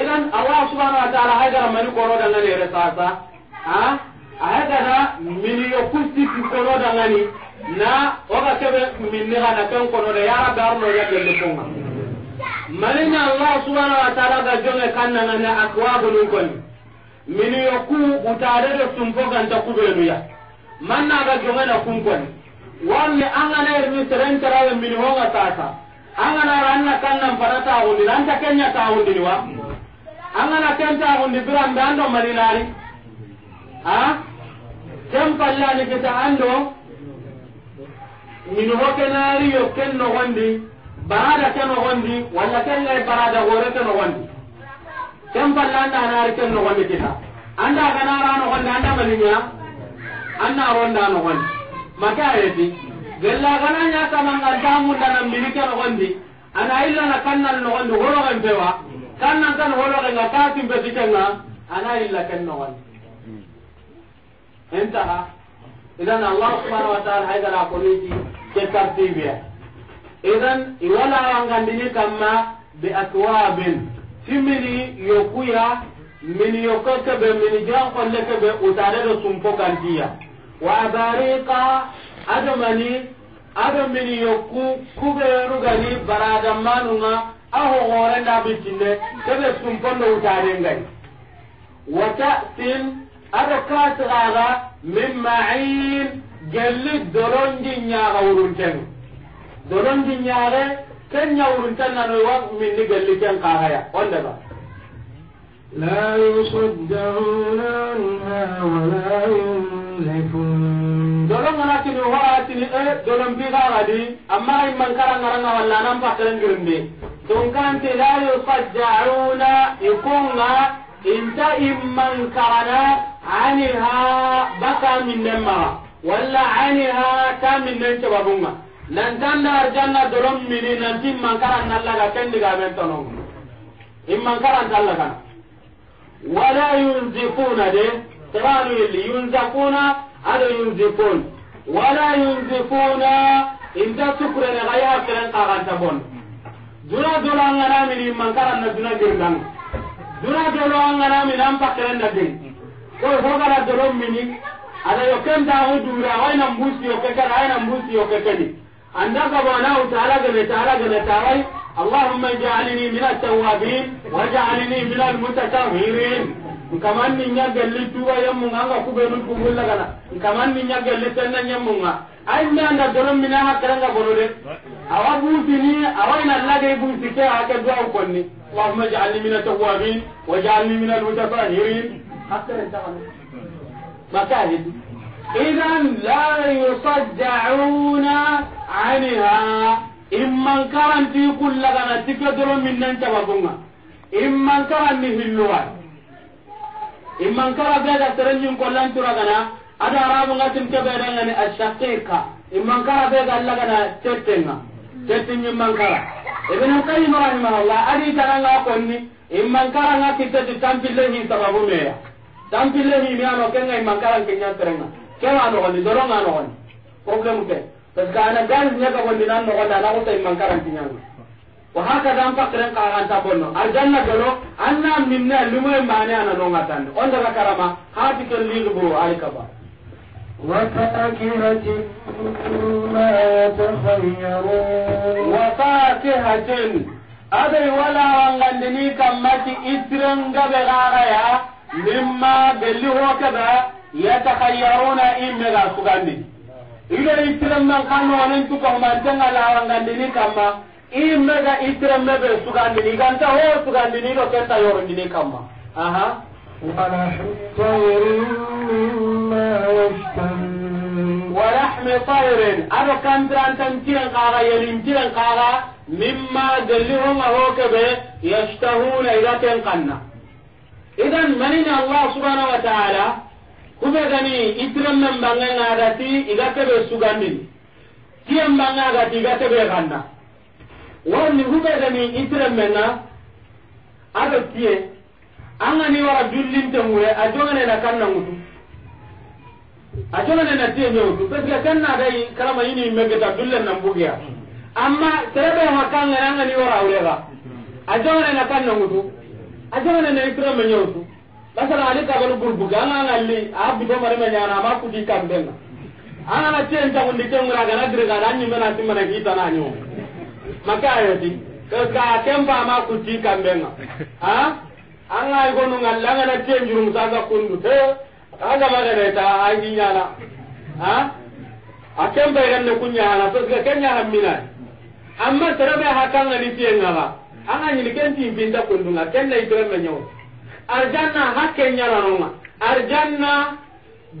idan allah subhanahu wa ta'ala haygara mani koro danganere sasa a ahagana miniyo kusiki koro dangani na oga kebe minnigana ken kono de yara garnoya gelli kunga maninya allah subhanahu wa ta'ala ga jonge kannanane akwagunun koni mini yo ku utare do sumpo ganta kubenu ya man na ga jonga na kun kon walle anga na irmi seren tarawe mini ho ga tata anga na ranna kanna parata undi ranta kenya ta undi wa anga na kenta undi biram dando marinari ha kem palla ni kita ando mini ho kenari yo ken no gondi barada ken no gondi walla ken lay barada gore ken no gondi ken palla anda anar ken nogondi kita anda ganara nogondi anda maninya anna ronda nogondi maka ayeti gella gana nya tananga damu dana milike nogondi ana illa na kannal nogondi holo kan bewa kannan kan holo kan ga tatim be dikenga ana illa ken nogondi انتهى idan allah subhanahu wa ta'ala hayda la quliti ke tartibiya idan iwala wangandini kamma bi akwabin timini yokuya min yoke kebe min jiran kolle kebe utare do sumpo kantiya wa abariqa adamani ado min yoku kugerenu gani baradamanunga aho horenda bitinde kebe sumpondo utare ngai wa ta'tin ado katigaga min ma'in gelli dolondi ñaga wurunten dolondi ñage ken ñawrun tan nano wa min ni gelli ken kaxaya wondeba لا يصدعون عنها ولا ينزفون دولم ولكن هو أتني إيه دولم بيغا غادي أما إما كرا نرنا ولا نم بحرن جرمي دون كانت لا يصدعون يكون إنت إما كرنا عنها بقى من نمرة ولا عنها تام من نمرة nan tan da arjanna dolom mini nan tin man karan nalla ga ken diga men tono in man karan dalla kan wala yunzifuna de tawanu yilli yunzakuna ada yunzifun wala yunzifuna inta sukure ne ga ya kren ka kan tabon duna dola ngana mini man karan na duna girdan duna dola ngana an nan pakren na din ko ho gara dolom mini ada yo ken da ho dura wai nan busi yo ke kana wai nan busi yo ke kani anda gabanahu taala gabe taala gabe tawai allahumma ij'alni min at-tawwabin waj'alni min al-mutatahhirin nkaman ni nya galli tuwa yammu anga kubenu kubulla gala nkaman ni nya galli tanna nyammu nga ay me anda dolom mina hakara nga bolode awa butini awa ina lage buti ke aka duwa konni allahumma ij'alni min at-tawwabin waj'alni min idan la yusaddauna anha imman karanti kullagana tike doro min nan tababunga imman karanni hilluwa imman kara be da terenyin kollan turagana ada arabu ngatin ke be dan ni ashaqiqa imman kara be ga lagana tettenga tettin imman kara ibn qayyim rahimahullah adi tananga konni imman kara ngati tetu tampilehi sababu meya tampilehi mi ano kenga imman ke ma no ni doro ma no ni ke parce que ana gan nya ka gondi nan no gondi ana ko tay man karanti nya wa haka dan fakran ka an ta bonno arjanna doro anna minna lumo mane ana no ngatan on daga karama ha ti to ligbo ay ka ba وفاكهة مما يتخيرون وفاكهة abe wala wangandini kammati itren gabe gagaya mimma belli hokeba yatakayyaruna imme ga sugandi ido itiramman kanno wonen tukahumantenga lawangandini kamma imme ga itiramme be sugandini iganta ho sugandini ido kenta yorondini kamma aha ولحم طير مما يشتهي ولحم طير أنا كان دران تنتين قارا يلين قارا مما دلهم هو يشتهون إذا تنقلنا إذا منين الله سبحانه وتعالى kube gani itiran nan banga na gati iga kebe sugandini tiyan banga gati iga kebe ganda warni kube gani itiran menna ada tiye anga ni wara dullin tanwe ajongane na kanna ngutu ajongane na tiye nyutu parce que kanna dai kalama yini megeta dullen nan bugiya amma terebe hakanga anga ni wara awlega ajongane na kanna ngutu ajongane na itiran menyotu lasana ali kabal burbuga anga ngalli a buto mare me nyana ma kudi kambenga anga na tien ta undi tengra gana dirga na nyi mena timana kita na nyo maka ayoti ka kemba ma kudi kambenga ha anga igonu ngalla anga na tien jurum saga kundu te anga magana ta angi nyana ha a kemba ganne kunya na to ga kenya hammina amma tarabe hakanga ni tienga ba anga nyini kenti impinda kundu na kenna itreme nyawo arjanna hakke ñaranonga arjanna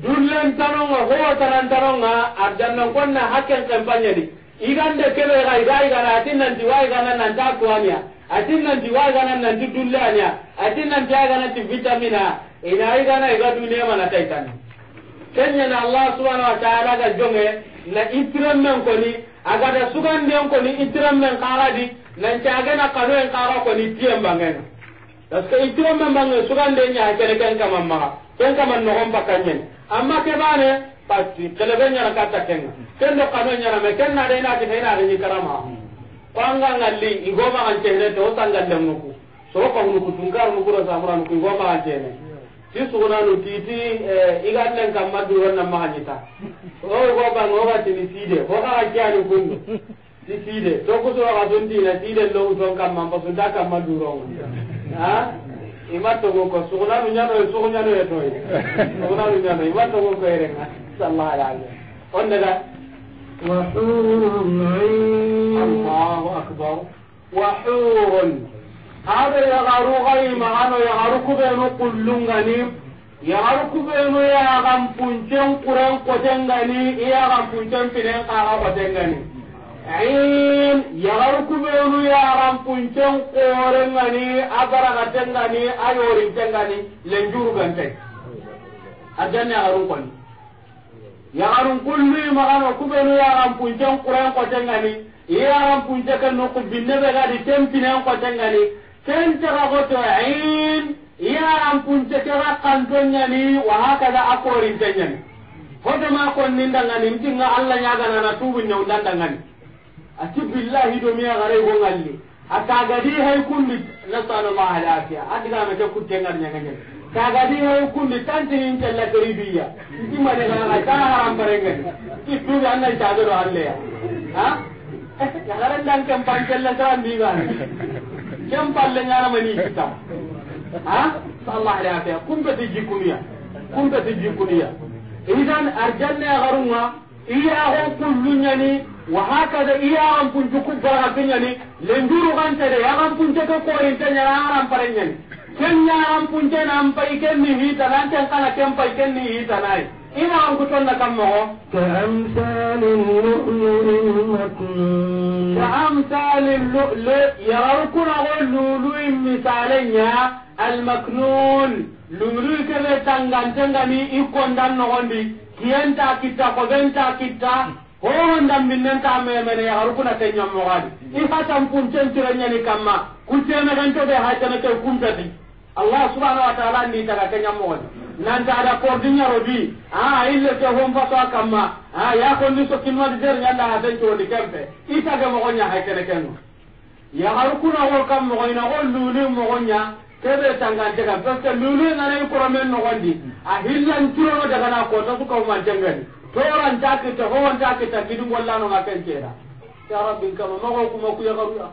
dullentanonga howotarantanonga arjanna konna hakken kempañadi igande keɓega iga igana ati nanti wa igana nanta kuwaniya ati nanti wa igana nanti dullaniya ati nanti aganati vitamina ina igana iga duniyamana taitani kenyana allah subhanau wa taala ga jonge na itiren men koni agada suganden koni itiren men karadi nanti agana kanoen kara koni tiyen bangena parce que itiro men bange de nya kene ken kama ma ken kama no on pakanyen amma ke bane pasti kelebe nya ka ta ken ken do kanu nya me ken na de na ke na ni karama kwanga ngalli igoma an tehne to sangal dem nuku so ko nuku tungar nuku ro samura nuku igoma an tehne ti suguna nu titi igan len kam madu wonna ma hanyita o go ba no ga tini side ko ga jani kunno ti side to ko so ga don dina side lo don kam ma ba so da kam madu ro ha ima togo ko suguna nu nyano e suguna nu e toy suguna nu nyano ima togo ko ere nga sallallahu alaihi on daga wa hurun Allahu akbar wa hurun hada ya garu qayma ano ya garu kubenu ni. ya garu kubenu ya gampun cen kuren ko tengani ya gampun cen pinen ka ga ko tengani in yagar kubenu yaran puncen korengani agaragatenkani ayorintengani lenjurugantai ajanne yagarun koni yagarun kulli magano kubenu yaran puncen kuren kotengani yaran punce kenno kubinne be gadi tempinen kotengani kentega goto in yaran punce kega kantonyani wahakada akorintengani hotema konnin dangani ntinga allah ñaganana tubu ñawdan dangani ati billahi do mi agare go ngalli hay kundi nasallu allah alafiya adiga me ke kutte ngar nyanga nyanga kagadi hay kundi tante hin tella karibiya ti made na ta haram barenga ti tu anna jago do alle ha yagaran dan kam pan tella tan diga kem palle nyara mani kita ha allah alafiya kumbe ti jikuniya kumbe ti jikuniya idan arjanna garunga iya ho ni wa hakada iya an pun jukun fara kenya ni lenduru kan tede kan pun teke ko in tenya ya ran parenya ni kenya an pun tena an pai ken ni hita nan ten kala ken pai ken ni hita nai ina an kuton na kam mo ka amsalil lu'lu'il maknun ka amsalil lu'lu yarkuna lu'lu'in tangan tangani ikon dan no gondi kiyen ta ko ben ta horon dambinnen ta memene yaharukuna ke ñammogadi mm. i hatan kuncentiranyani kamma kuntenegantebe hatanake kumpeti allah subhanau wa taala ni ke ñammogodi nanta ada kordiñarodi a ille ke honfaso a kamma a ya kondi sokkinmadi der ñalla haten coodi kempe i tage mogoña hay kene kenga yaharukuna hol kam mogoyna hol luli mogoña kebe tangante kam parce que luli nanayi koromen nogondi mm. a hillantirono dagana kota sukahumantengani toran takita howan takita kidi bollano ga kenceda ya rabbin kama mago kuma ku ya garuya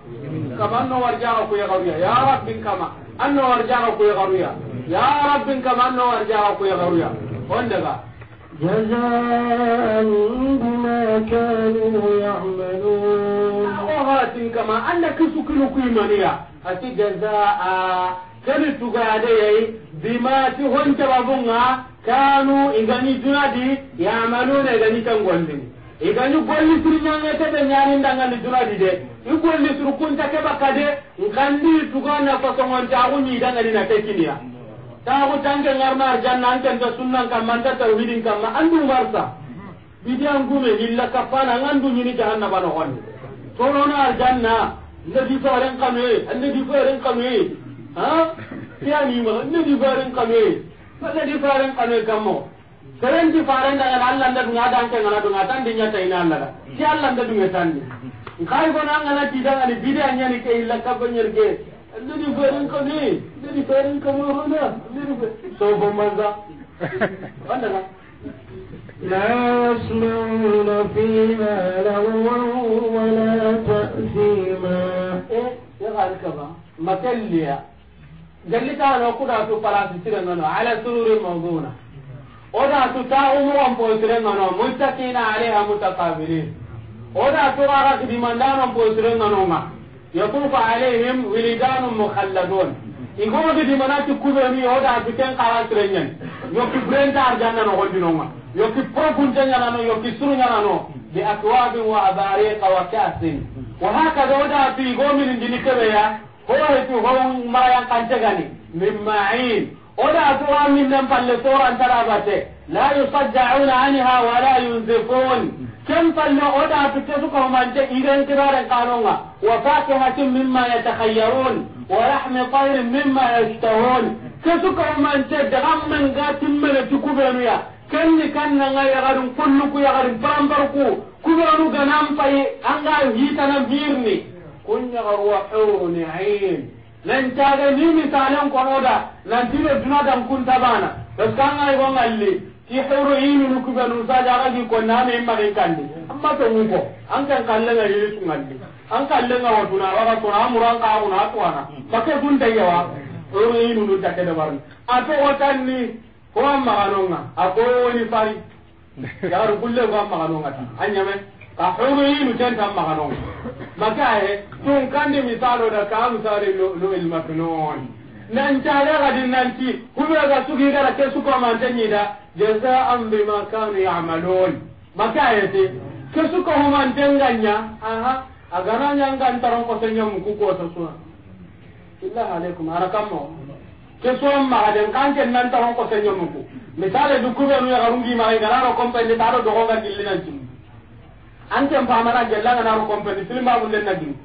kama anno warjara ku ya garuya ya rabbin kama anno warjara ku ya garuya ya rabbin kama anno warjara ku ya garuya wanda ga جزاء بما كانوا يعملون وهاتين كما أنك سكنوا كيمانيا أتي جزاء كنت تغادي بما تهون جوابنا kanu igani dunadi yamaluna igani tan gondini igani golli suru ñange teɓe ñanindangani di de i golli suru kunta keɓa kade nkandi tugana fasogontaku ñidangani na te tekiniya taku tanke ngarma arjanna ankenta sunnan kamma anta kan ma andu ngarsa bidiyan gume illa kappana na ñini jahannaba nogondi tonono arjanna ndedi foren kanuye andedi foren kanuye ha tiyanima ndedi foren kanuye tonne di faren kanu kammo seren di faren da yar Allah da dunga dan kan na dunga tan dinya tay Allah si Allah da dunga tan ni kai ko nan ngana ti dan ani bidan nyani ke illa ka banyer ke ndi faren ko ni ndi faren ko mo na ndi so bo manza wanda na لا يسمعون فيها لغوا ولا تأثيما إيه يا غالي كبا مكليا jalli ta no kuda tu palasi sire ngono ala sururi mawduna oda tu ta umu umuran po sire ngono mustaqina alaiha mutaqabilin oda tu ara ki dimandana po sire ngono ma yatufu alaihim wilidanun mukhalladun igomo di dimanati kubeni oda tu ken kala sire nyen yoki brenda arjanna no goldino ma yoki propunja nyana no yoki suru nyana no bi akwabin wa abariqa wa kasin wa hakada oda tu igomi ndini ya. howayti hon marayan kancegani min ma'in oda tuwa minnen palle sorantarabate la yusaddauna anha wala yunzifun ken palle oda tu kesukahumante iren kiraren kanonga wa fakihatin mimma yatakhayyarun wa lahmi tayrin mimma yashtahun kesukahumante dagammen ga timmene tikubenuya kenni kannanga yagarin kulluku yagarin paramparku kubenu ganan payi anga hitanan hirni kunya garwa hurun ayn nan taga ni misalan ko da nan tilo duna dan kun tabana das kanga ko ngalli ti huru y'i nu ku banu sa jaga gi ko na me ma kan kandi amma to mun ko an kan kalle ga yiri su ngalli an kalle ga wa duna wa ko na muran ka ku na to ana ke kun da yawa huru ini nu ta da barni a to watan ni ko amma ganonga a ko ni fari [LAUGHS] yaru kullu ko amma ganonga an yame ka hono yinu ten tan magano maka tun kandi misalo da ka misali lo il maknun nan tare ga din nan ti kuma ga sugi gara ke su ko man tanyi da jazaa'an bima kanu ya'malun maka he te ke su ko man tanganya aha agana nyanga ntaron ko tanya mu ku ko ta suwa illa alaikum arakammo ke so ma den kan ken nan taron ko tanya mu ku misale du ku be mu ya garungi ma ga ro kompende taro do ko ga an ken famana gella ngana ro kompeni filimba bulle na gini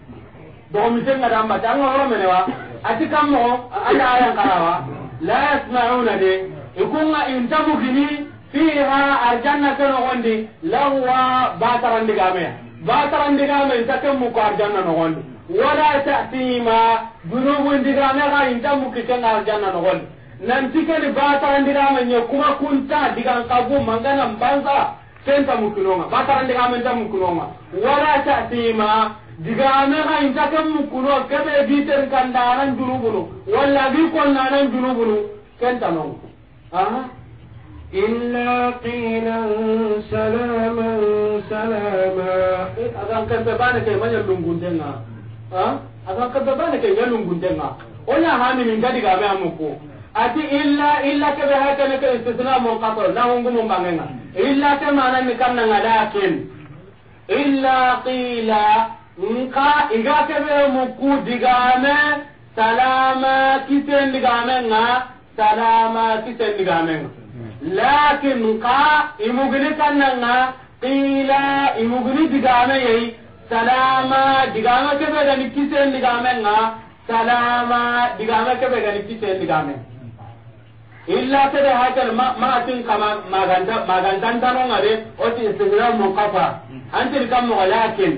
dogo miten ngada amba ta anga horo mene wa ati kam mo anda ayan karawa la yasma'una de ikunga intabu gini fiha arjanna ke no gondi lahwa bataran diga me bataran diga me ta ken mu ko arjanna no gondi wala ta'tima dunubun diga me ga intabu ke ken arjanna no gondi nan tikeni bataran diga me kuma kunta diga kabu mangana banza tenta mukunonga batara ndiga men tam mukunonga wala ta tima diga me inta kam mukuno kebe biter kandaran dunubuno wala bi konnanan dunubuno kenta non aha إلا قيلا سلاما سلاما أذان كذبانك ما يلون جندنا أه أذان كذبانك يلون جندنا ولا هاني من قد قام أمكو أتي إلا إلا كبه هكذا كاستثناء منقطع لا هم قموا بعنا illa ke mana mi kan nan ada ken illa qila nka iga ke be mu ku digame salama kiten digame nga salama kiten digame nga lakin nka imugini kan nan nga qila imugini digame yayi salama digame ke be ga ni kiten digame nga salama digame ke be ga ni kiten digame nga illa ta da hajar ma'atin kama magantan tanon are oti istihrar mun kafa hmm. an tilkan mu lakin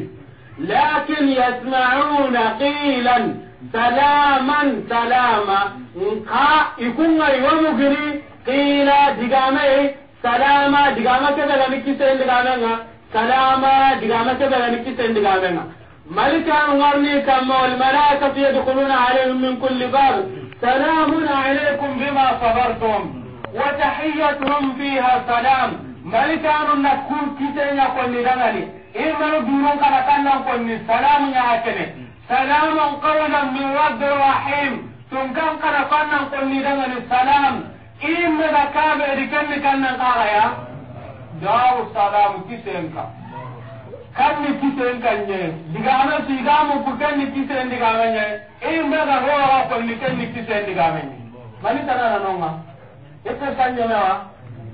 lakin yasma'una qilan salaman salama nka ikunga iwamu giri qila digame salama diga digama ke daga ni kisen digame nga salama diga digama ke daga ni kisen digame nga malika ngarni kama wal malaikatu yadkhuluna alaihim min kulli bab سلام عليكم بما صبرتم وتحيتهم فيها سلام ملكان نكون كتن يكون لدنالي إيمان دورون كان كان نكون سلام يا كنه سلام قولا من رب رحيم ثم كان كان كان نكون لدنالي سلام إما كابع لكن كان نقاها يا دعوا السلام كتين كسنك kanni kisen kanye diga ana su iga mu ku kanni kisen diga menye e mbe ga ho wa ko ni kanni kisen diga menye mani tana na nonga ite e sanye na wa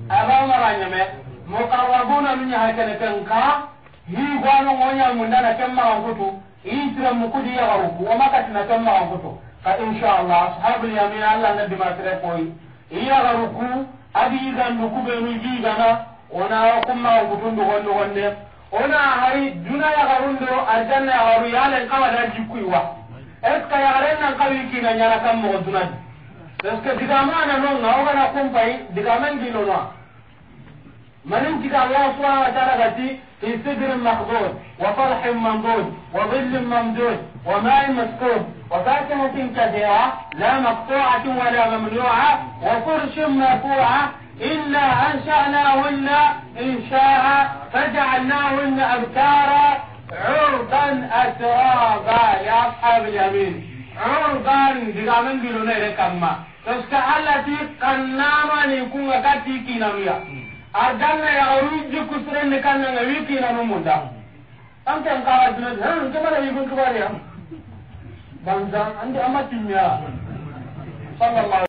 aba mara nyame muqarrabuna min hakana kan ka hi gwanu ngonya mun dana kan ma kutu i tira mu ku diya ga ku wa maka tina kan ma ngutu fa insha Allah ashabul yamin Allah na dima tare koi iya ga ruku adi ga nduku be mi ji gana ona kuma ngutu ndu gondu gonde ona hari duna ya garundo aljanna ya garu yalen kawa da jikuiwa eska ya garen nan kawi kina nyana kam mo dunadi eska digama na non na oga na kumpai digama ngino na manin kita Allah subhanahu wa ta'ala gati fi sidrin mahdud wa farhin mamdud wa dhillin mamdud wa ma'in maskud wa fakihatin kathira la maqtu'atin wa la mamnu'a wa furshin marfu'a إنا أنشأناهن إنشاء فجعلناهن أبكارا عرضا أترابا يا أصحاب اليمين عرضا دقامن إليك أما تسكى التي قناما نكون كينا ميا أردنا يا أريد كسرين نكان نغوي كينامو مودا أنت أنقاوا جنود هم كما يكون كباريا بانزا أنت أما تنيا صلى الله